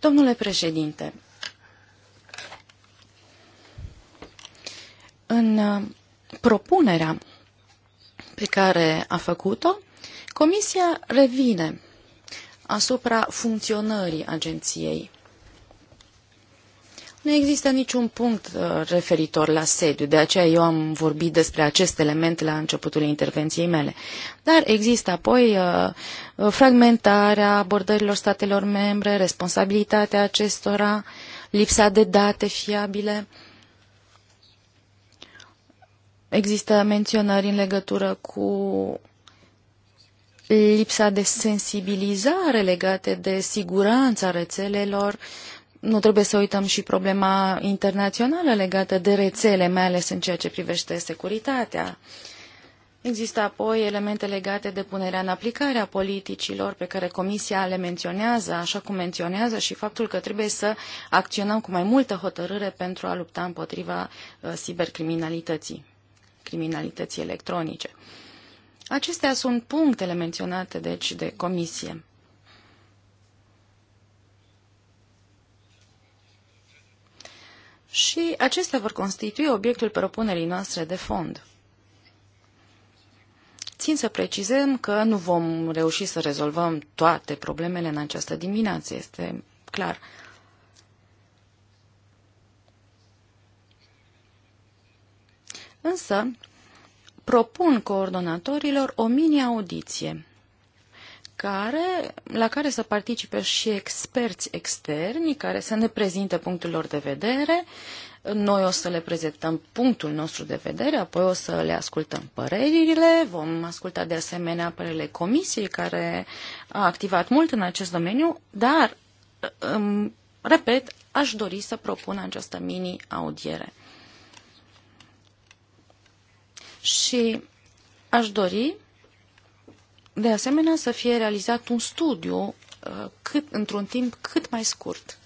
Domnule președinte, în propunerea pe care a făcut-o, Comisia revine asupra funcționării agenției. Nu există niciun punct uh, referitor la sediu, de aceea eu am vorbit despre acest element la începutul intervenției mele. Dar există apoi uh, uh, fragmentarea abordărilor statelor membre, responsabilitatea acestora, lipsa de date fiabile. Există menționări în legătură cu lipsa de sensibilizare legate de siguranța rețelelor. Nu trebuie să uităm și problema internațională legată de rețele, mai ales în ceea ce privește securitatea. Există apoi elemente legate de punerea în aplicare a politicilor pe care Comisia le menționează, așa cum menționează și faptul că trebuie să acționăm cu mai multă hotărâre pentru a lupta împotriva uh, cibercriminalității, criminalității electronice. Acestea sunt punctele menționate, deci, de comisie. Și acestea vor constitui obiectul propunerii noastre de fond. Țin să precizăm că nu vom reuși să rezolvăm toate problemele în această dimineață, este clar. Însă, propun coordonatorilor o mini-audiție care, la care să participe și experți externi care să ne prezinte punctul lor de vedere. Noi o să le prezentăm punctul nostru de vedere, apoi o să le ascultăm părerile, vom asculta de asemenea părerile comisiei care a activat mult în acest domeniu, dar, repet, aș dori să propun această mini-audiere și aș dori de asemenea să fie realizat un studiu uh, cât, într-un timp cât mai scurt.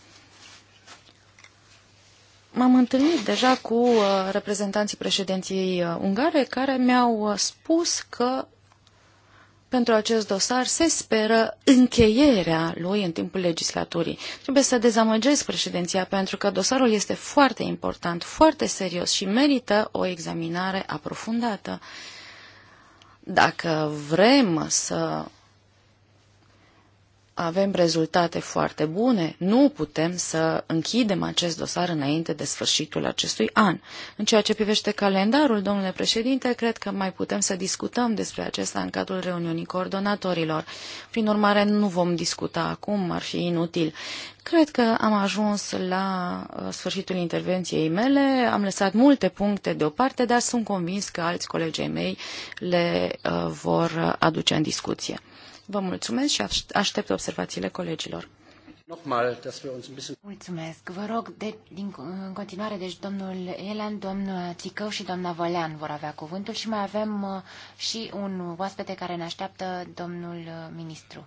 M-am întâlnit deja cu uh, reprezentanții președinției uh, ungare care mi-au spus că pentru acest dosar se speră încheierea lui în timpul legislaturii. Trebuie să dezamăgesc președinția pentru că dosarul este foarte important, foarte serios și merită o examinare aprofundată. Dacă vrem să avem rezultate foarte bune, nu putem să închidem acest dosar înainte de sfârșitul acestui an. În ceea ce privește calendarul, domnule președinte, cred că mai putem să discutăm despre acesta în cadrul reuniunii coordonatorilor. Prin urmare, nu vom discuta acum, ar fi inutil. Cred că am ajuns la uh, sfârșitul intervenției mele, am lăsat multe puncte deoparte, dar sunt convins că alți colegii mei le uh, vor aduce în discuție. Vă mulțumesc și aștept observațiile colegilor. Mulțumesc. Vă rog, de, din, în continuare, deci domnul Elan, domnul Țicău și doamna Vălean vor avea cuvântul și mai avem uh, și un oaspete care ne așteaptă, domnul uh, ministru.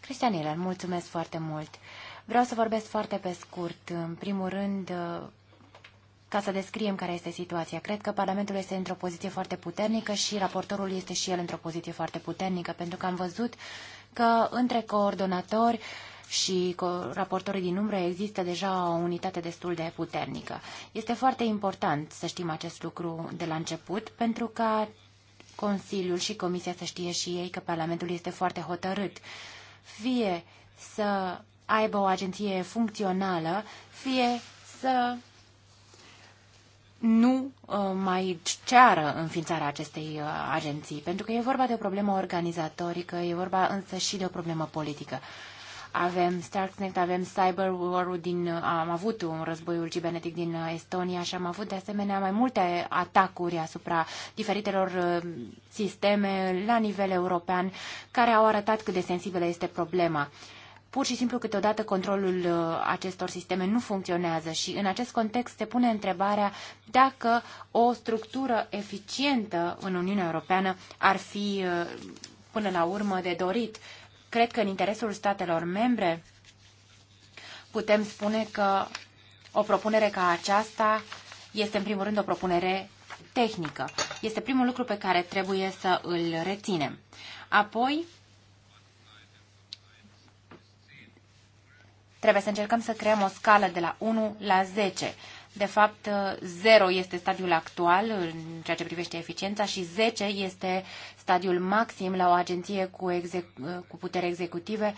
Cristian Elan, mulțumesc foarte mult. Vreau să vorbesc foarte pe scurt. În primul rând, uh, ca să descriem care este situația. Cred că Parlamentul este într-o poziție foarte puternică și raportorul este și el într-o poziție foarte puternică, pentru că am văzut că între coordonatori și raportorii din umbră există deja o unitate destul de puternică. Este foarte important să știm acest lucru de la început, pentru că Consiliul și Comisia să știe și ei că Parlamentul este foarte hotărât. Fie să aibă o agenție funcțională, fie să nu uh, mai ceară înființarea acestei uh, agenții, pentru că e vorba de o problemă organizatorică, e vorba însă și de o problemă politică. Avem Starknet, avem Cyber war din... Uh, am avut un războiul cibernetic din Estonia și am avut de asemenea mai multe atacuri asupra diferitelor sisteme la nivel european care au arătat cât de sensibilă este problema. Uh, Pur și simplu, câteodată, controlul uh, acestor sisteme nu funcționează și în acest context se pune întrebarea dacă o structură eficientă în Uniunea Europeană ar fi, uh, până la urmă, de dorit. Cred că în interesul statelor membre putem spune că o propunere ca aceasta este, în primul rând, o propunere tehnică. Este primul lucru pe care trebuie să îl reținem. Apoi, Trebuie să încercăm să creăm o scală de la 1 la 10. De fapt, 0 este stadiul actual în ceea ce privește eficiența și 10 este stadiul maxim la o agenție cu, exec- cu putere executive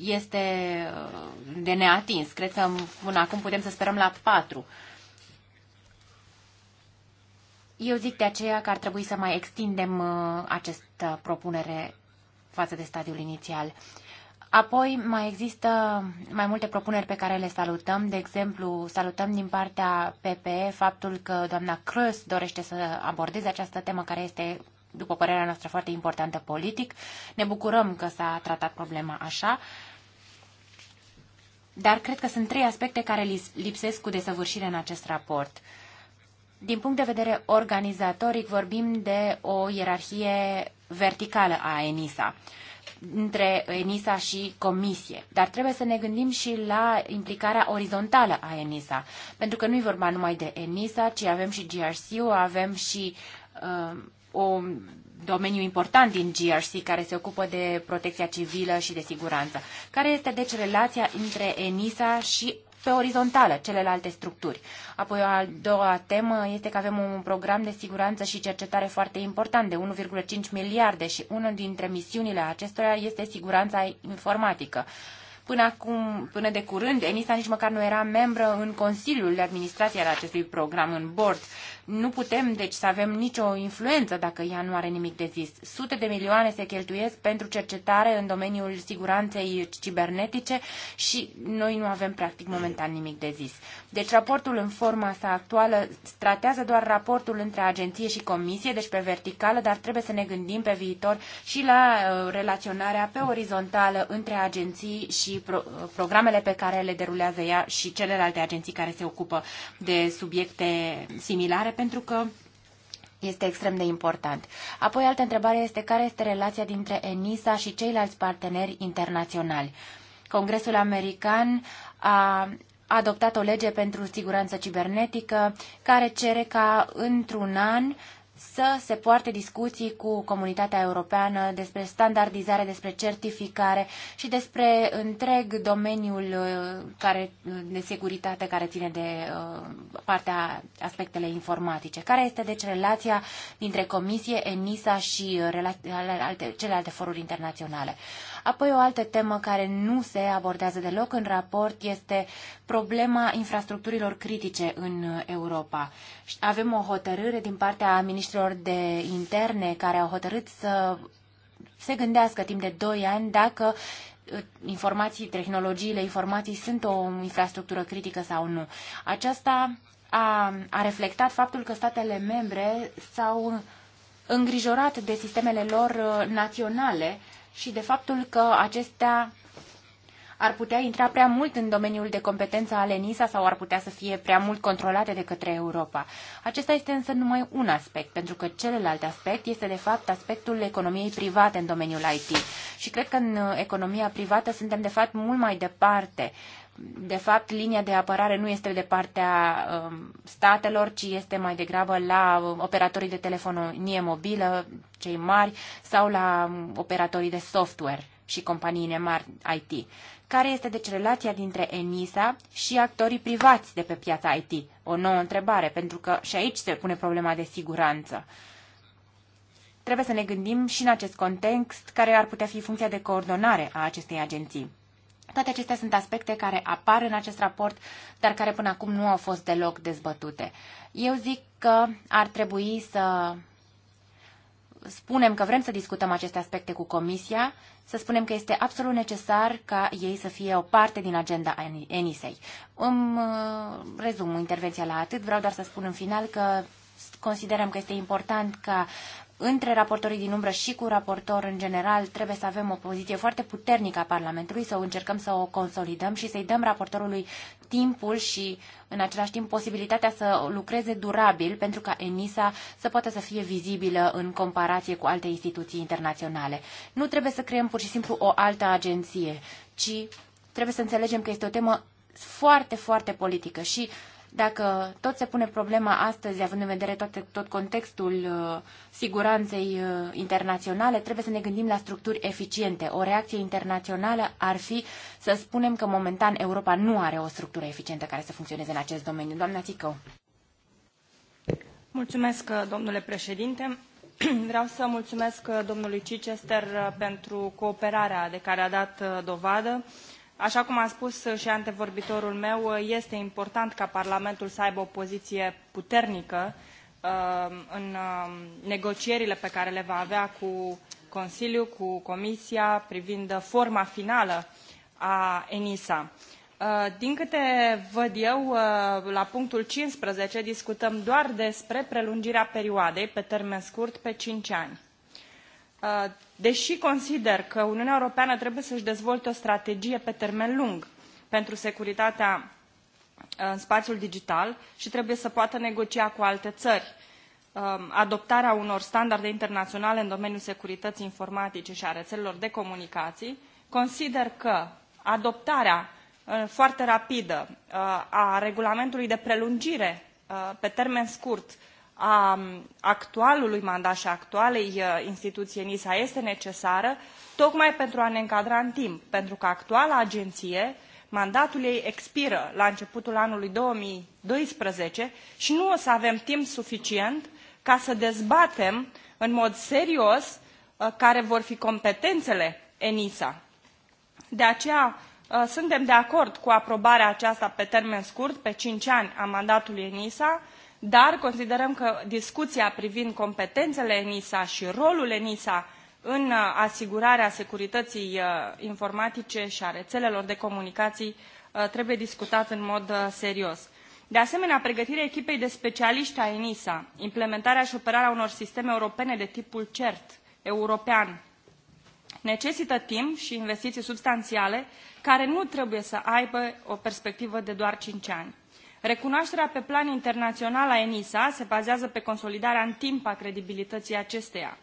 este uh, de neatins. Cred că până acum putem să sperăm la 4. Eu zic de aceea că ar trebui să mai extindem uh, această propunere față de stadiul inițial. Apoi mai există mai multe propuneri pe care le salutăm. De exemplu, salutăm din partea PPE faptul că doamna Crăs dorește să abordeze această temă care este după părerea noastră, foarte importantă politic. Ne bucurăm că s-a tratat problema așa. Dar cred că sunt trei aspecte care lipsesc cu desăvârșire în acest raport. Din punct de vedere organizatoric, vorbim de o ierarhie verticală a ENISA între ENISA și Comisie. Dar trebuie să ne gândim și la implicarea orizontală a ENISA, pentru că nu e vorba numai de ENISA, ci avem și GRC, GRC-ul, avem și uh, o domeniu important din GRC care se ocupă de protecția civilă și de siguranță. Care este deci relația între ENISA și pe orizontală celelalte structuri. Apoi o a doua temă este că avem un program de siguranță și cercetare foarte important de 1,5 miliarde și una dintre misiunile acestora este siguranța informatică. Până, acum, până de curând, ENISA nici măcar nu era membră în Consiliul de Administrație al acestui program, în board. Nu putem, deci, să avem nicio influență dacă ea nu are nimic de zis. Sute de milioane se cheltuiesc pentru cercetare în domeniul siguranței cibernetice și noi nu avem, practic, momentan nimic de zis. Deci, raportul în forma sa actuală tratează doar raportul între agenție și comisie, deci pe verticală, dar trebuie să ne gândim pe viitor și la uh, relaționarea pe orizontală între agenții și pro uh, programele pe care le derulează ea și celelalte agenții care se ocupă de subiecte similare pentru că este extrem de important. Apoi, altă întrebare este care este relația dintre ENISA și ceilalți parteneri internaționali. Congresul American a adoptat o lege pentru siguranță cibernetică care cere ca într-un an să se poarte discuții cu comunitatea europeană despre standardizare, despre certificare și despre întreg domeniul uh, care, uh, de securitate care ține de uh, partea aspectele informatice. Care este deci relația dintre Comisie, ENISA și alte, celelalte foruri internaționale? Apoi o altă temă care nu se abordează deloc în raport este problema infrastructurilor critice în Europa. Avem o hotărâre din partea ministrilor de interne care au hotărât să se gândească timp de 2 ani dacă uh, informații, tehnologiile informații sunt o infrastructură critică sau nu. Aceasta a, a reflectat faptul că statele membre s-au îngrijorat de sistemele lor uh, naționale și de faptul că acestea ar putea intra prea mult în domeniul de competență ale NISA sau ar putea să fie prea mult controlate de către Europa. Acesta este însă numai un aspect, pentru că celălalt aspect este de fapt aspectul economiei private în domeniul IT. Și cred că în economia privată suntem de fapt mult mai departe de fapt, linia de apărare nu este de partea um, statelor, ci este mai degrabă la um, operatorii de telefonie mobilă, cei mari, sau la um, operatorii de software și companiile mari IT. Care este deci relația dintre ENISA și actorii privați de pe piața IT? O nouă întrebare, pentru că și aici se pune problema de siguranță. Trebuie să ne gândim și în acest context care ar putea fi funcția de coordonare a acestei agenții. Toate acestea sunt aspecte care apar în acest raport, dar care până acum nu au fost deloc dezbătute. Eu zic că ar trebui să spunem că vrem să discutăm aceste aspecte cu Comisia, să spunem că este absolut necesar ca ei să fie o parte din agenda ENISEI. Îmi uh, rezum intervenția la atât, vreau doar să spun în final că considerăm că este important ca între raportorii din umbră și cu raportor în general trebuie să avem o poziție foarte puternică a Parlamentului, să o încercăm să o consolidăm și să-i dăm raportorului timpul și în același timp posibilitatea să lucreze durabil pentru ca ENISA să poată să fie vizibilă în comparație cu alte instituții internaționale. Nu trebuie să creăm pur și simplu o altă agenție, ci trebuie să înțelegem că este o temă foarte, foarte politică și uh, dacă tot se pune problema astăzi, având în vedere toate, tot contextul uh, siguranței uh, internaționale, trebuie să ne gândim la structuri eficiente. O reacție internațională ar fi să spunem că momentan Europa nu are o structură eficientă care să funcționeze în acest domeniu. Doamna Țică. Mulțumesc, uh, domnule președinte. *clears throat* Vreau să mulțumesc domnului Chichester pentru cooperarea de care a dat dovadă Așa cum a spus și antevorbitorul meu, este important ca Parlamentul să aibă o poziție puternică uh, în uh, negocierile pe care le va avea cu Consiliul, cu Comisia, privind forma finală a ENISA. Uh, din câte văd eu, la punctul 15 discutăm doar despre prelungirea perioadei pe termen scurt pe 5 ani. Uh, deși consider că Uniunea Europeană trebuie să-și dezvolte o strategie pe termen lung pentru securitatea uh, în spaiul digital și trebuie să poată negocia cu alte țări um, adoptarea unor standarde internaționale în domeniul securității informatice i a reelelor de comunicații, consider că adoptarea uh, foarte rapidă a regulamentului de prelungire pe termen scurt a actualului mandat și a actualei uh, instituții NISA este necesară, tocmai pentru a ne încadra în timp, pentru că actuala agenție, mandatul ei expiră la începutul anului 2012 și nu o să avem timp suficient ca să dezbatem în mod serios uh, care vor fi competențele ENISA. De aceea uh, suntem de acord cu aprobarea aceasta pe termen scurt, pe cinci ani, a mandatului ENISA, dar considerăm că discuția privind competențele ENISA și rolul ENISA în uh, asigurarea securității uh, informatice și a rețelelor de comunicații uh, trebuie discutat în mod serios. De asemenea, pregătirea echipei de specialiști a ENISA, implementarea și operarea unor sisteme europene de tipul CERT, european, necesită timp și investiții substanțiale care nu trebuie să aibă o perspectivă de doar cinci ani. Recunoașterea pe plan internațional a ENISA se bazează pe consolidarea în timp a credibilității acesteia.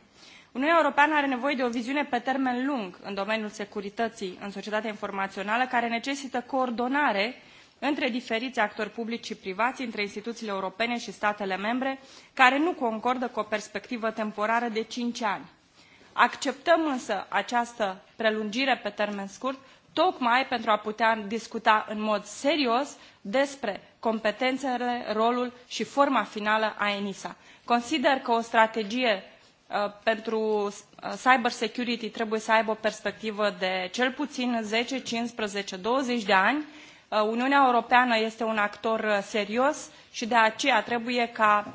Uniunea Europeană are nevoie de o viziune pe termen lung în domeniul securității în societatea informațională, care necesită coordonare între diferiți actori publici și privați, între instituțiile europene și statele membre, care nu concordă cu o perspectivă temporară de cinci ani. Acceptăm însă această prelungire pe termen scurt tocmai pentru a putea discuta în mod serios despre competențele, rolul și forma finală a ENISA. Consider că o strategie uh, pentru uh, cyber security trebuie să aibă o perspectivă de cel puțin 10, 15, 20 de ani. Uh, Uniunea Europeană este un actor serios și de aceea trebuie ca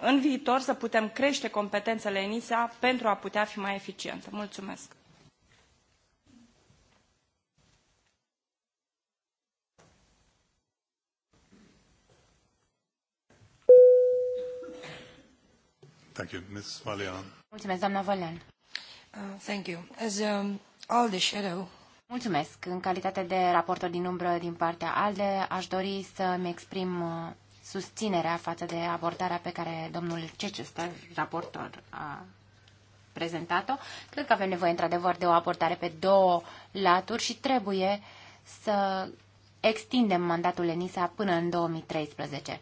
în viitor să putem crește competențele ENISA pentru a putea fi mai eficientă. Mulțumesc! Mulțumesc, doamna Uh, thank you. As um, all the shadow Mulțumesc. În calitate de raportor din umbră din partea ALDE, aș dori să-mi exprim uh, susținerea față de abordarea pe care domnul Cecester, raportor, a prezentat-o. Cred că avem nevoie, într-adevăr, de o abordare pe două laturi și trebuie să extindem mandatul ENISA până în 2013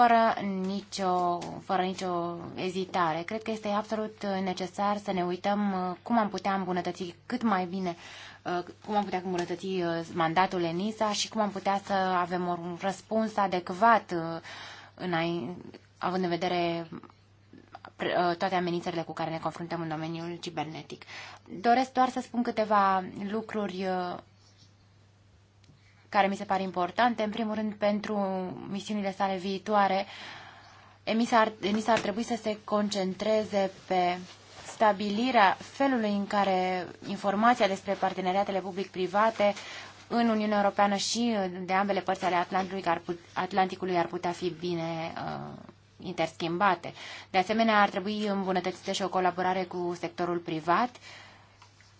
fără nicio, fără nicio ezitare. Cred că este absolut necesar să ne uităm uh, cum am putea îmbunătăți cât mai bine uh, cum am putea îmbunătăți uh, mandatul ENISA și cum am putea să avem un răspuns adecvat în a, având în vedere toate amenințările cu care ne confruntăm în domeniul cibernetic. Doresc doar să spun câteva lucruri care mi se par importante, în primul rând pentru misiunile sale viitoare. EMISA ar, EMISA ar trebui să se concentreze pe stabilirea felului în care informația despre parteneriatele public-private în Uniunea Europeană și de ambele părți ale Atlanticului ar, put, Atlanticului ar putea fi bine uh, interschimbate. De asemenea, ar trebui îmbunătățită și o colaborare cu sectorul privat uh,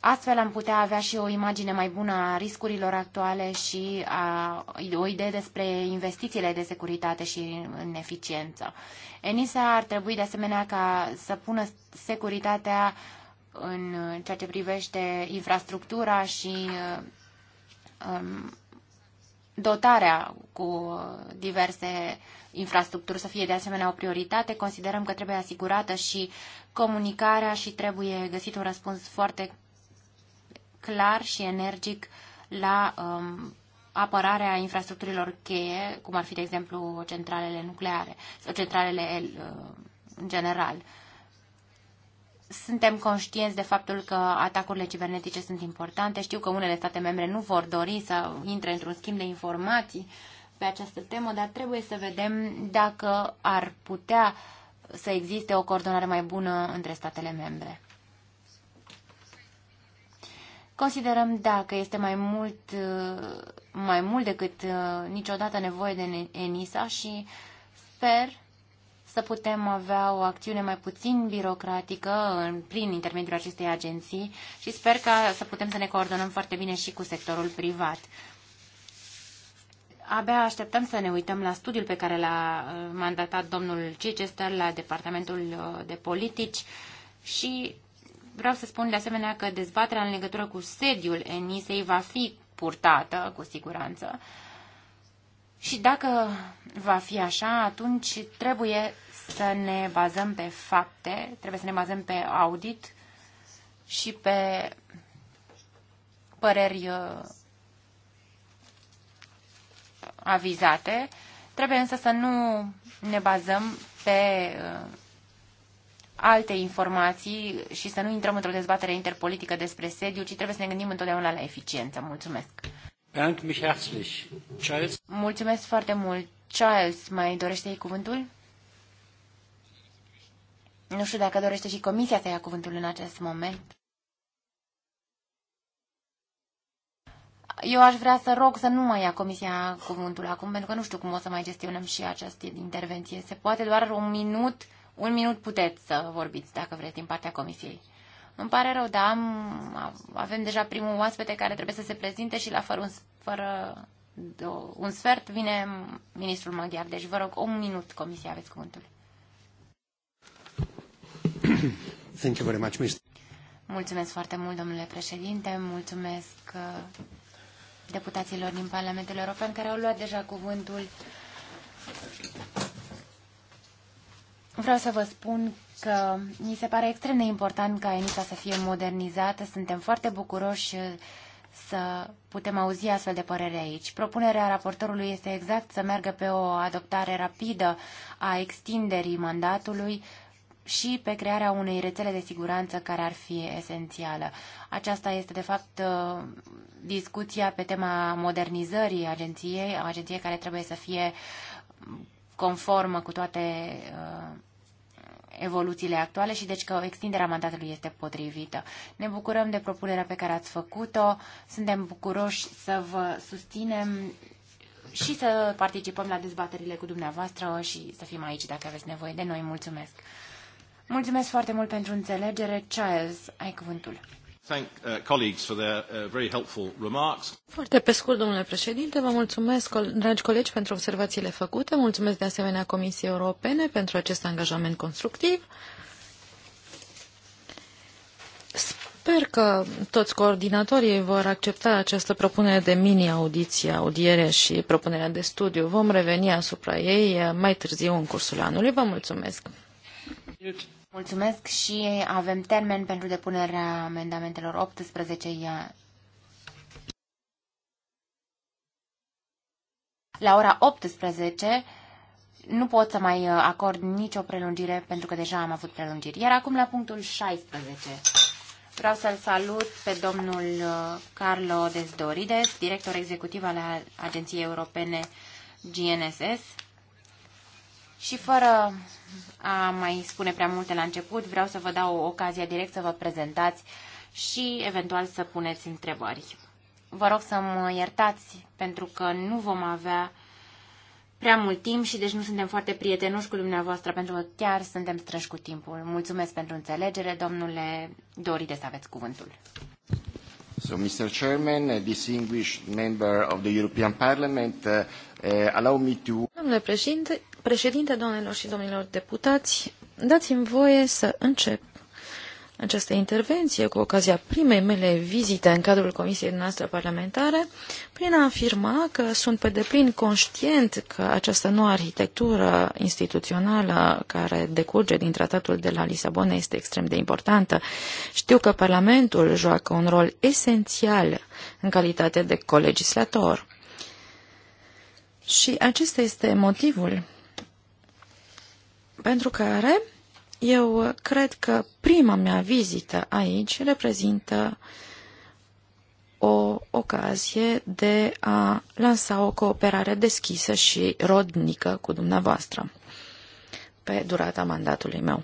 Astfel am putea avea și o imagine mai bună a riscurilor actuale și a, o idee despre investițiile de securitate și în eficiență. ENISA ar trebui de asemenea ca să pună securitatea în ceea ce privește infrastructura și um, dotarea cu diverse infrastructuri să fie de asemenea o prioritate. Considerăm că trebuie asigurată și comunicarea și trebuie găsit un răspuns foarte clar și energic la um, apărarea infrastructurilor cheie, cum ar fi, de exemplu, centralele nucleare sau centralele uh, în general. Suntem conștienți de faptul că atacurile cibernetice sunt importante. Știu că unele state membre nu vor dori să intre într-un schimb de informații pe această temă, dar trebuie să vedem dacă ar putea să existe o coordonare mai bună între statele membre. Considerăm, da, că este mai mult, uh, mai mult decât uh, niciodată nevoie de ENISA și sper să putem avea o acțiune mai puțin birocratică în, prin intermediul acestei agenții și sper că să putem să ne coordonăm foarte bine și cu sectorul privat. Abia așteptăm să ne uităm la studiul pe care l-a uh, mandatat domnul Chichester la Departamentul de Politici și Vreau să spun de asemenea că dezbaterea în legătură cu sediul Enisei va fi purtată, cu siguranță. Și dacă va fi așa, atunci trebuie să ne bazăm pe fapte, trebuie să ne bazăm pe audit și pe păreri uh, avizate. Trebuie însă să nu ne bazăm pe uh, alte informații și să nu intrăm într-o dezbatere interpolitică despre sediu, ci trebuie să ne gândim întotdeauna la eficiență. Mulțumesc! Bedanke mich herzlich. Charles? Mulțumesc foarte mult. Charles, mai dorește cuvântul? Nu știu dacă dorește și comisia să ia cuvântul în acest moment. Eu aș vrea să rog să nu mai ia comisia cuvântul acum, pentru că nu știu cum o să mai gestionăm și această intervenție. Se poate doar un minut un minut puteți să vorbiți, dacă vreți, din partea comisiei. Îmi pare rău, dar am, avem deja primul oaspete care trebuie să se prezinte și la fără un, fără un sfert vine ministrul maghiar. Deci vă rog, un minut, comisia, aveți cuvântul. Thank you very much, Mr. Mulțumesc foarte mult, domnule președinte. Mulțumesc uh, deputaților din Parlamentul European care au luat deja cuvântul Vreau să vă spun că mi se pare extrem de important ca ENISA să fie modernizată. Suntem foarte bucuroși să putem auzi astfel de părere aici. Propunerea raportorului este exact să meargă pe o adoptare rapidă a extinderii mandatului și pe crearea unei rețele de siguranță care ar fi esențială. Aceasta este, de fapt, discuția pe tema modernizării agenției, agenției care trebuie să fie conformă cu toate uh, evoluțiile actuale și deci că extinderea mandatului este potrivită. Ne bucurăm de propunerea pe care ați făcut-o, suntem bucuroși să vă susținem și să participăm la dezbaterile cu dumneavoastră și să fim aici dacă aveți nevoie de noi. Mulțumesc! Mulțumesc foarte mult pentru înțelegere. Charles, ai cuvântul. Thank, uh, colleagues for their, uh, very helpful remarks. Foarte pe scurt, domnule președinte, vă mulțumesc, dragi colegi, pentru observațiile făcute. Mulțumesc de asemenea Comisiei Europene pentru acest angajament constructiv. Sper că toți coordinatorii vor accepta această propunere de mini-audiție, audiere și propunerea de studiu. Vom reveni asupra ei mai târziu în cursul anului. Vă mulțumesc! Mulțumesc și avem termen pentru depunerea amendamentelor 18 ia... La ora 18 nu pot să mai uh, acord nicio prelungire pentru că deja am avut prelungiri. Iar acum la punctul 16. Vreau să-l salut pe domnul uh, Carlo Desdorides, director executiv al Agenției Europene GNSS, și fără a mai spune prea multe la început, vreau să vă dau ocazia direct să vă prezentați și eventual să puneți întrebări. Vă rog să mă iertați pentru că nu vom avea prea mult timp și deci nu suntem foarte prietenoși cu dumneavoastră pentru că chiar suntem strânși cu timpul. Mulțumesc pentru înțelegere, domnule Doride, să aveți cuvântul. So, Mr. Chairman, a distinguished member of the European Parliament, uh, allow me to... Domnule președinte, președinte, doamnelor și domnilor deputați, dați-mi voie să încep această intervenție cu ocazia primei mele vizite în cadrul Comisiei noastre parlamentare prin a afirma că sunt pe deplin conștient că această nouă arhitectură instituțională care decurge din tratatul de la Lisabona este extrem de importantă. Știu că Parlamentul joacă un rol esențial în calitate de colegislator. Și acesta este motivul pentru care eu cred că prima mea vizită aici reprezintă o ocazie de a lansa o cooperare deschisă și rodnică cu dumneavoastră pe durata mandatului meu.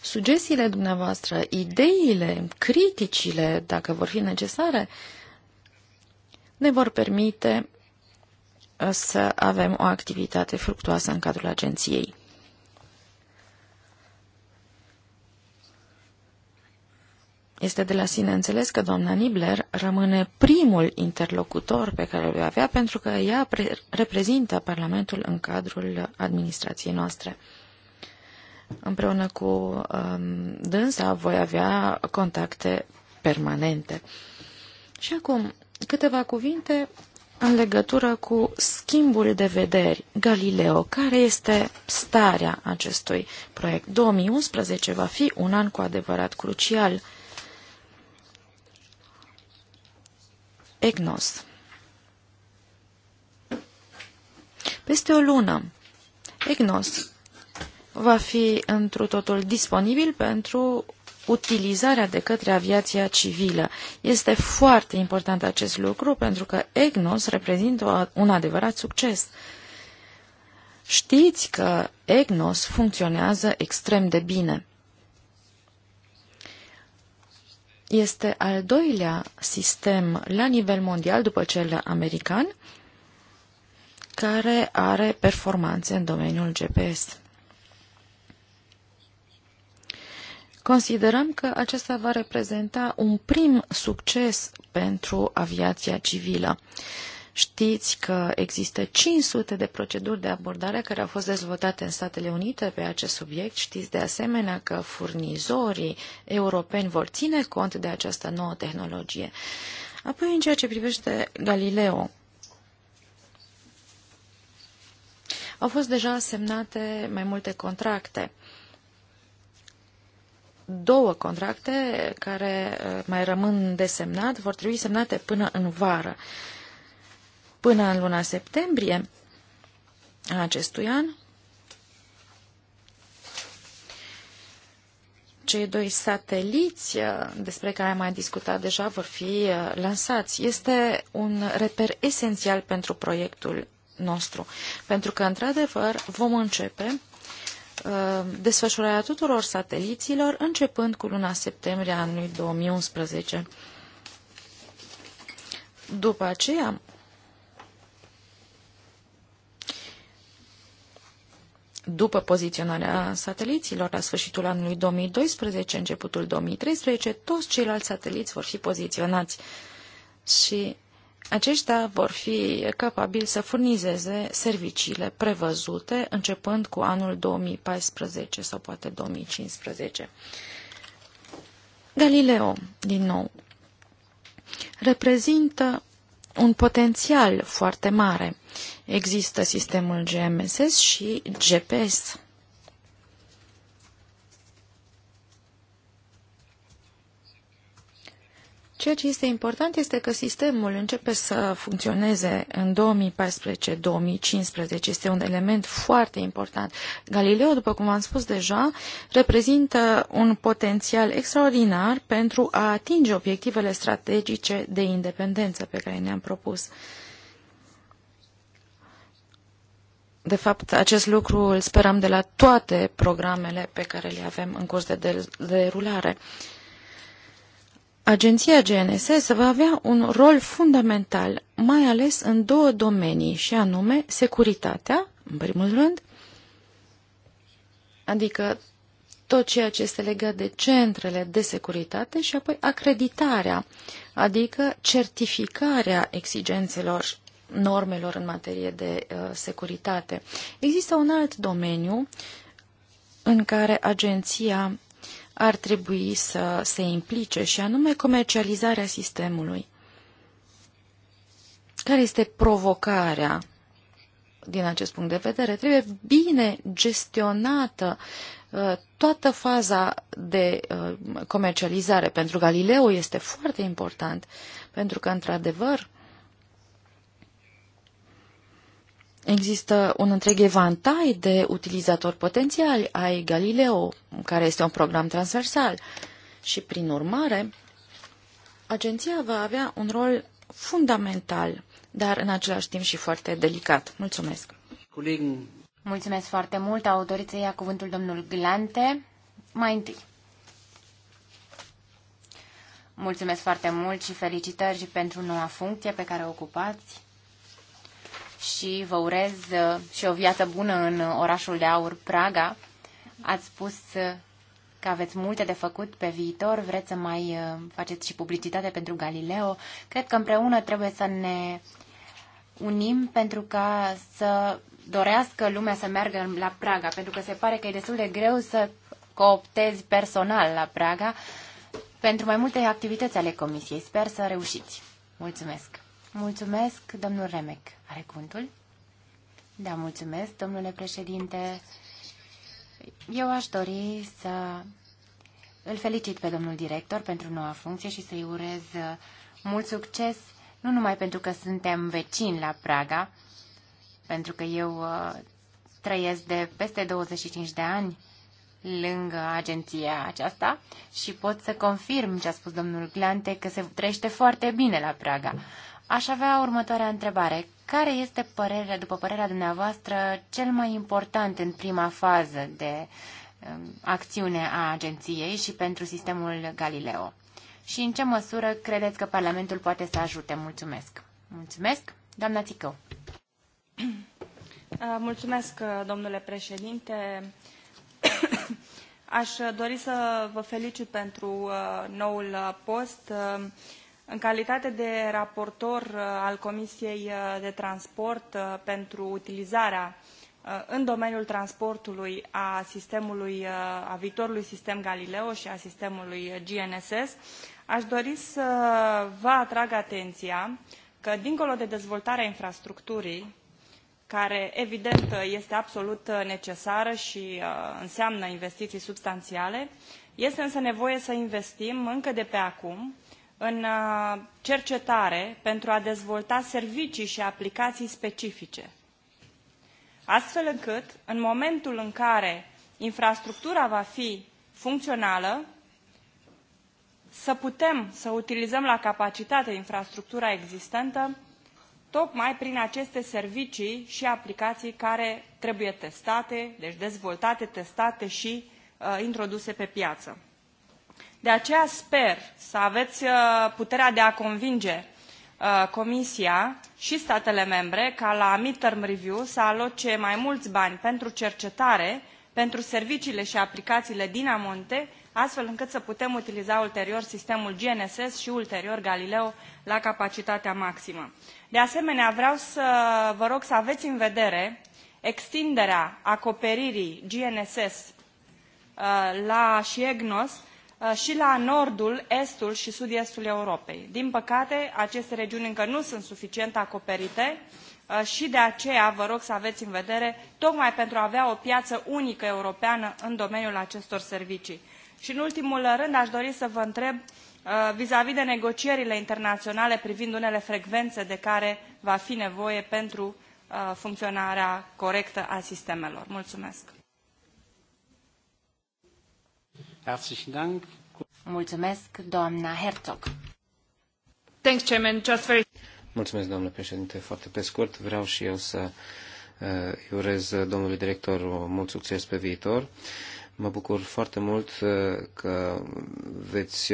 Sugestiile dumneavoastră, ideile, criticile, dacă vor fi necesare, ne vor permite să avem o activitate fructuoasă în cadrul agenției. Este de la sine înțeles că doamna Nibler rămâne primul interlocutor pe care îl avea pentru că ea reprezintă Parlamentul în cadrul administrației noastre. Împreună cu um, dânsa voi avea contacte permanente. Și acum, câteva cuvinte în legătură cu schimbul de vederi Galileo. Care este starea acestui proiect? 2011 va fi un an cu adevărat crucial. EGNOS Peste o lună, EGNOS va fi întru totul disponibil pentru utilizarea de către aviația civilă. Este foarte important acest lucru pentru că EGNOS reprezintă un adevărat succes. Știți că EGNOS funcționează extrem de bine. Este al doilea sistem la nivel mondial după cel american care are performanțe în domeniul GPS. Considerăm că acesta va reprezenta un prim succes pentru aviația civilă. Știți că există 500 de proceduri de abordare care au fost dezvoltate în Statele Unite pe acest subiect. Știți de asemenea că furnizorii europeni vor ține cont de această nouă tehnologie. Apoi, în ceea ce privește Galileo, au fost deja semnate mai multe contracte două contracte care uh, mai rămân de semnat, vor trebui semnate până în vară. Până în luna septembrie a acestui an, cei doi sateliți uh, despre care am mai discutat deja vor fi uh, lansați. Este un reper esențial pentru proiectul nostru, pentru că, într-adevăr, vom începe Uh, desfășurarea tuturor sateliților începând cu luna septembrie anului 2011. După aceea, după poziționarea sateliților la sfârșitul anului 2012, începutul 2013, toți ceilalți sateliți vor fi poziționați și aceștia vor fi capabili să furnizeze serviciile prevăzute începând cu anul 2014 sau poate 2015. Galileo, din nou, reprezintă un potențial foarte mare. Există sistemul GMSS și GPS. Ceea ce este important este că sistemul începe să funcționeze în 2014-2015. Este un element foarte important. Galileo, după cum am spus deja, reprezintă un potențial extraordinar pentru a atinge obiectivele strategice de independență pe care ne-am propus. De fapt, acest lucru îl sperăm de la toate programele pe care le avem în curs de derulare. De Agenția GNS va avea un rol fundamental, mai ales în două domenii, și anume securitatea, în primul rând, adică tot ceea ce este legat de centrele de securitate și apoi acreditarea, adică certificarea exigențelor normelor în materie de uh, securitate. Există un alt domeniu în care agenția ar trebui să se implice, și anume comercializarea sistemului. Care este provocarea din acest punct de vedere? Trebuie bine gestionată uh, toată faza de uh, comercializare. Pentru Galileo este foarte important, pentru că, într-adevăr, Există un întreg evantai de utilizatori potențiali ai Galileo, care este un program transversal și, prin urmare, agenția va avea un rol fundamental, dar în același timp și foarte delicat. Mulțumesc! Colegi. Mulțumesc foarte mult! Autorița ia cuvântul domnul Glante. Mai întâi. Mulțumesc foarte mult și felicitări și pentru noua funcție pe care o ocupați și vă urez uh, și o viață bună în orașul de aur Praga. Ați spus uh, că aveți multe de făcut pe viitor, vreți să mai uh, faceți și publicitate pentru Galileo. Cred că împreună trebuie să ne unim pentru ca să dorească lumea să meargă la Praga, pentru că se pare că e destul de greu să cooptezi personal la Praga pentru mai multe activități ale Comisiei. Sper să reușiți. Mulțumesc! Mulțumesc, domnul Remec. Are cuvântul? Da, mulțumesc, domnule președinte. Eu aș dori să îl felicit pe domnul director pentru noua funcție și să-i urez mult succes, nu numai pentru că suntem vecini la Praga, pentru că eu uh, trăiesc de peste 25 de ani lângă agenția aceasta și pot să confirm ce a spus domnul Glante că se trăiește foarte bine la Praga. Aș avea următoarea întrebare. Care este părerea, după părerea dumneavoastră, cel mai important în prima fază de um, acțiune a agenției și pentru sistemul Galileo? Și în ce măsură credeți că Parlamentul poate să ajute? Mulțumesc! Mulțumesc, doamna Țicău! Uh, mulțumesc, uh, domnule președinte! *coughs* Aș dori să vă felicit pentru uh, noul post. În calitate de raportor uh, al Comisiei uh, de Transport uh, pentru utilizarea în domeniul transportului a, sistemului, a viitorului sistem Galileo și a sistemului GNSS, aș dori să vă atrag atenția că, dincolo de dezvoltarea infrastructurii, care evident este absolut necesară și înseamnă investiții substanțiale, este însă nevoie să investim încă de pe acum în uh, cercetare pentru a dezvolta servicii și aplicații specifice, astfel încât, în momentul în care infrastructura va fi funcțională, să putem să utilizăm la capacitate infrastructura existentă, tocmai prin aceste servicii și aplicații care trebuie testate, deci dezvoltate, testate și uh, introduse pe piață. De aceea sper să aveți uh, puterea de a convinge uh, Comisia și statele membre ca la midterm review să aloce mai mulți bani pentru cercetare, pentru serviciile și aplicațiile din amonte, astfel încât să putem utiliza ulterior sistemul GNSS și ulterior Galileo la capacitatea maximă. De asemenea, vreau să vă rog să aveți în vedere extinderea acoperirii GNSS uh, la și EGNOS, Uh, și la nordul, estul și sud-estul Europei. Din păcate, aceste regiuni încă nu sunt suficient acoperite uh, și de aceea vă rog să aveți în vedere, tocmai pentru a avea o piață unică europeană în domeniul acestor servicii. Și în ultimul rând aș dori să vă întreb vis a -vis de negocierile internaționale privind unele frecvențe de care va fi nevoie pentru uh, funcționarea corectă a sistemelor. Mulțumesc! Herzlichen Dank. Mulțumesc, doamna Herzog. Thanks, Chairman. Just very... Mulțumesc, doamnă președinte. Foarte pe scurt, vreau și eu să uh, îi urez uh, domnului director uh, mult succes pe viitor. Mă bucur foarte mult că veți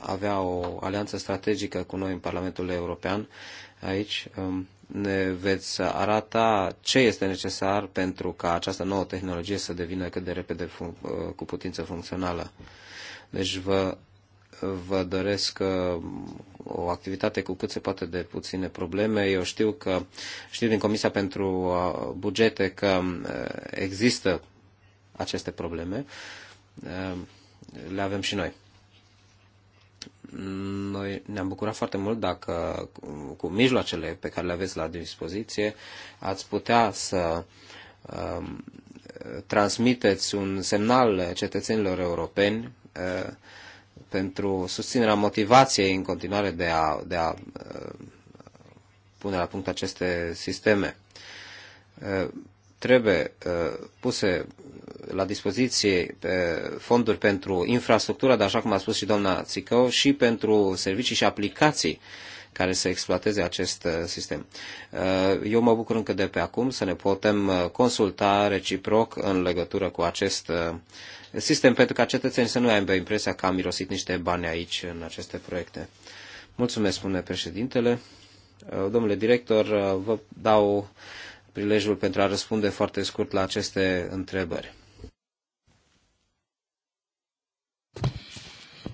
avea o alianță strategică cu noi în Parlamentul European aici. Um, ne veți arata ce este necesar pentru ca această nouă tehnologie să devină cât de repede uh, cu putință funcțională. Deci vă, vă doresc uh, o activitate cu cât se poate de puține probleme. Eu știu că știu din Comisia pentru uh, Bugete că există aceste probleme. Le avem și noi. Noi ne-am bucurat foarte mult dacă cu mijloacele pe care le aveți la dispoziție ați putea să um, transmiteți un semnal cetățenilor europeni uh, pentru susținerea motivației în continuare de a, de a uh, pune la punct aceste sisteme. Uh, trebuie uh, puse la dispoziție uh, fonduri pentru infrastructură, dar așa cum a spus și doamna Țicău, și pentru servicii și aplicații care să exploateze acest uh, sistem. Eu mă bucur încă de pe acum să ne putem consulta reciproc în legătură cu acest sistem, pentru ca cetățenii să nu aibă impresia că am mirosit niște bani aici în aceste proiecte. Mulțumesc, spune președintele. Domnule director, vă dau prilejul pentru a răspunde foarte scurt la aceste întrebări.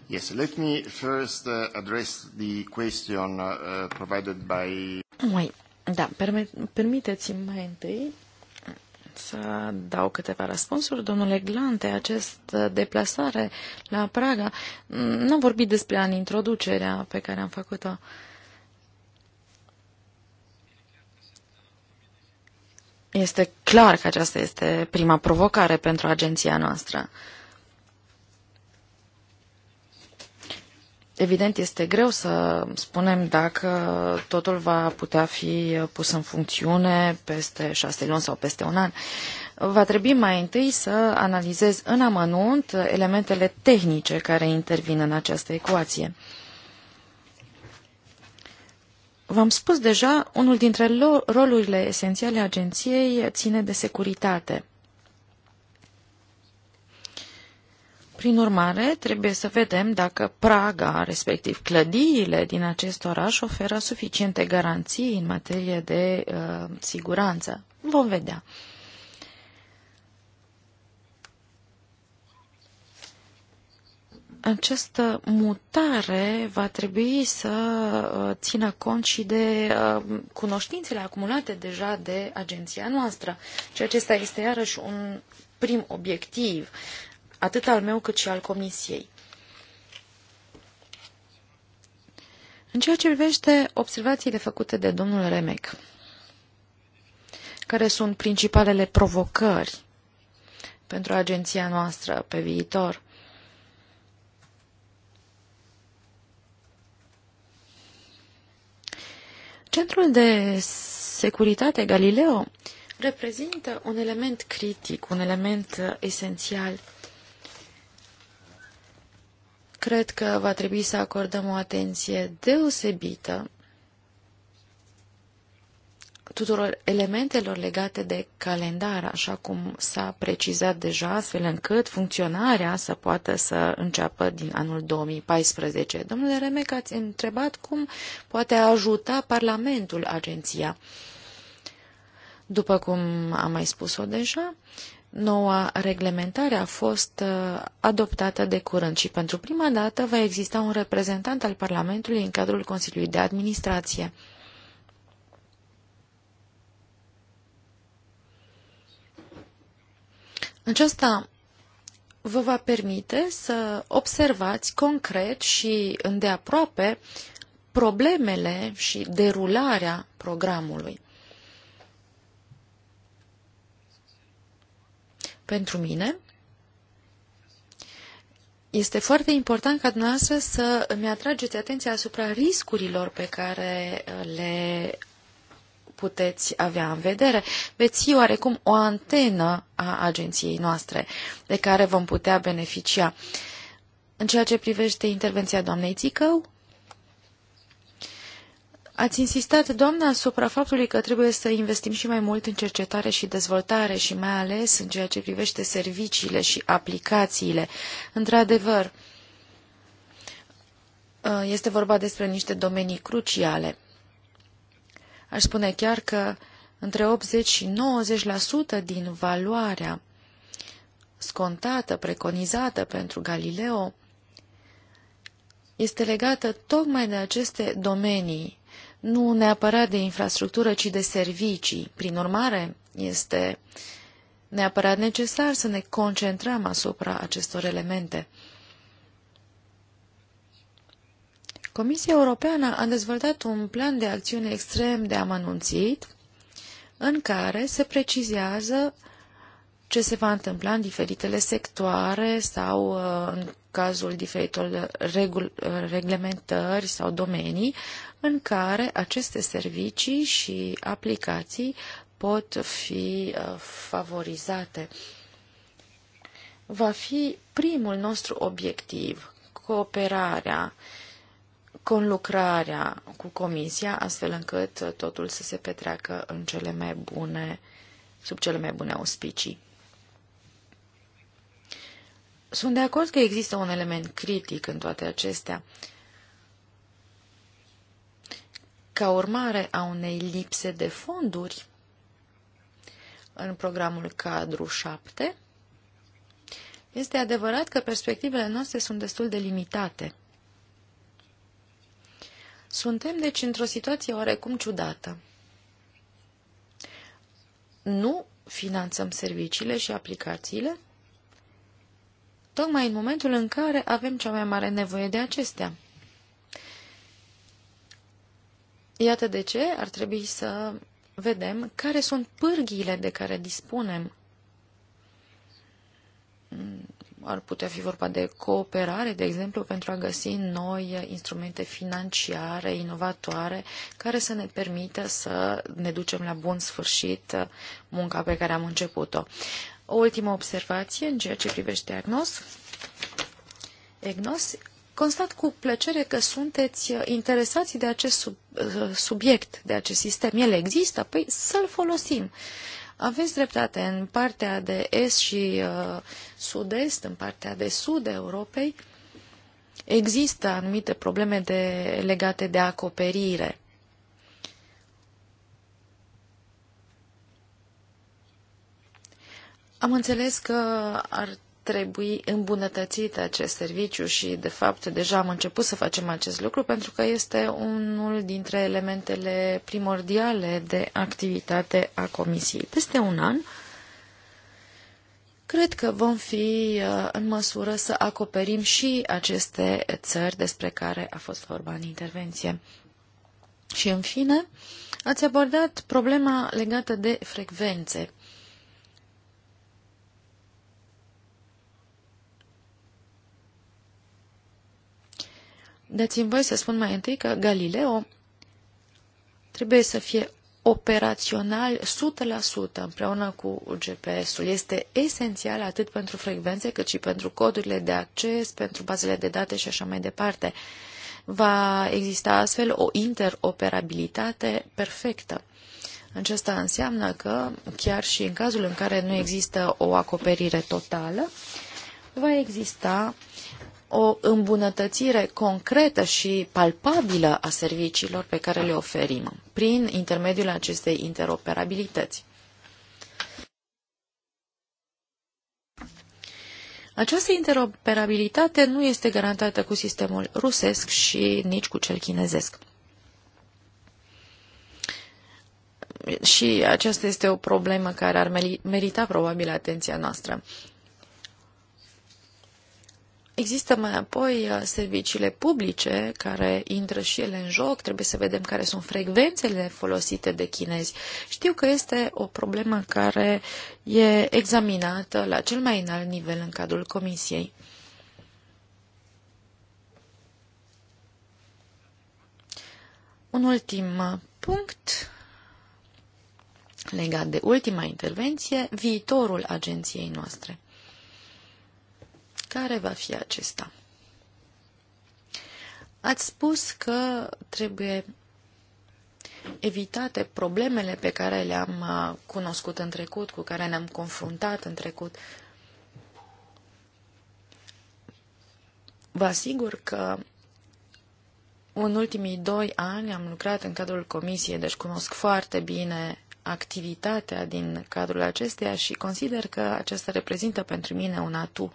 Yes, let me first uh, address the question uh, provided by... Mai, da, permiteți-mi mai întâi să dau câteva răspunsuri. Domnule Glante, această deplasare la Praga, n-am vorbit despre an introducerea pe care am făcut-o. Uh, Este clar că aceasta este prima provocare pentru agenția noastră. Evident, este greu să spunem dacă totul va putea fi pus în funcțiune peste șase luni sau peste un an. Va trebui mai întâi să analizez în amănunt elementele tehnice care intervin în această ecuație. V-am spus deja, unul dintre rolurile esențiale a agenției ține de securitate. Prin urmare, trebuie să vedem dacă Praga, respectiv clădiile din acest oraș, oferă suficiente garanții în materie de uh, siguranță. Vom vedea. această mutare va trebui să uh, țină cont și de uh, cunoștințele acumulate deja de agenția noastră. Și acesta este iarăși un prim obiectiv, atât al meu cât și al comisiei. În ceea ce privește observațiile făcute de domnul Remec, care sunt principalele provocări pentru agenția noastră pe viitor, Centrul de securitate Galileo reprezintă un element critic, un element uh, esențial. Cred că va trebui să acordăm o atenție deosebită tuturor elementelor legate de calendar, așa cum s-a precizat deja, astfel încât funcționarea să poată să înceapă din anul 2014. Domnule Remec, ați întrebat cum poate ajuta Parlamentul agenția. După cum am mai spus-o deja, Noua reglementare a fost uh, adoptată de curând și pentru prima dată va exista un reprezentant al Parlamentului în cadrul Consiliului de Administrație. Aceasta vă va permite să observați concret și îndeaproape problemele și derularea programului. Pentru mine, este foarte important ca dumneavoastră să îmi atrageți atenția asupra riscurilor pe care le puteți avea în vedere. Veți fi oarecum o antenă a agenției noastre de care vom putea beneficia. În ceea ce privește intervenția doamnei Țicău, Ați insistat, doamna, asupra faptului că trebuie să investim și mai mult în cercetare și dezvoltare și mai ales în ceea ce privește serviciile și aplicațiile. Într-adevăr, este vorba despre niște domenii cruciale. Aș spune chiar că între 80 și 90% din valoarea scontată, preconizată pentru Galileo, este legată tocmai de aceste domenii, nu neapărat de infrastructură, ci de servicii. Prin urmare, este neapărat necesar să ne concentrăm asupra acestor elemente. Comisia Europeană a dezvoltat un plan de acțiune extrem de amănunțit, în care se precizează ce se va întâmpla în diferitele sectoare sau uh, în cazul diferitor regul, uh, reglementări sau domenii în care aceste servicii și aplicații pot fi uh, favorizate. Va fi primul nostru obiectiv, cooperarea conlucrarea cu comisia, astfel încât totul să se petreacă în cele mai bune, sub cele mai bune auspicii. Sunt de acord că există un element critic în toate acestea. Ca urmare a unei lipse de fonduri în programul cadru 7, este adevărat că perspectivele noastre sunt destul de limitate. Suntem, deci, într-o situație oarecum ciudată. Nu finanțăm serviciile și aplicațiile, tocmai în momentul în care avem cea mai mare nevoie de acestea. Iată de ce ar trebui să vedem care sunt pârghiile de care dispunem ar putea fi vorba de cooperare, de exemplu, pentru a găsi noi instrumente financiare, inovatoare, care să ne permită să ne ducem la bun sfârșit munca pe care am început-o. O ultimă observație în ceea ce privește agnos. Egnos, constat cu plăcere că sunteți interesați de acest sub, subiect, de acest sistem. El există? Păi să-l folosim. Aveți dreptate, în partea de est și uh, sud-est, în partea de sud a Europei, există anumite probleme de, legate de acoperire. Am înțeles că ar trebui îmbunătățit acest serviciu și, de fapt, deja am început să facem acest lucru pentru că este unul dintre elementele primordiale de activitate a Comisiei. Peste un an, cred că vom fi uh, în măsură să acoperim și aceste țări despre care a fost vorba în intervenție. Și, în fine, ați abordat problema legată de frecvențe. Dați-mi voi să spun mai întâi că Galileo trebuie să fie operațional 100% împreună cu GPS-ul. Este esențial atât pentru frecvențe cât și pentru codurile de acces, pentru bazele de date și așa mai departe. Va exista astfel o interoperabilitate perfectă. Acesta înseamnă că, chiar și în cazul în care nu există o acoperire totală, va exista o îmbunătățire concretă și palpabilă a serviciilor pe care le oferim prin intermediul acestei interoperabilități. Această interoperabilitate nu este garantată cu sistemul rusesc și nici cu cel chinezesc. Și aceasta este o problemă care ar merita probabil atenția noastră. Există mai apoi uh, serviciile publice care intră și ele în joc, trebuie să vedem care sunt frecvențele folosite de chinezi. Știu că este o problemă care e examinată la cel mai înalt nivel în cadrul comisiei. Un ultim uh, punct legat de ultima intervenție, viitorul agenției noastre. Care va fi acesta? Ați spus că trebuie evitate problemele pe care le-am uh, cunoscut în trecut, cu care ne-am confruntat în trecut. Vă asigur că în ultimii doi ani am lucrat în cadrul comisiei, deci cunosc foarte bine activitatea din cadrul acesteia și consider că aceasta reprezintă pentru mine un atu uh,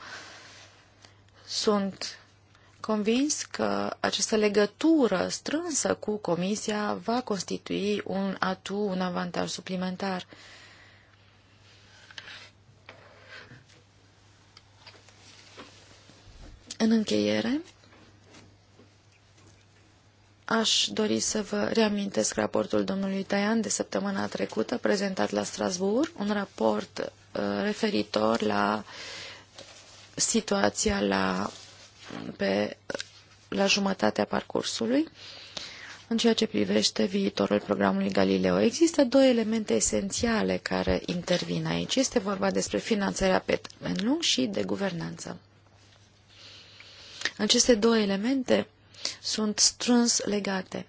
sunt convins că această legătură strânsă cu Comisia va constitui un atu, un avantaj suplimentar. În încheiere, aș dori să vă reamintesc raportul domnului Taian de săptămâna trecută, prezentat la Strasbourg, un raport uh, referitor la uh, situația la, pe, la jumătatea parcursului. În ceea ce privește viitorul programului Galileo, există două elemente esențiale care intervin aici. Este vorba despre finanțarea pe termen lung și de guvernanță. Aceste două elemente sunt strâns legate.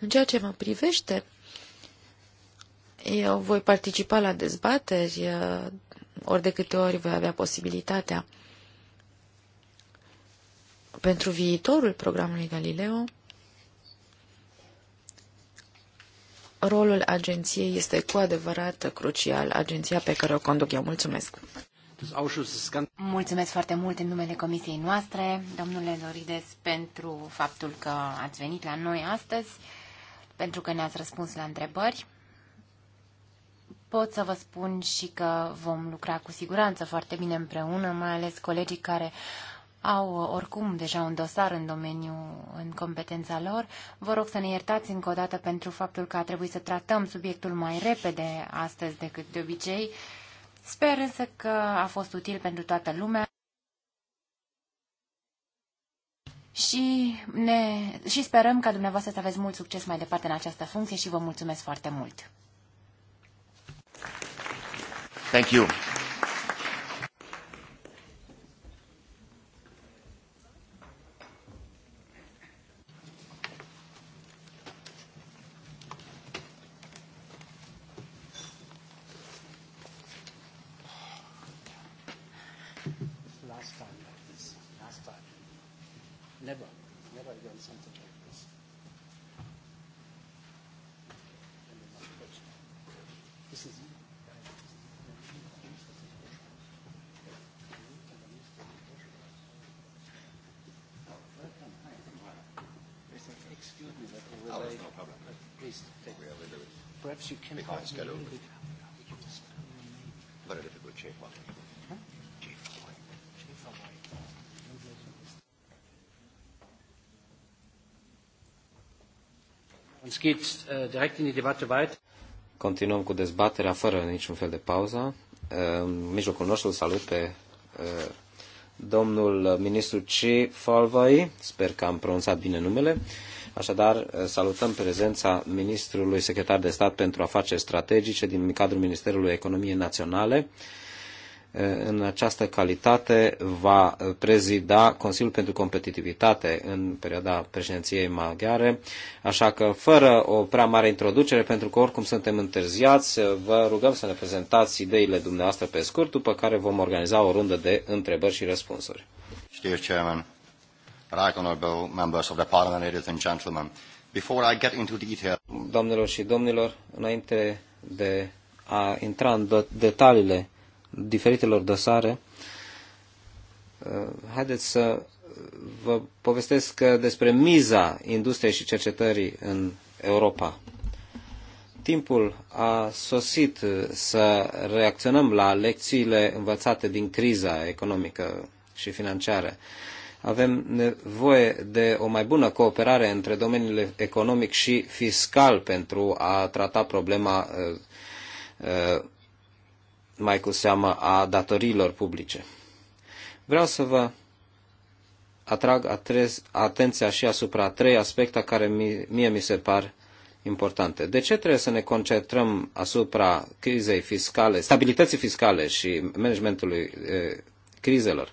În ceea ce mă privește, eu voi participa la dezbateri uh, ori de câte ori voi avea posibilitatea. Pentru viitorul programului Galileo, rolul agenției este cu adevărat crucial, agenția pe care o conduc eu. Mulțumesc! Mulțumesc foarte mult în numele comisiei noastre, domnule Dorides, pentru faptul că ați venit la noi astăzi, pentru că ne-ați răspuns la întrebări pot să vă spun și că vom lucra cu siguranță foarte bine împreună, mai ales colegii care au oricum deja un dosar în domeniu, în competența lor. Vă rog să ne iertați încă o dată pentru faptul că a trebuit să tratăm subiectul mai repede astăzi decât de obicei. Sper însă că a fost util pentru toată lumea. Și, ne, și sperăm ca dumneavoastră să aveți mult succes mai departe în această funcție și vă mulțumesc foarte mult. Thank you. Pascal. Guardate che c'è qua. Uns geht äh, Continuăm cu dezbaterea fără niciun fel de pauză. În mijlocul nostru salut pe äh, domnul ministru C. Falvai, sper că am pronunțat bine numele, Așadar, eh, salutăm prezența ministrului secretar de stat pentru afaceri strategice din cadrul Ministerului Economiei Naționale. Eh, în această calitate va eh, prezida Consiliul pentru Competitivitate în perioada președinției maghiare, așa că fără o prea mare introducere, pentru că oricum suntem întârziați, vă rugăm să ne prezentați ideile dumneavoastră pe scurt, după care vom organiza o rundă de întrebări și răspunsuri. Știu, Chairman right honourable members of the parliament, ladies and gentlemen. Before I get into detail... și domnilor, înainte de a intra în detaliile diferitelor dosare, uh, haideți să vă povestesc despre miza industriei și cercetării în Europa. Timpul a sosit să reacționăm la lecțiile învățate din criza economică și financiară. Avem nevoie de o mai bună cooperare între domeniile economic și fiscal pentru a trata problema uh, uh, mai cu seamă a datoriilor publice. Vreau să vă atrag atrez, atenția și asupra trei aspecte care mie, mie mi se par importante. De ce trebuie să ne concentrăm asupra crizei fiscale, stabilității fiscale și managementului e, uh, crizelor?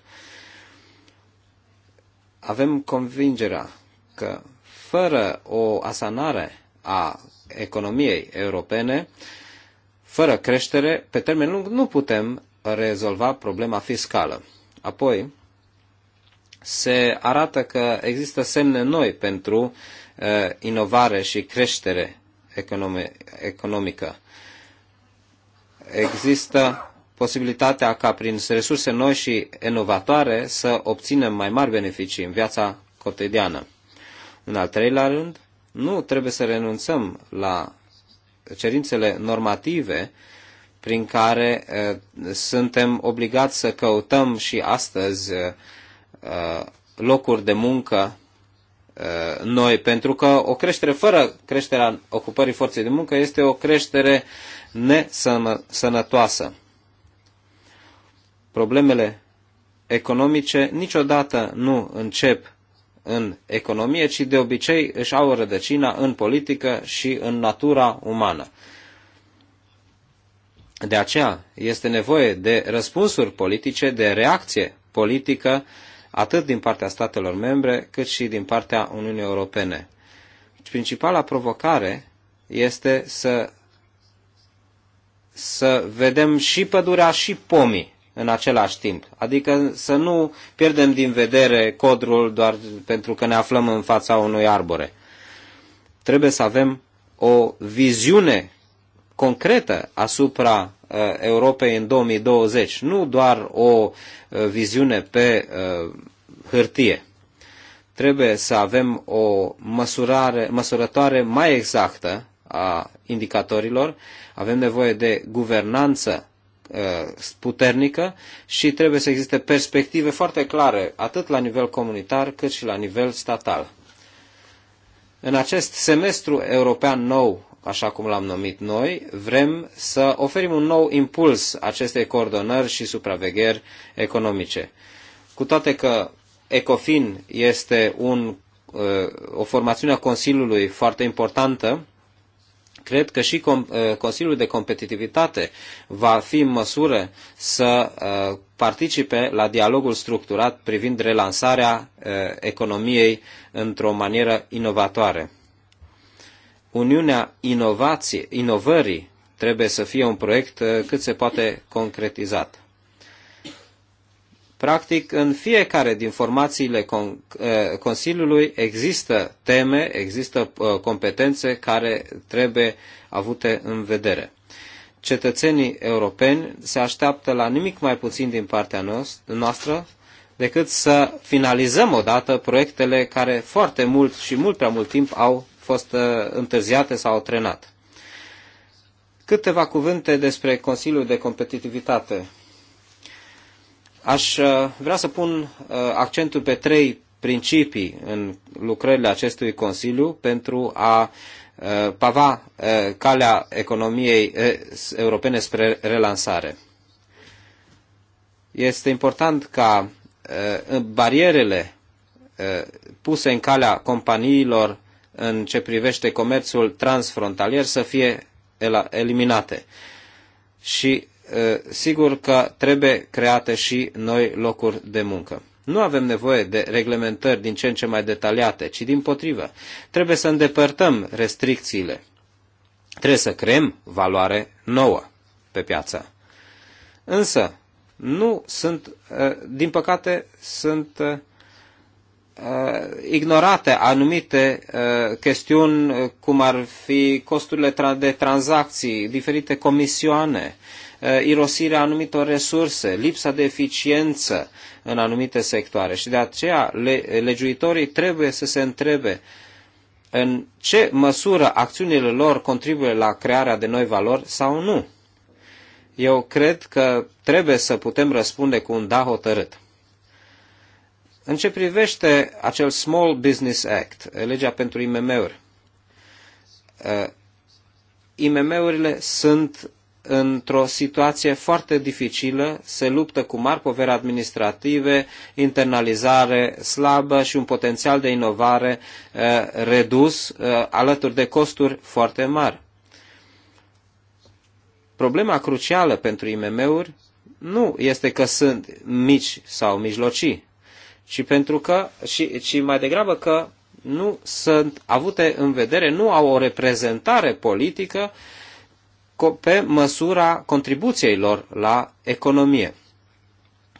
avem convingerea că fără o asanare a economiei europene, fără creștere, pe termen lung nu putem rezolva problema fiscală. Apoi, se arată că există semne noi pentru uh, inovare și creștere economi- economică. Există posibilitatea ca prin resurse noi și inovatoare să obținem mai mari beneficii în viața cotidiană. În al treilea rând, nu trebuie să renunțăm la cerințele normative prin care uh, suntem obligați să căutăm și astăzi uh, locuri de muncă uh, noi, pentru că o creștere fără creșterea ocupării forței de muncă este o creștere nesănătoasă. Problemele economice niciodată nu încep în economie, ci de obicei își au rădăcina în politică și în natura umană. De aceea este nevoie de răspunsuri politice, de reacție politică, atât din partea statelor membre, cât și din partea Uniunii Europene. Principala provocare este să, să vedem și pădurea și pomii în același timp. Adică să nu pierdem din vedere codrul doar pentru că ne aflăm în fața unui arbore. Trebuie să avem o viziune concretă asupra uh, Europei în 2020, nu doar o uh, viziune pe uh, hârtie. Trebuie să avem o măsurare, măsurătoare mai exactă a indicatorilor, avem nevoie de guvernanță Uh, puternică și trebuie să existe perspective foarte clare, atât la nivel comunitar cât și la nivel statal. În acest semestru european nou, așa cum l-am numit noi, vrem să oferim un nou impuls acestei coordonări și supravegheri economice. Cu toate că ECOFIN este un, uh, o formațiune a Consiliului foarte importantă, Cred că și uh, Consiliul de Competitivitate va fi în măsură să uh, participe la dialogul structurat privind relansarea uh, economiei într-o manieră inovatoare. Uniunea inovație, inovării trebuie să fie un proiect cât se poate concretizat. Practic, în fiecare din formațiile eh, Consiliului există teme, există eh, competențe care trebuie avute în vedere. Cetățenii europeni se așteaptă la nimic mai puțin din partea noastră decât să finalizăm odată proiectele care foarte mult și mult prea mult timp au fost eh, întârziate sau trenate. Câteva cuvinte despre Consiliul de Competitivitate Aș uh, vrea să pun uh, accentul pe trei principii în lucrările acestui Consiliu pentru a uh, pava calea economiei europene spre relansare. Este important ca barierele puse în calea companiilor în ce privește comerțul transfrontalier să fie eliminate. Și Ă, sigur că trebuie create și noi locuri de muncă. Nu avem nevoie de reglementări din ce în ce mai detaliate, ci din potrivă. Trebuie să îndepărtăm restricțiile. Trebuie să creăm valoare nouă pe piață. Însă, nu sunt, ă, din păcate, sunt ă, ignorate anumite chestiuni, cum ar fi costurile de tranzacții, diferite comisioane, Uh, irosirea anumitor resurse, lipsa de eficiență în anumite sectoare. Și de aceea legiuitorii trebuie să se întrebe în ce măsură acțiunile lor contribuie la crearea de noi valori sau nu. Eu cred că trebuie să putem răspunde cu un da hotărât. În ce privește acel Small Business Act, legea pentru IMM-uri, uh, IMM-urile sunt într-o situație foarte dificilă, se luptă cu mari poveri administrative, internalizare slabă și un potențial de inovare uh, redus, uh, alături de costuri foarte mari. Problema crucială pentru IMM-uri nu este că sunt mici sau mijlocii, ci pentru că, și, ci mai degrabă că nu sunt avute în vedere, nu au o reprezentare politică uh, pe măsura contribuției lor la economie.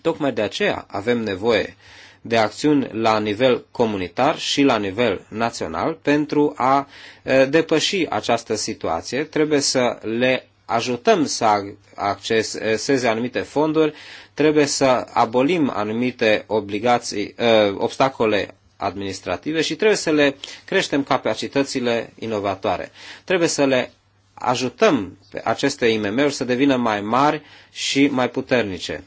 Tocmai de aceea avem nevoie de acțiuni la nivel comunitar și la nivel național pentru a depăși această situație. Trebuie să le ajutăm să acceseze anumite fonduri, trebuie să abolim anumite obligații, obstacole administrative și trebuie să le creștem capacitățile inovatoare. Trebuie să le ajutăm pe aceste IMM-uri să devină mai mari și mai puternice.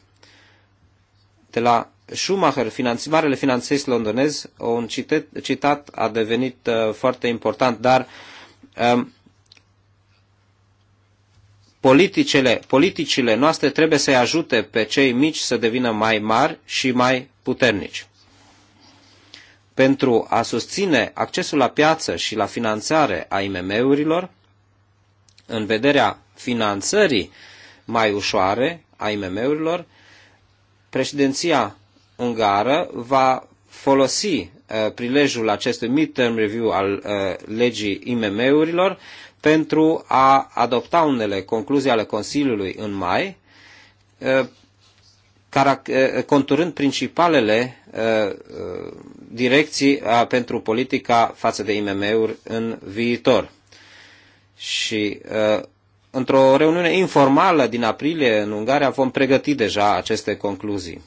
De la Schumacher, finanț, marele finanțist londonez, un citet, citat a devenit uh, foarte important, dar um, politicele, politicile noastre trebuie să-i ajute pe cei mici să devină mai mari și mai puternici. Pentru a susține accesul la piață și la finanțare a IMM-urilor, în vederea finanțării mai ușoare a IMM-urilor, președinția ungară va folosi uh, prilejul acestui midterm review al uh, legii IMM-urilor pentru a adopta unele concluzii ale Consiliului în mai, uh, conturând principalele direcții pentru politica față de IMM-uri în viitor. Și uh, într-o reuniune informală din aprilie în Ungaria vom pregăti deja aceste concluzii.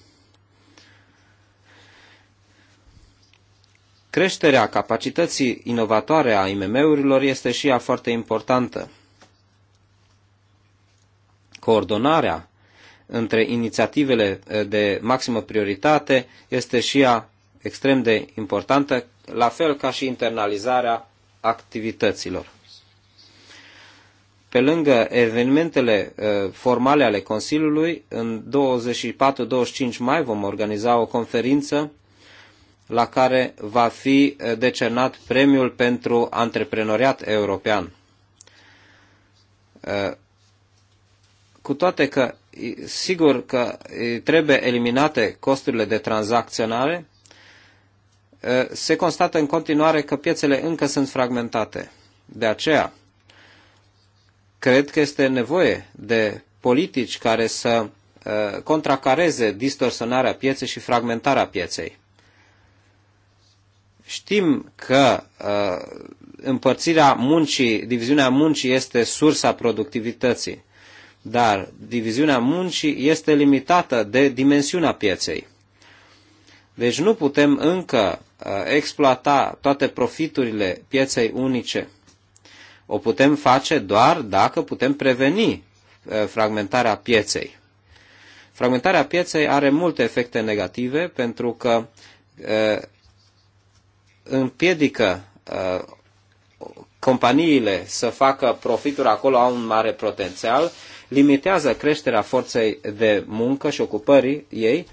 Creșterea capacității inovatoare a IMM-urilor este și ea foarte importantă. Coordonarea între inițiativele uh, de maximă prioritate este și ea extrem de importantă, la fel ca și internalizarea activităților. Pe lângă evenimentele uh, formale ale Consiliului, în 24-25 mai vom organiza o conferință la care va fi uh, decernat premiul pentru antreprenoriat european. Uh, cu toate că, sigur că trebuie eliminate costurile de tranzacționare, se constată în continuare că piețele încă sunt fragmentate. De aceea, Cred că este nevoie de politici care să uh, contracareze distorsionarea pieței și fragmentarea pieței. Știm că uh, împărțirea muncii, diviziunea muncii este sursa productivității, dar diviziunea muncii este limitată de dimensiunea pieței. Deci nu putem încă uh, exploata toate profiturile pieței unice o putem face doar dacă putem preveni uh, fragmentarea pieței. Fragmentarea pieței are multe efecte negative pentru că uh, împiedică uh, companiile să facă profituri acolo au un mare potențial, limitează creșterea forței de muncă și ocupării ei,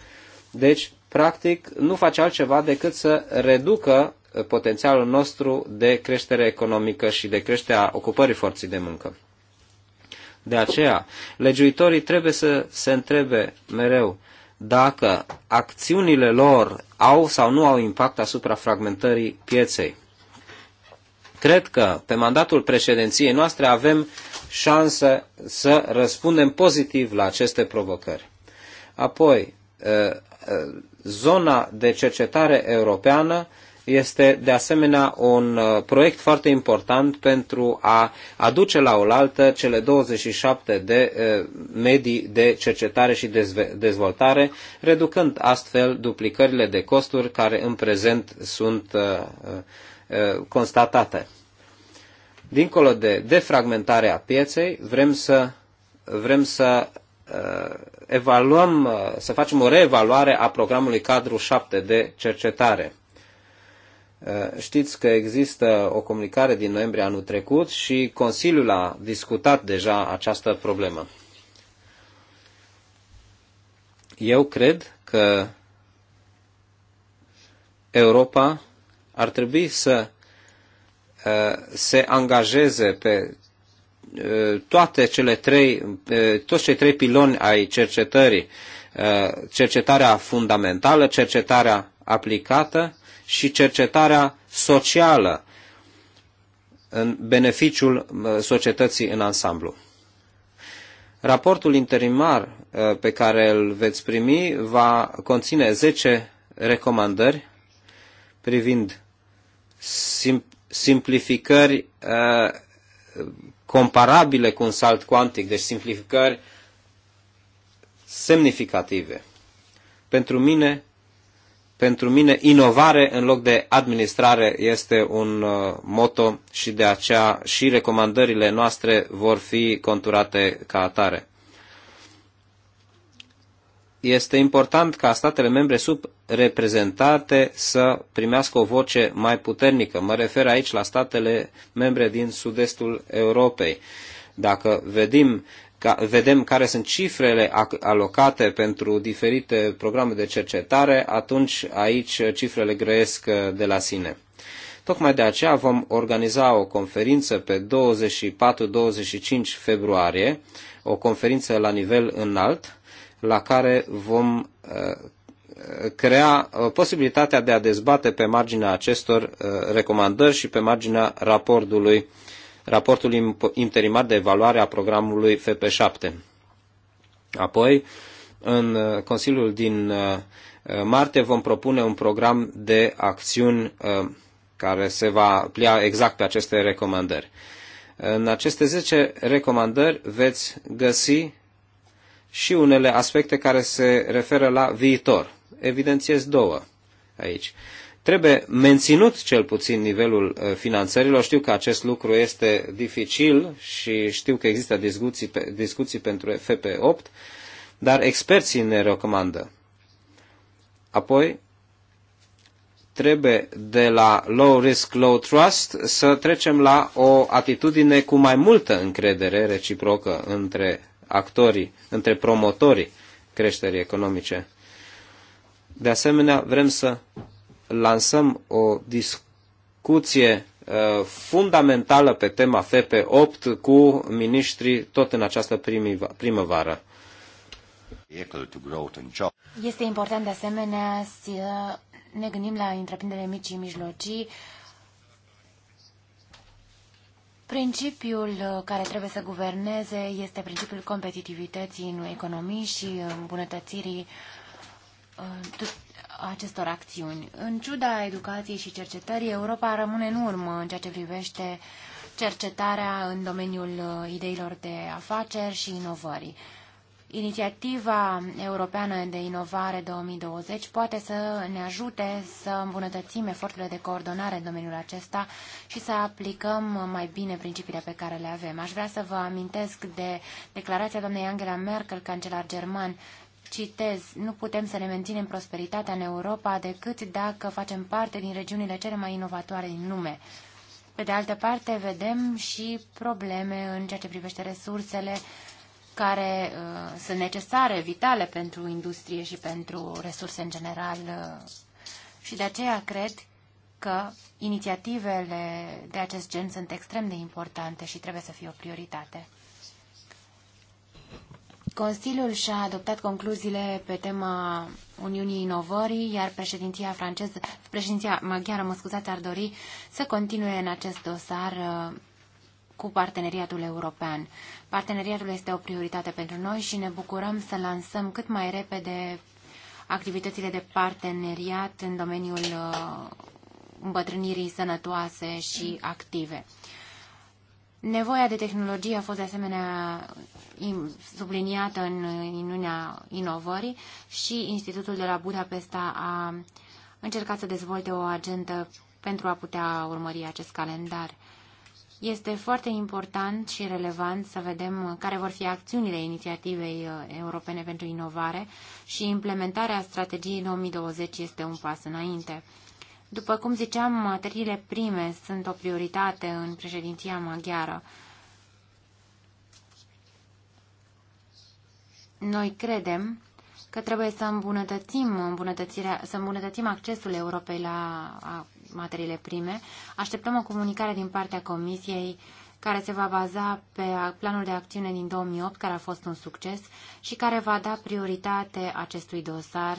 deci, practic, nu face altceva decât să reducă potențialul nostru de creștere economică și de creșterea ocupării forței de muncă. De aceea, legiuitorii trebuie să se întrebe mereu dacă acțiunile lor au sau nu au impact asupra fragmentării pieței. Cred că pe mandatul președinției noastre avem șansă să răspundem pozitiv la aceste provocări. Apoi, eh, eh, zona de cercetare europeană este de asemenea un uh, proiect foarte important pentru a aduce la oaltă cele 27 de uh, medii de cercetare și dezvoltare, reducând astfel duplicările de costuri care în prezent sunt uh, constatate. Dincolo de defragmentarea pieței, vrem să, vrem să evaluăm, să facem o reevaluare a programului cadru 7 de cercetare Eh, știți că există o comunicare din noiembrie anul trecut și Consiliul a discutat deja această problemă. Eu cred că Europa ar trebui să eh, se angajeze pe eh, toate cele trei, toți cei trei piloni ai cercetării, cercetarea fundamentală, cercetarea aplicată și cercetarea socială în beneficiul uh, societății în ansamblu. Raportul interimar uh, pe care îl veți primi va conține 10 recomandări privind simplificări uh, comparabile cu un salt cuantic, deci simplificări semnificative. Pentru mine, pentru mine inovare în loc de administrare este un uh, moto și de aceea și recomandările noastre vor fi conturate ca atare. Este important ca statele membre reprezentate să primească o voce mai puternică. Mă refer aici la statele membre din sud-estul Europei. Dacă vedem ca, vedem care sunt cifrele alocate pentru diferite programe de cercetare, atunci aici cifrele grăiesc uh, de la sine. Tocmai de aceea vom organiza o conferință pe 24-25 februarie, o conferință la nivel înalt, la care vom uh, crea uh, posibilitatea de a dezbate pe marginea acestor recomandări și pe marginea raportului raportul interimar de evaluare a programului FP7. Apoi, în uh, Consiliul din uh, uh, martie vom propune un program de acțiuni care se va plia exact pe aceste recomandări. În aceste 10 recomandări veți găsi și unele aspecte care se referă la viitor. Evidențiez două aici. Trebuie menținut cel puțin nivelul uh, finanțărilor. Știu că acest lucru este dificil și știu că există discuții, discuții pentru FP8, dar experții ne recomandă. Apoi, trebuie de la low risk, low trust să trecem la o atitudine cu mai multă încredere reciprocă între actorii, între promotorii creșterii economice. De asemenea, vrem să lansăm o discuție uh, fundamentală pe tema FP8 cu miniștrii tot în această primăvară. Este important de asemenea să ne gândim la întreprinderile mici și mijlocii. Principiul care trebuie să guverneze este principiul competitivității în economii și îmbunătățirii uh, acestor acțiuni. În ciuda educației și cercetării, Europa rămâne în urmă în ceea ce privește cercetarea în domeniul uh, ideilor de afaceri și inovării. Inițiativa Europeană de Inovare 2020 poate să ne ajute să îmbunătățim eforturile de coordonare în domeniul acesta și să aplicăm mai bine principiile pe care le avem. Aș vrea să vă amintesc de declarația doamnei Angela Merkel, cancelar german, Citez, nu putem să ne menținem prosperitatea în Europa decât dacă facem parte din regiunile cele mai inovatoare din lume. Pe de altă parte, vedem și probleme în ceea ce privește resursele care uh, sunt necesare, vitale pentru industrie și pentru resurse în general. Uh, și de aceea cred că inițiativele de acest gen sunt extrem de importante și trebuie să fie o prioritate. Consiliul și-a adoptat concluziile pe tema Uniunii Inovării, iar președinția, franceză, președinția maghiară, mă scuzați, ar dori să continue în acest dosar uh, cu parteneriatul european. Parteneriatul este o prioritate pentru noi și ne bucurăm să lansăm cât mai repede activitățile de parteneriat în domeniul uh, îmbătrânirii sănătoase și active. Nevoia de tehnologie a fost de asemenea subliniată în Uniunea Inovării și Institutul de la Budapesta a încercat să dezvolte o agendă pentru a putea urmări acest calendar. Este foarte important și relevant să vedem care vor fi acțiunile inițiativei uh, europene pentru inovare și implementarea strategiei 2020 este un pas înainte. După cum ziceam, materiile prime sunt o prioritate în președinția maghiară. Noi credem că trebuie să îmbunătățim, îmbunătățirea, să îmbunătățim accesul Europei la materiile prime. Așteptăm o comunicare din partea Comisiei care se va baza pe planul de acțiune din 2008, care a fost un succes și care va da prioritate acestui dosar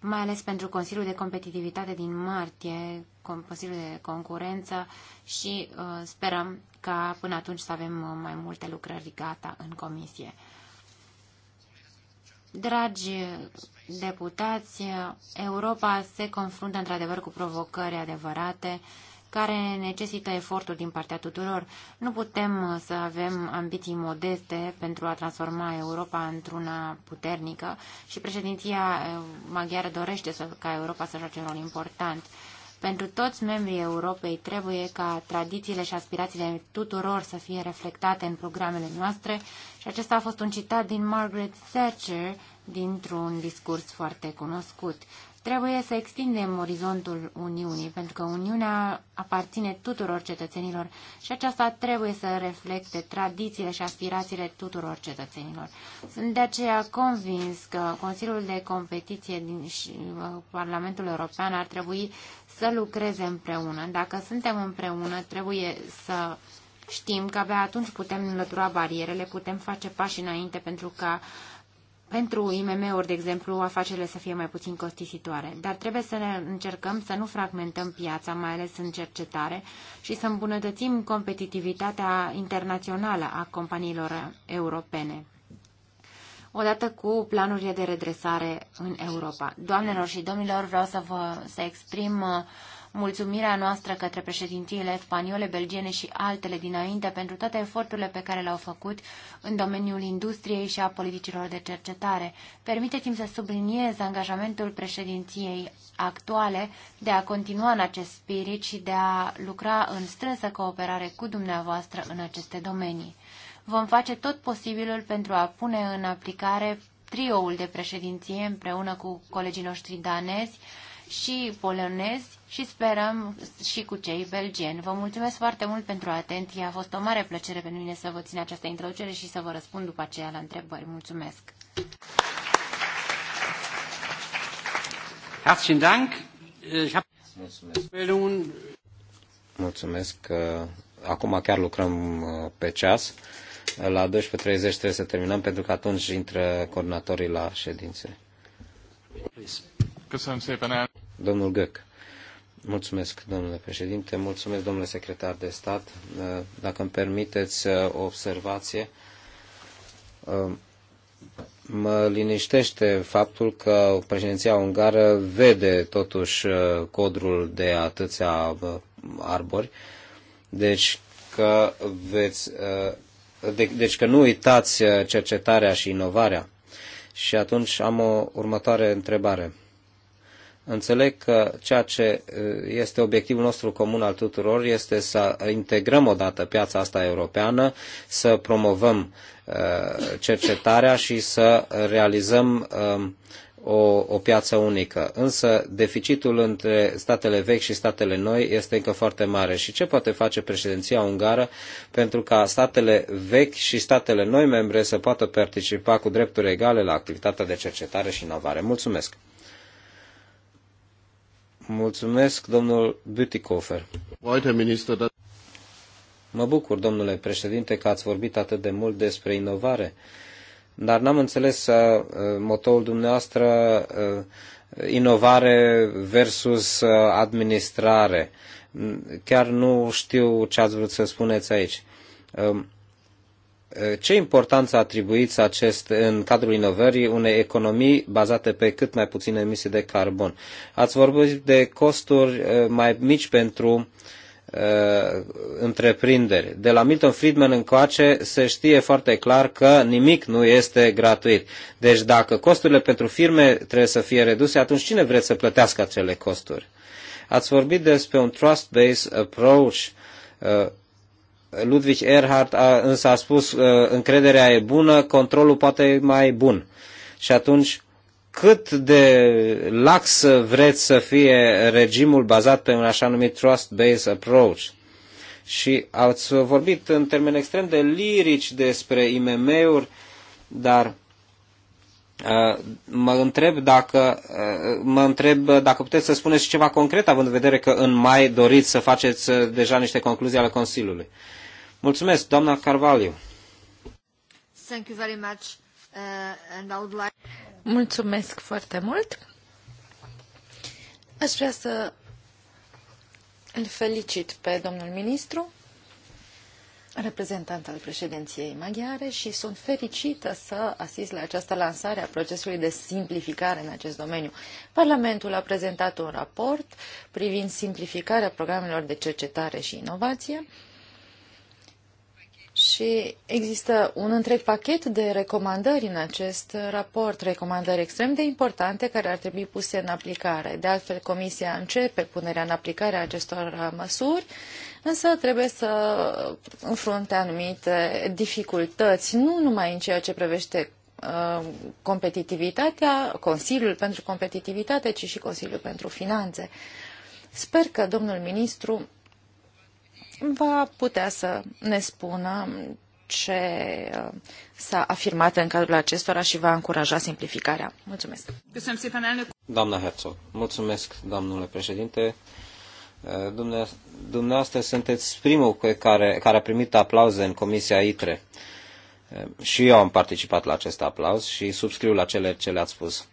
mai ales pentru Consiliul de Competitivitate din martie, Consiliul de Concurență și uh, sperăm ca până atunci să avem uh, mai multe lucrări gata în comisie. Dragi deputați, Europa se confruntă într-adevăr cu provocări adevărate care necesită efortul din partea tuturor. Nu putem uh, să avem ambiții modeste pentru a transforma Europa într-una puternică și președinția uh, maghiară dorește să, ca Europa să joace un rol important. Pentru toți membrii Europei trebuie ca tradițiile și aspirațiile tuturor să fie reflectate în programele noastre și acesta a fost un citat din Margaret Thatcher dintr-un discurs foarte cunoscut. Trebuie să extindem orizontul Uniunii, pentru că Uniunea aparține tuturor cetățenilor și aceasta trebuie să reflecte tradițiile și aspirațiile tuturor cetățenilor. Sunt de aceea convins că Consiliul de Competiție din uh, Parlamentul European ar trebui să lucreze împreună. Dacă suntem împreună, trebuie să Știm că abia atunci putem înlătura barierele, putem face pași înainte pentru ca pentru IMM-uri, de exemplu, afacerile să fie mai puțin costisitoare. Dar trebuie să ne încercăm să nu fragmentăm piața, mai ales în cercetare, și să îmbunătățim competitivitatea internațională a companiilor europene odată cu planurile de redresare în Europa. Doamnelor și domnilor, vreau să vă să exprim mulțumirea noastră către președintiile spaniole, belgiene și altele dinainte pentru toate eforturile pe care le-au făcut în domeniul industriei și a politicilor de cercetare. Permiteți-mi să subliniez angajamentul președinției actuale de a continua în acest spirit și de a lucra în strânsă cooperare cu dumneavoastră în aceste domenii. Vom face tot posibilul pentru a pune în aplicare trioul de președinție împreună cu colegii noștri danezi, și polonezi și sperăm și cu cei belgieni. Vă mulțumesc foarte mult pentru atenție. A fost o mare plăcere pentru mine să vă țin această introducere și să vă răspund după aceea la întrebări. Mulțumesc! Herzlichen Dank. Mulțumesc. Mulțumesc. Acum chiar lucrăm uh, pe ceas. La 12.30 trebuie să terminăm pentru că atunci intră coordonatorii la ședințe. Please. Köszönöm szépen el. Domnul Gök. Mulțumesc, domnule președinte, mulțumesc, domnule secretar de stat. Dacă îmi permiteți uh, o observație, uh, mă liniștește faptul că președinția ungară vede totuși uh, codrul de atâția arbori, deci că, veți, deci că nu uitați cercetarea și inovarea. Și atunci am o următoare întrebare Înțeleg că ceea ce uh, este obiectivul nostru comun al tuturor este să integrăm odată piața asta europeană, să promovăm uh, cercetarea și să realizăm um, o, o piață unică. Însă deficitul între statele vechi și statele noi este încă foarte mare. Și ce poate face președinția ungară pentru ca statele vechi și statele noi membre să poată participa cu drepturi egale la activitatea de cercetare și inovare? Mulțumesc! Mulțumesc, domnul Bütikofer. Da. Mă bucur, domnule președinte, că ați vorbit atât de mult despre inovare, dar n-am înțeles uh, motoul dumneavoastră uh, inovare versus uh, administrare. Chiar nu știu ce ați vrut să spuneți aici. Um, Eh, ce importanță atribuiți acest în cadrul inovării unei economii bazate pe cât mai puține emisii de carbon? Ați vorbit de costuri eh, mai mici pentru uh, întreprinderi. De la Milton Friedman încoace se știe foarte clar că nimic nu este gratuit. Deci dacă costurile pentru firme trebuie să fie reduse, atunci cine vreți să plătească acele costuri? Ați vorbit despre un trust-based approach uh, Ludwig Erhard a, însă a spus ă, încrederea e bună, controlul poate e mai bun. Și atunci cât de lax vreți să fie regimul bazat pe un așa numit trust-based approach. Și ați vorbit în termeni extrem de lirici despre IMM-uri, dar Uh, mă întreb, dacă, uh, mă întreb dacă puteți să spuneți ceva concret, având în vedere că în mai doriți să faceți uh, deja niște concluzii ale Consiliului. Mulțumesc, doamna Carvalho. Thank you very much. Uh, and I would like... Mulțumesc foarte mult. Aș vrea să îl felicit pe domnul ministru reprezentant al președinției maghiare și sunt fericită să asist la această lansare a procesului de simplificare în acest domeniu. Parlamentul a prezentat un raport privind simplificarea programelor de cercetare și inovație și există un întreg pachet de recomandări în acest raport, recomandări extrem de importante care ar trebui puse în aplicare. De altfel, Comisia începe punerea în aplicare a acestor măsuri însă trebuie să înfrunte anumite dificultăți, nu numai în ceea ce privește uh, competitivitatea, Consiliul pentru Competitivitate, ci și Consiliul pentru Finanțe. Sper că domnul ministru va putea să ne spună ce uh, s-a afirmat în cadrul acestora și va încuraja simplificarea. Mulțumesc. Doamna Herzog, mulțumesc, domnule președinte. Dumneavoastră sunteți primul care, care a primit aplauze în Comisia ITRE. Și eu am participat la acest aplauz și subscriu la cele ce le-ați spus.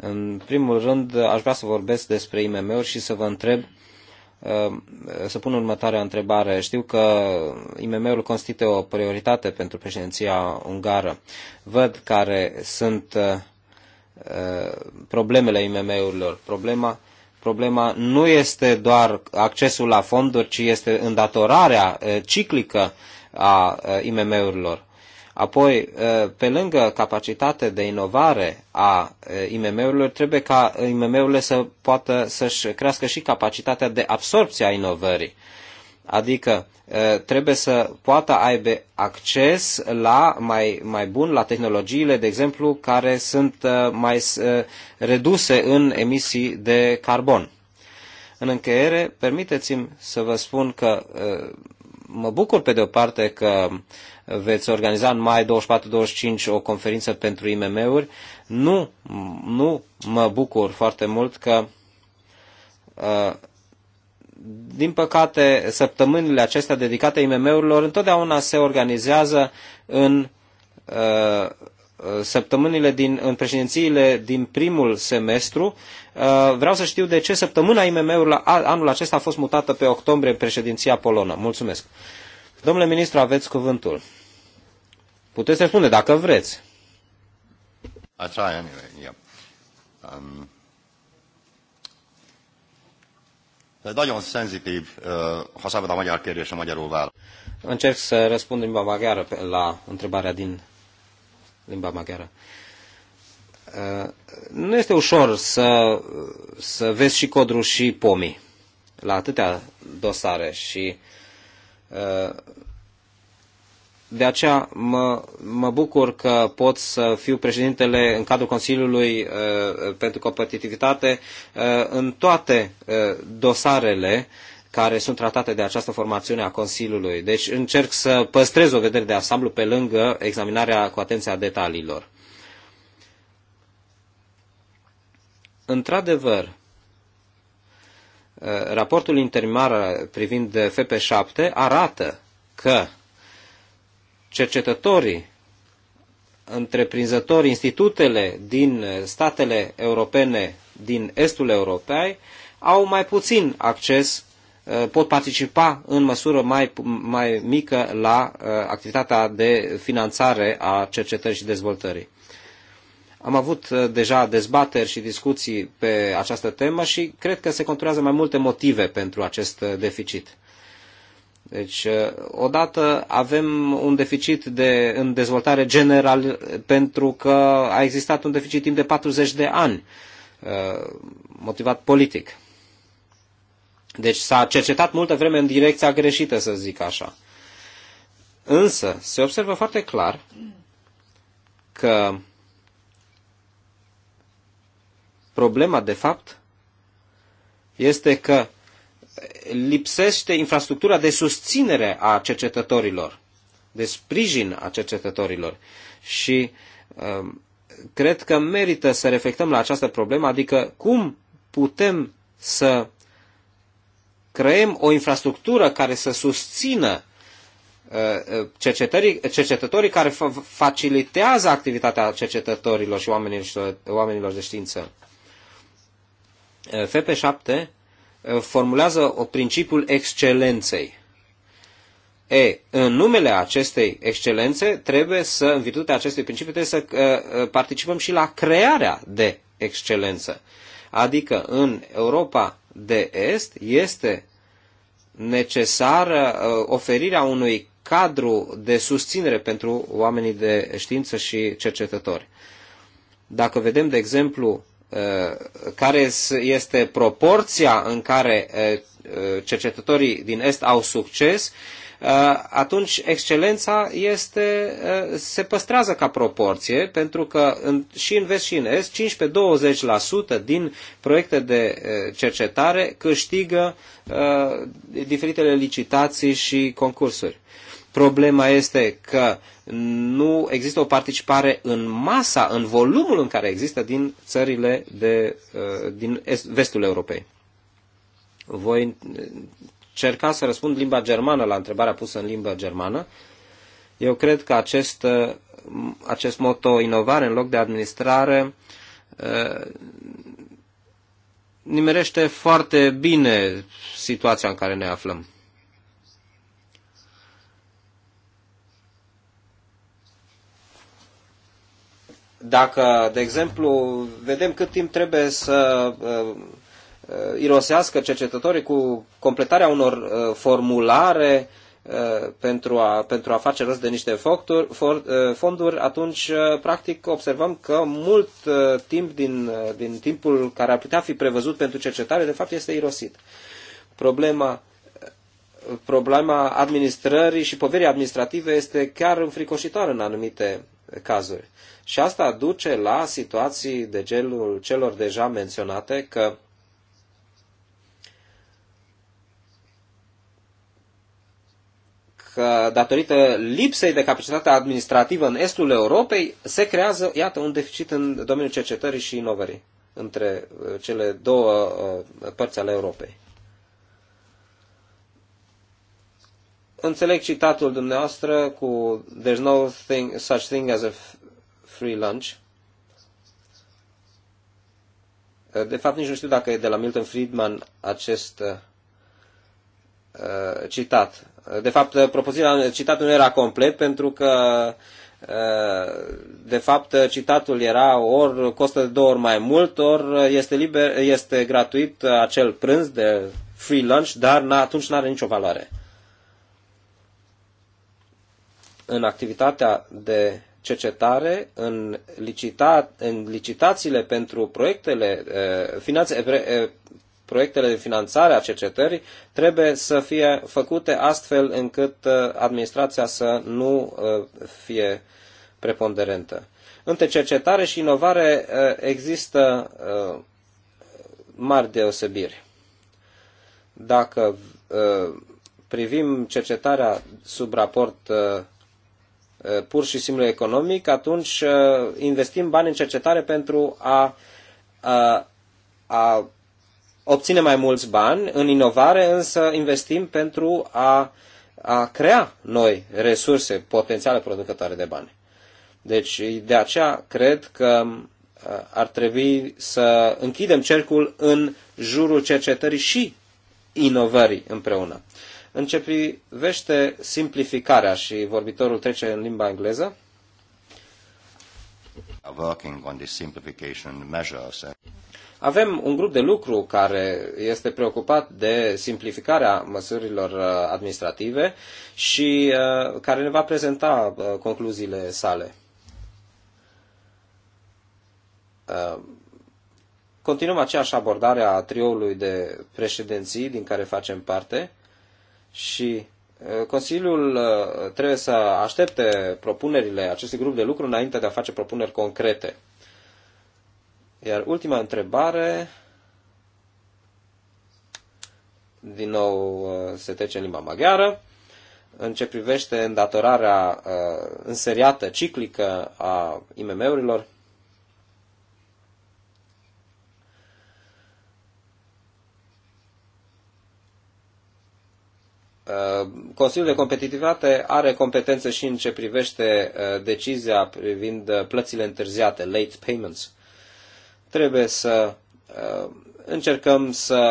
În primul rând, aș vrea să vorbesc despre IMM-uri și să vă întreb, uh, să pun următoarea întrebare. Știu că IMM-ul constituie o prioritate pentru președinția ungară. Văd care sunt uh, uh, problemele IMM-urilor. Problema Problema nu este doar accesul la fonduri, ci este îndatorarea eh, ciclică a eh, IMM-urilor. Apoi, eh, pe lângă capacitatea de inovare a IMM-urilor, trebuie ca IMM-urile să poată să-și crească și capacitatea de absorpție a inovării. Adică trebuie să poată aibă acces la mai, mai bun la tehnologiile, de exemplu, care sunt mai reduse în emisii de carbon. În încheiere, permiteți-mi să vă spun că mă bucur pe de o parte că veți organiza în mai 24-25 o conferință pentru IMM-uri. Nu, nu mă bucur foarte mult că din păcate, săptămânile acestea dedicate IMM-urilor întotdeauna se organizează în uh, săptămânile din, în președințiile din primul semestru. Uh, vreau să știu de ce săptămâna IMM-urilor anul acesta a fost mutată pe octombrie în președinția polonă. Mulțumesc. Domnule ministru, aveți cuvântul. Puteți răspunde dacă vreți. Așa, try anyway, yeah. um... Nagyon szenzitív, ha szabad a magyar kérdés, a magyarul válasz. Încerc să răspund în limba maghiară la întrebarea din limba maghiară. Nu este ușor să, să vezi și codru și pomii la atâtea dosare și de aceea mă, mă bucur că pot să fiu președintele în cadrul Consiliului uh, pentru Competitivitate uh, în toate uh, dosarele care sunt tratate de această formațiune a Consiliului. Deci încerc să păstrez o vedere de asamblu pe lângă examinarea cu atenția detaliilor. Într-adevăr, uh, raportul intermar privind FP7 arată că cercetătorii, întreprinzători, institutele din statele europene din estul Europei au mai puțin acces, uh, pot participa în măsură mai, mai mică la uh, activitatea de finanțare a cercetării și dezvoltării. Am avut uh, deja dezbateri și discuții pe această temă și cred că se conturează mai multe motive pentru acest deficit. Deci, uh, odată avem un deficit de, în dezvoltare general pentru că a existat un deficit timp de 40 de ani, uh, motivat politic. Deci s-a cercetat multă vreme în direcția greșită, să zic așa. Însă, se observă foarte clar că problema, de fapt, este că lipsește infrastructura de susținere a cercetătorilor, de sprijin a cercetătorilor. Și um, cred că merită să reflectăm la această problemă, adică cum putem să creăm o infrastructură care să susțină uh, uh, cercetătorii, care facilitează activitatea cercetătorilor și oamenilor, oamenilor de știință. Uh, FP7 Uh, formulează o principiul excelenței. E, în numele acestei excelențe, trebuie să, în virtutea acestui principiu, trebuie să uh, uh, participăm și la crearea de excelență. Adică în Europa de Est este necesară oferirea unui cadru de susținere pentru oamenii de știință și cercetători. Dacă vedem, de exemplu, Uh, care este proporția în care uh, uh, cercetătorii din Est au succes, atunci excelența este, se păstrează ca proporție, pentru că în, și în vest și în est, 15-20% din proiecte de cercetare câștigă uh, diferitele licitații și concursuri. Problema este că nu există o participare în masa, în volumul în care există din țările de, uh, din vestul Europei. Voi uh, cerca să răspund limba germană la întrebarea pusă în limba germană. Eu cred că acest, uh, acest moto inovare în loc de administrare nimerește foarte bine situația în care ne aflăm. Dacă, de exemplu, vedem cât timp trebuie să uh, uh, irosească cercetătorii cu completarea unor uh, formulare pentru a, pentru a face rost de niște fonduri, atunci, practic, observăm că mult timp din, din timpul care ar putea fi prevăzut pentru cercetare, de fapt, este irosit. Problema problema administrării și poverii administrative este chiar înfricoșitoare în anumite cazuri. Și asta duce la situații de genul celor deja menționate că că datorită lipsei de capacitate administrativă în estul Europei se creează, iată, un deficit în domeniul cercetării și inovării între uh, cele două uh, părți ale Europei. Înțeleg citatul dumneavoastră cu There's no thing, such thing as a free lunch. Uh, de fapt, nici nu știu dacă e de la Milton Friedman acest uh, uh, citat. De fapt, propoziția, citatul nu era complet pentru că de fapt, citatul era ori costă de două ori mai mult, ori este, liber, este gratuit acel prânz de free lunch, dar atunci nu are nicio valoare în activitatea de cercetare, în, licita, în licitațiile pentru proiectele, eh, finanțe, eh, eh, proiectele de finanțare a cercetării, trebuie să fie făcute astfel încât administrația să nu fie preponderentă. Între cercetare și inovare există mari deosebiri. Dacă privim cercetarea sub raport Uh, pur și simplu economic, atunci uh, investim bani în cercetare pentru a, a, a obține mai mulți bani, în inovare însă investim pentru a, a crea noi resurse potențiale producătoare de bani. Deci de aceea cred că uh, ar trebui să închidem cercul în jurul cercetării și inovării împreună. În ce privește simplificarea și vorbitorul trece în limba engleză, avem un grup de lucru care este preocupat de simplificarea măsurilor uh, administrative și uh, care ne va prezenta uh, concluziile sale. Continuăm aceeași abordare a trioului de președinții din care facem parte și uh, Consiliul uh, trebuie să aștepte propunerile acestui grup de lucru înainte de a face propuneri concrete. Iar ultima întrebare, din nou uh, se trece în limba maghiară, în ce privește îndatorarea înseriată, ciclică a IMM-urilor, Uh, Consiliul de Competitivitate are competențe și în ce privește uh, decizia privind uh, plățile întârziate, late payments. Trebuie să încercăm să,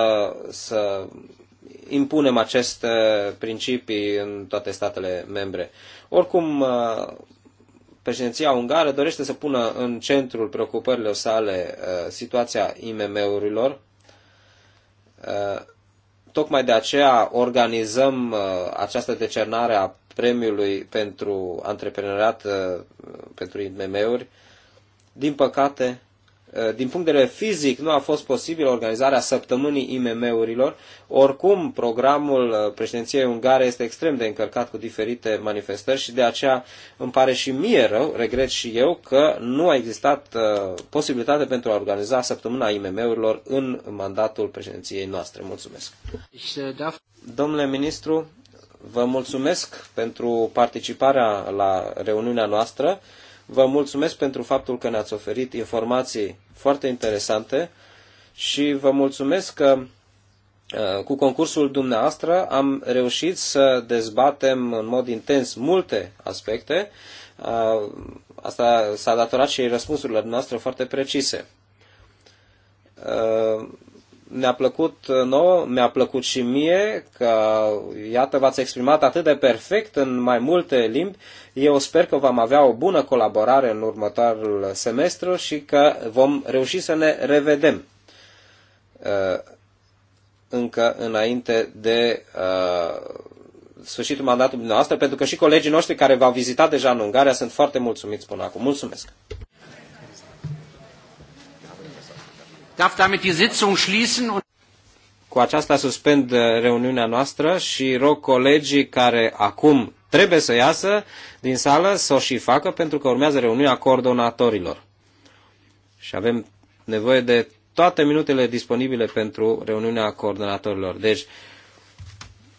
să impunem aceste principii în toate statele membre. Oricum, președinția ungară dorește să pună în centrul preocupărilor sale situația IMM-urilor, Tocmai de aceea organizăm uh, această decernare a premiului pentru antreprenoriat uh, pentru IMM-uri. Din păcate, Eh, din punct de vedere fizic nu a fost posibil organizarea săptămânii IMM-urilor. Oricum, programul eh, președinției ungare este extrem de încărcat cu diferite manifestări și de aceea îmi pare și mie rău, regret și eu, că nu a existat eh, posibilitate pentru a organiza săptămâna IMM-urilor în mandatul președinției noastre. Mulțumesc! Domnule ministru, vă mulțumesc pentru participarea la reuniunea noastră. Vă mulțumesc pentru faptul că ne-ați oferit informații foarte interesante și vă mulțumesc că uh, cu concursul dumneavoastră am reușit să dezbatem în mod intens multe aspecte. Uh, asta s-a datorat și răspunsurilor noastre foarte precise. Uh, mi-a plăcut uh, nouă, mi-a plăcut și mie că, iată, v-ați exprimat atât de perfect în mai multe limbi. Eu sper că vom avea o bună colaborare în următorul semestru și că vom reuși să ne revedem uh, încă înainte de uh, sfârșitul mandatului dumneavoastră, pentru că și colegii noștri care v-au vizitat deja în Ungaria sunt foarte mulțumiți până acum. Mulțumesc! darf damit die Sitzung schließen und cu aceasta suspend uh, reuniunea noastră și rog colegii care acum trebuie să iasă din sală să o și facă pentru că urmează reuniunea coordonatorilor. Și avem nevoie de toate minutele disponibile pentru reuniunea coordonatorilor. Deci,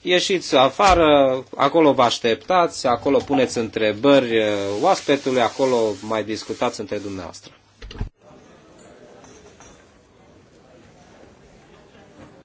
ieșiți afară, acolo vă așteptați, acolo puneți întrebări uh, oaspetului, acolo mai discutați între dumneavoastră.